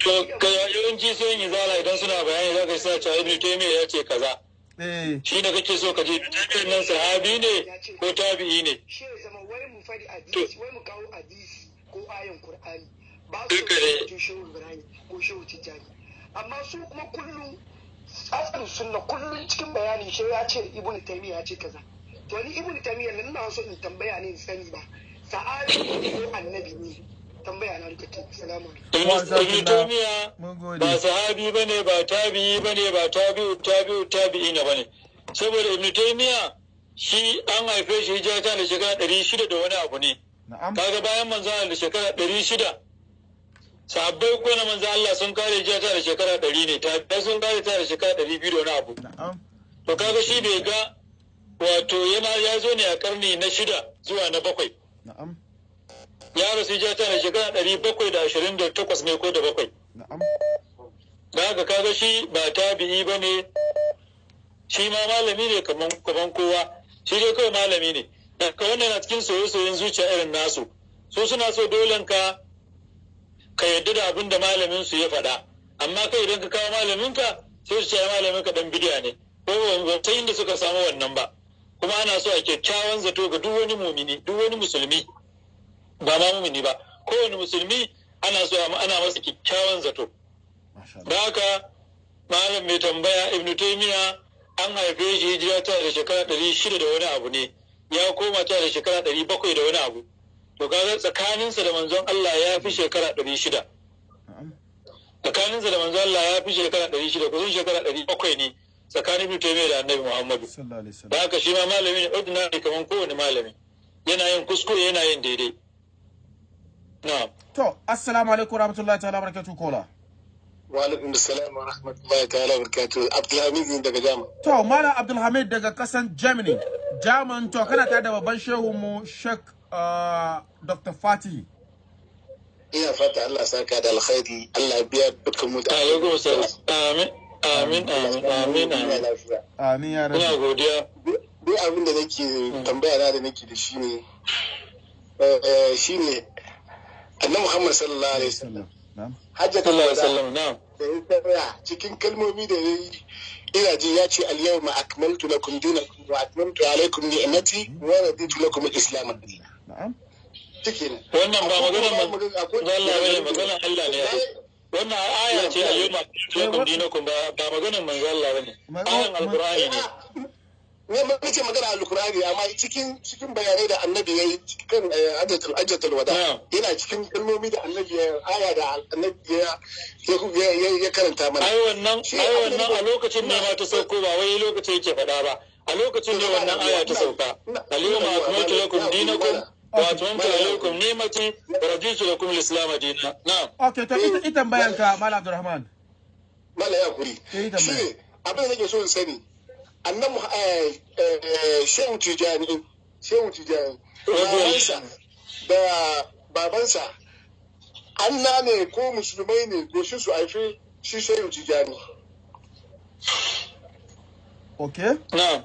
to yawanci zala idan suna bayani za ka sa cewa ibnu taymiya ya ce kaza eh. shi da kake so ka je tafiyar nan sahabi ne ko tabi'i ne shi ya zama wai mu fadi hadisi wai mu kawo hadisi ko ayan qur'ani ba su shehu ibrahim ko shehu amma su kuma kullum tsarin sunna kullum cikin bayani shi ya ce ibnu taymiya ya ce kaza to ni ibnu taymiya nan na so in tambaya ne in sani ba sahabi ko annabi ne tambaya na rikata salamu eh, ba sahabi bane ba tabi'i bane ba tabi'u tabi'u tabi'i na bane saboda ibn taymiya shi an haife shi hijira ta da shekara ɗari shida da wani abu ne kaga bayan manzo Allah da shekara ɗari shida sahabbai ko na manzo Allah sun kare hijira ta da shekara ɗari ne ta sun kare ta da shekara ɗari biyu da wani abu to kaga shi bai ga wato yana ya zo ne a karni na shida zuwa na bakwai Na'am. Ya rasu jiya tana shekara ɗari bakwai da ashirin da takwas ne ko da bakwai. Na'am. Da haka kaga shi ba tabi'i ba ne shi ma malami ne kaman kowa shi dai kawai malami ne. Daga wannan na cikin soyayyen zuciya irin nasu. Su suna so dolen ka ka yadda da abin da malamin su ya faɗa. Amma kai idan ka kawo malaminka sai su ce malaminka ɗan bidiya ne. Ko ba sai inda suka samu wannan ba. kuma ana so a kyakkyawan zato ga duk wani mumini duk wani musulmi ba ma mumini ba kowane musulmi ana so ana masa kyakkyawan zato da haka malam mai tambaya ibn taymiya an haife shi hijira ta da shekara ɗari shida da wani abu ne ya koma ta da shekara ɗari bakwai da wani abu to kaga tsakaninsa da manzon Allah ya fi shekara ɗari shida tsakaninsa da manzon Allah ya fi shekara ɗari shida kusan shekara ɗari bakwai ne tsakanin ibn mai da annabi muhammadu da haka shi ma malami ne ordinary kamar kowane malami yana yin kuskure yana yin daidai na to assalamu alaikum warahmatullahi ta'ala barakatuh kola wa alaikum assalam wa rahmatullahi ta'ala barakatuh abdulhamid daga jama to malam abdulhamid daga kasan germany jaman to kana tare da babban shehu mu shek uh, dr fatih ina fata Allah saka da alkhairi Allah biya dukkan mutane alaikum assalam amin Amin, amin, amin, amin. Amin, ya rabu. Ina godiya. Duk abin da nake hmm. tambaya na da nake da shi ne, eh, eh, shi ne, annabi Muhammad sallallahu alaihi wasallam. Hajjatul Wasallam, na'am. Da ya tsaya cikin kalmomi da ya yi ina ji ya ce al-yawma akmaltu lakum dinakum wa atmamtu alaykum ni'mati hmm. wa raditu lakum al-islam dinan. Na'am. Wannan ba magana Allah ne magana Allah ne ya wannan aya ce a yoma lakum dinakum ba ba maganin manzo Allah bane ayan alqur'ani ne ne mun ce magana alqur'ani amma cikin cikin bayanai da annabi yayi cikin eh, ajatul ajatul wada yana cikin kalmomi da annabi ya aya da annabi ya ya karanta mana ai wannan ai wannan a lokacin ne ma ta sauko ba wai lokacin yake faɗa ba a lokacin ne wannan aya ta sauka al yawma akmaltu lakum dinakum wato an kala wa raditu lakum al-islam dinan na'am okay to ita bayan ka mala abdurrahman mala ya kuri eh, shi abin da nake so in sani annan eh, eh, shehu tijani shehu tijani babansa da babansa Allah ne ko musulmai ne goshin su aife shi shehu tijani okay na'am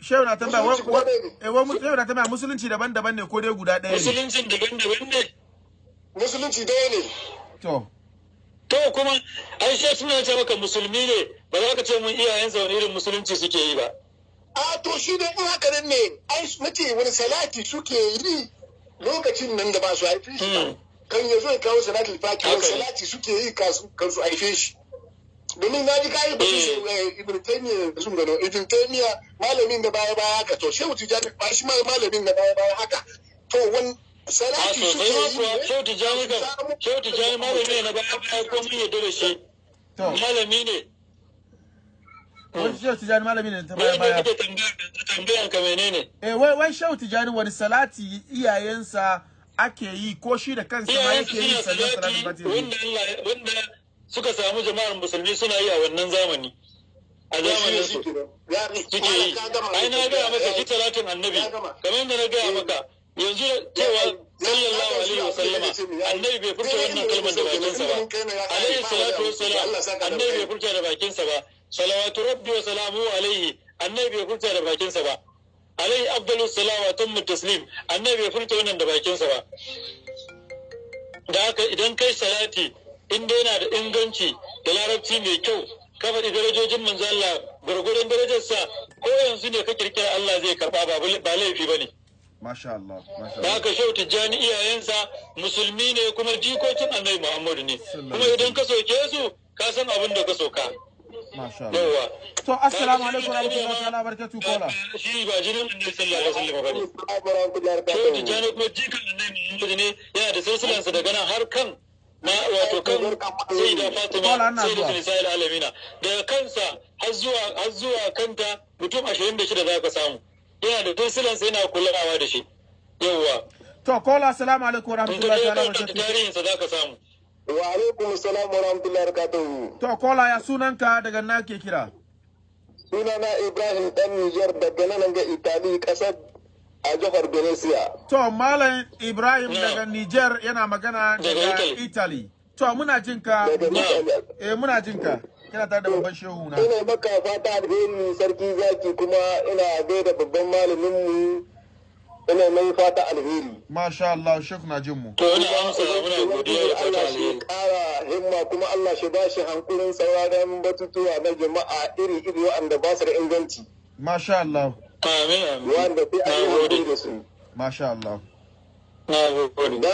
Eh, Shehu na tambaya musulunci daban-daban ne ko dai guda ɗaya ne. Musulunci daban-daban ne. Musulunci ɗaya ne. To. To kuma ai sai suna ce maka musulmi ne ba za ka ce mun iyayen zaune irin musulunci suke yi ba. A to shi ne in haka nan ne ai mace wani salati suke yi lokacin nan da ba su haife shi. ba, hmm. Kan ya zo ya kawo salatul fatiha salati suke yi kan su haife shi. domin na ji kayi batun eh. Eh, ibn taymiya sun gano ibn taymiya malamin da baya baya haka to shehu tijani ba shi malamin da baya baya haka to wani salati ah, ke yi ne shehu tijani ga shehu tijani hmm. malami ne na baya baya ko mun yadda da shi malami ne wani shehu tijani malami ne ta baya baya tambayan ka menene eh wai wai shehu tijani wani salati iyayensa ake yi ko shi da kansa ma yake yi salati ba ta wanda suka samu jama'ar musulmi suna yi a wannan zamani a zamanin su suke yi ai na gaya maka ki talatin annabi kamar yadda na gaya eh. maka yanzu cewa sallallahu alaihi wa sallama annabi bai furta eh, wannan kalmar da bakinsa ba alaihi salatu wa salam annabi bai furta da bakinsa ba salawatu rabbi wa salamu alaihi annabi bai furta da bakinsa ba alaihi abdulus salawatun mutaslim annabi bai furta wannan da bakinsa ba da haka idan kai salati in dai yana da inganci da larabci mai kyau ka faɗi darajojin manzo Allah gwargwadon darajarsa ko yanzu ne ka kirkira Allah zai karɓa ba laifi ba ne. Masha Allah. Da haka shau tijjani iyayensa musulmi ne kuma jikokin annabi Muhammadu ne. Kuma idan ka soke su ka san abin da ka soka. To assalamu alaikum wa rahmatullahi wa barkatu kola. Shi ba jinin annabi sallallahu alaihi sallam ba ne. Shau tijjani kuma jikan annabi Muhammadu ne yana da silsilansa daga nan har kan Na wato kan sai da fatima sai da misali alamina daga kansa har zuwa kanta mutum ashirin da shida za ka samu yana da tunsilan sai na kullawa da shi yawwa to kola assalamu alaikum warahmatullahi ta'ala barakatuh tarihin sa za ka samu wa alaikum salam wa rahmatullahi barakatuh to kola ya sunanka daga na kira sunana ibrahim dan niger daga nan ga itali kasar a jihar Venecia. To Malam Ibrahim daga Niger yana magana daga Italy. To muna jin ka. Eh muna jin ka. tare da babban shehu na. Ina maka fata alheri sarki zaki kuma ina gaida babban malamin mu ina mai fata alheri. Masha Allah, Sheikh na jin mu. To ina amsa muna godiya da fata alheri. Kara himma kuma Allah shi ba shi hankulin sauraron batutuwa na jama'a iri-iri wanda ba su da inganci. Masha Allah. wanda sai a yi hakuri da su masha Allah Na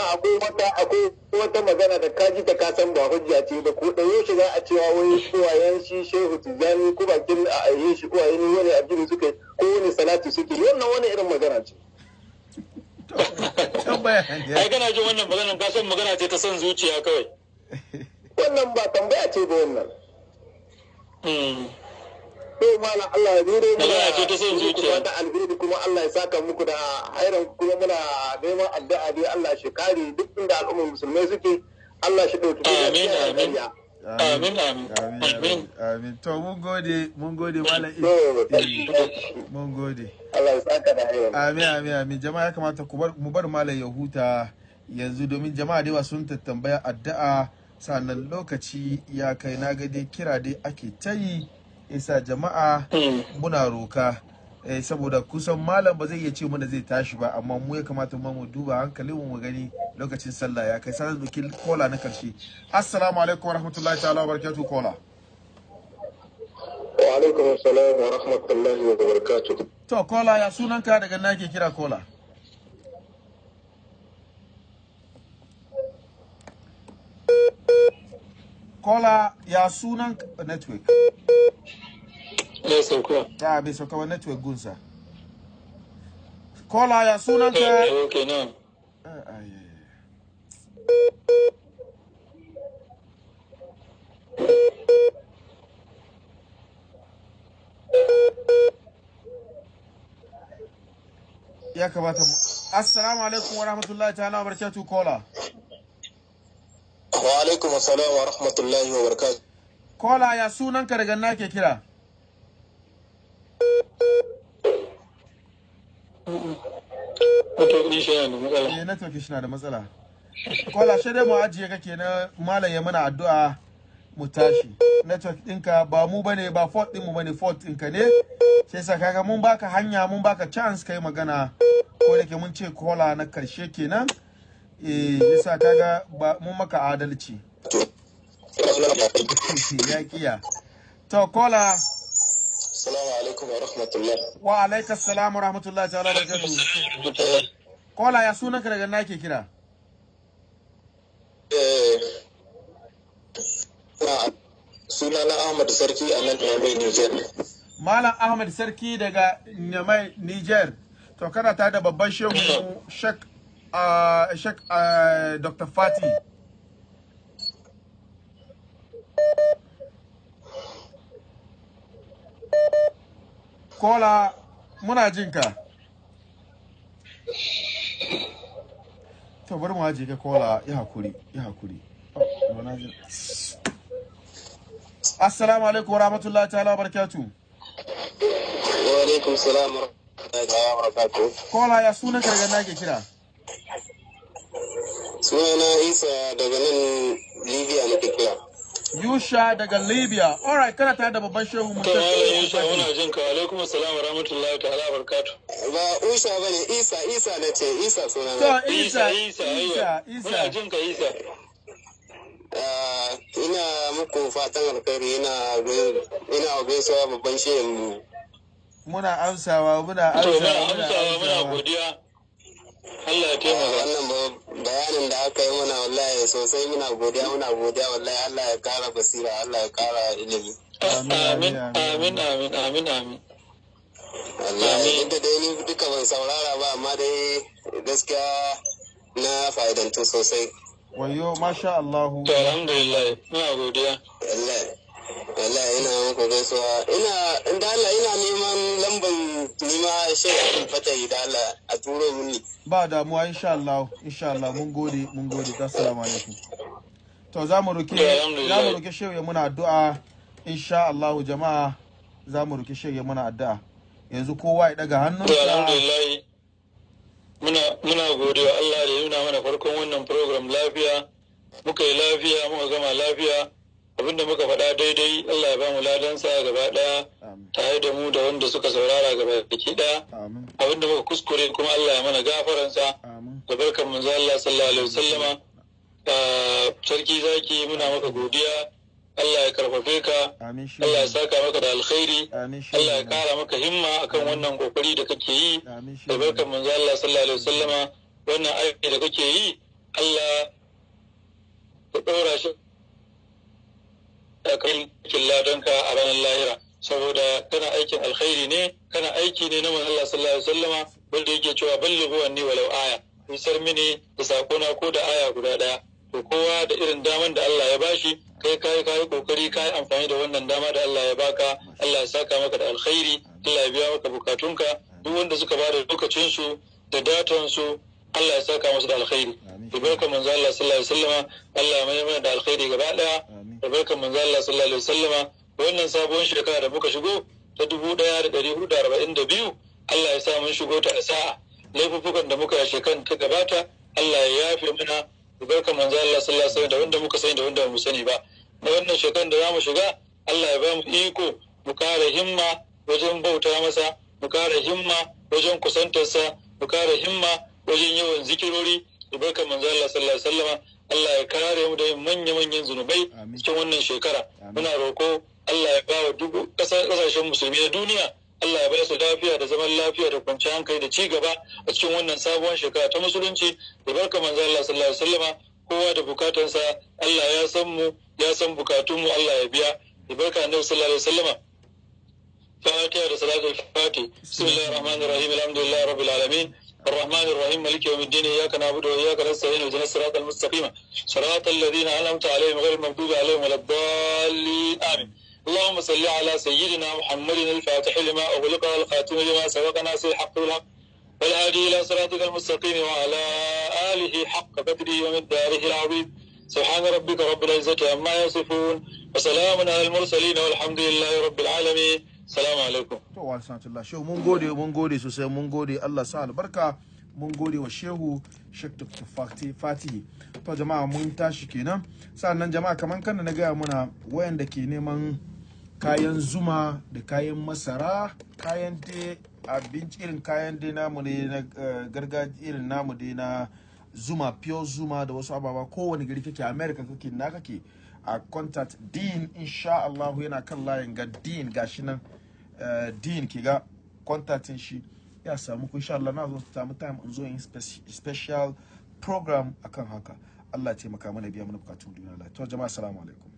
akwai wata akwai wata magana da kaji ta kasan ba hujja ce da ko da yaushe za a cewa wai uwayen shi shehu tijani ko bakin a ayi shi uwayen ni wani abin suke ko wani salatu suke wannan wani irin magana ce ai kana jin wannan maganar ka san magana ce ta son zuciya kawai wannan ba tambaya ce ba wannan hmm. to malam Allah ya zure mu da ce ta son zuciya da alheri kuma Allah ya saka muku da hairan kuma muna neman addu'a dai Allah shi kare duk inda al'ummar musulmai suke Allah shi dauki amin amin Amin, amin, amin, amin. To, mun gode, mun gode, wala Mun gode. Allah ya da Amin, amin, amin. Jama'a ya kamata mu bar malam ya huta yanzu domin jama'a da yawa sun tattambaya addu'a sannan lokaci ya kai na ga dai kira dai ake ta yi. isa jama'a muna roka eh, saboda kusan malam ba zai iya ce mana zai tashi ba amma mu ya kamata mu mu duba hankali mu gani lokacin sallah ya kai sanar dokin kola na karshe assalamu alaikum warahmatullahi ta'ala wabarakatuh kola wa alaikum assalam wa rahmatullahi wa barakatuh to kola ya sunan ka daga na ke kira kola Kola ya sunan network. Ya bai sauka ba network gunsa. Kola ya sunan ka. Eh, eh, okay, eh, Ya kamata mu. Assalamu alaikum wa rahmatullahi ta'ala wa barakatuh Kola. Wa alaikum assalam wa rahmatullahi wa barakatuh. Kola ya sunan ka daga nake kira? Network shi eh, shi na da matsala. Kola shi dai mu ajiye kake na malam ya mana addu'a mu tashi. Network dinka ba mu bane ba fault ɗinmu bane fault dinka ne. Sai sa kaga mun baka hanya mun baka chance kai magana. Ko da mun ce kola na karshe kenan. eh yasa kaga ba mu maka adalci ya kiya to kola assalamu alaikum wa rahmatullah wa alaikas salam wa rahmatullah ta'ala barakatuh kola ya sunan ka daga nake kira suna eh, na Ahmad Sarki a nan Nyamai Niger Malam Ahmad Sarki daga Nyamai Niger to kana ta da babban shehu Sheikh uh, Sheikh uh, Dr. Fati. Kola, muna jinka. To bari mu haje ka kola, ya hakuri, ya hakuri. Oh, Assalamu alaikum wa rahmatullahi ta'ala wa barakatuh. Wa alaikum salam wa rahmatullahi wa barakatuh. Kola ya sunan kargan nake kira. Sunana Isa daga nan Libya na kira. Yusha daga Libya. All right, kana tare da babban shehu mu. Kawai Yusha muna jin ka. Alaikum assalam wa rahmatullahi ta'ala barakatuh. Ba Usha bane Isa Isa na ce Isa sunana. To Isa Isa Isa Isa. Muna jin ka Isa. Ah, ina muku fatan alkhairi ina ina gaisuwa babban shehu Muna amsawa muna amsawa muna amsawa muna godiya. Allah ya taimaka wannan bayanin da aka yi muna wallahi sosai muna godiya muna godiya wallahi Allah ya kara basira Allah ya kara ilimi amin amin amin amin amin wallahi inda dai ni duka ban saurara ba amma dai gaskiya na fa'idantu sosai wayo masha Allah alhamdulillah muna godiya Allah. wallahi ina muku gaisuwa ina da Allah ina neman lambar nima da Allah a turo mini ba damuwa insha Allah insha Allah mun gode mun gode assalamu alaikum to za mu roke za mu roke shehu ya muna addu'a insha Allah jama'a za mu roke shehu ya muna addu'a yanzu kowa ya daga hannu alhamdulillah muna muna godewa Allah da ya nuna mana farkon wannan program lafiya muka yi lafiya muka gama lafiya abin da muka faɗa daidai Allah ya bamu ladansa gaba ɗaya tare da mu da wanda suka saurara gaba ke ɗaya abin da muka kuskure kuma Allah ya mana gafaransa da barkan manzo Allah sallallahu alaihi wasallama ah, sarki zaki muna maka godiya Allah ya karfafe ka Allah ya saka maka da alkhairi Allah ya kara maka himma akan wannan kokari da kake yi da barkan manzo Allah sallallahu alaihi wasallama wannan aiki da kake yi Allah ya ɗora shi kai aikin ladanka a ranar lahira saboda kana aikin alkhairi ne kana aiki ne na manzon Allah sallallahu alaihi wasallama wanda yake cewa ballighu anni walau aya isar mini da sakona ko da aya guda daya to kowa da irin daman da Allah ya bashi kai kai kai kokari kai amfani da wannan dama da Allah ya baka Allah ya saka maka da alkhairi Allah ya biya maka bukatunka duk wanda suka bada lokacin su da datan su Allah ya sauka musu da alkhairi da barkan manzo Allah sallallahu alaihi wasallama Allah ya mai da alkhairi gaba daya da barkan manzo Allah sallallahu alaihi wasallama wannan sabon shekara da muka shigo ta dubu daya da dari hudu da arba'in da biyu Allah ya sa mun shigo ta sa'a laifukan da muka shekan kan ta gabata Allah ya yafe mana da barkan manzo Allah sallallahu alaihi wasallama da wanda muka sani da wanda mu sani ba na wannan shekaran da za mu shiga Allah ya ba mu iko mu kare himma wajen bauta masa mu kare himma wajen kusantarsa mu kare himma wajen yawan zikirori da barka manzo Allah sallallahu alaihi wasallama Allah ya kare mu da manya-manyan zunubai cikin wannan shekara muna roko Allah ya ba wa duk kasashen musulmi na duniya Allah ya bada su lafiya da zaman lafiya da kwanciyar hankali da ci gaba a cikin wannan sabuwar shekara ta musulunci da barka manzo Allah sallallahu alaihi wasallama kowa da bukatunsa, Allah ya san mu ya san bukatunmu Allah ya biya da barka annabi sallallahu alaihi wasallama fatiha da salatul fati bismillahir rahmanir rahim alhamdulillahi rabbil alamin الرحمن الرحيم مالك يوم الدين إياك نعبد وإياك نستعين اهدنا الصراط المستقيم صراط الذين أنعمت عليهم غير المغضوب عليهم ولا الضالين آمين اللهم صل على سيدنا محمد الفاتح لما أغلق والخاتم لما سبق ناصر الحق بالحق والهادي إلى صراطك المستقيم وعلى آله حق قدره ومن داره العظيم سبحان ربك رب العزة عما يصفون وسلام على المرسلين والحمد لله رب العالمين Salamu alaikum. To wa Shehu mun gode mun gode sosai mun gode Allah sa albarka mun gode wa Shehu Sheikh Dr. Fati. To jama'a mun tashi kenan. Sannan jama'a kaman kan na gaya muna wayanda ke neman kayan zuma da kayan masara, kayan te abinci irin kayan dai namu ne na eh, gargajiya irin namu dai na zuma pure zuma da wasu ababa kowane gari kake America kake na kake. a contact din insha Allah yana kan layin ga din gashi nan eh, din ki ga contactin shi ya samu ku insha Allah na zo samu time in zo in special program akan haka Allah ya taimaka mana biya mana bukatun duniya to jama'a assalamu alaikum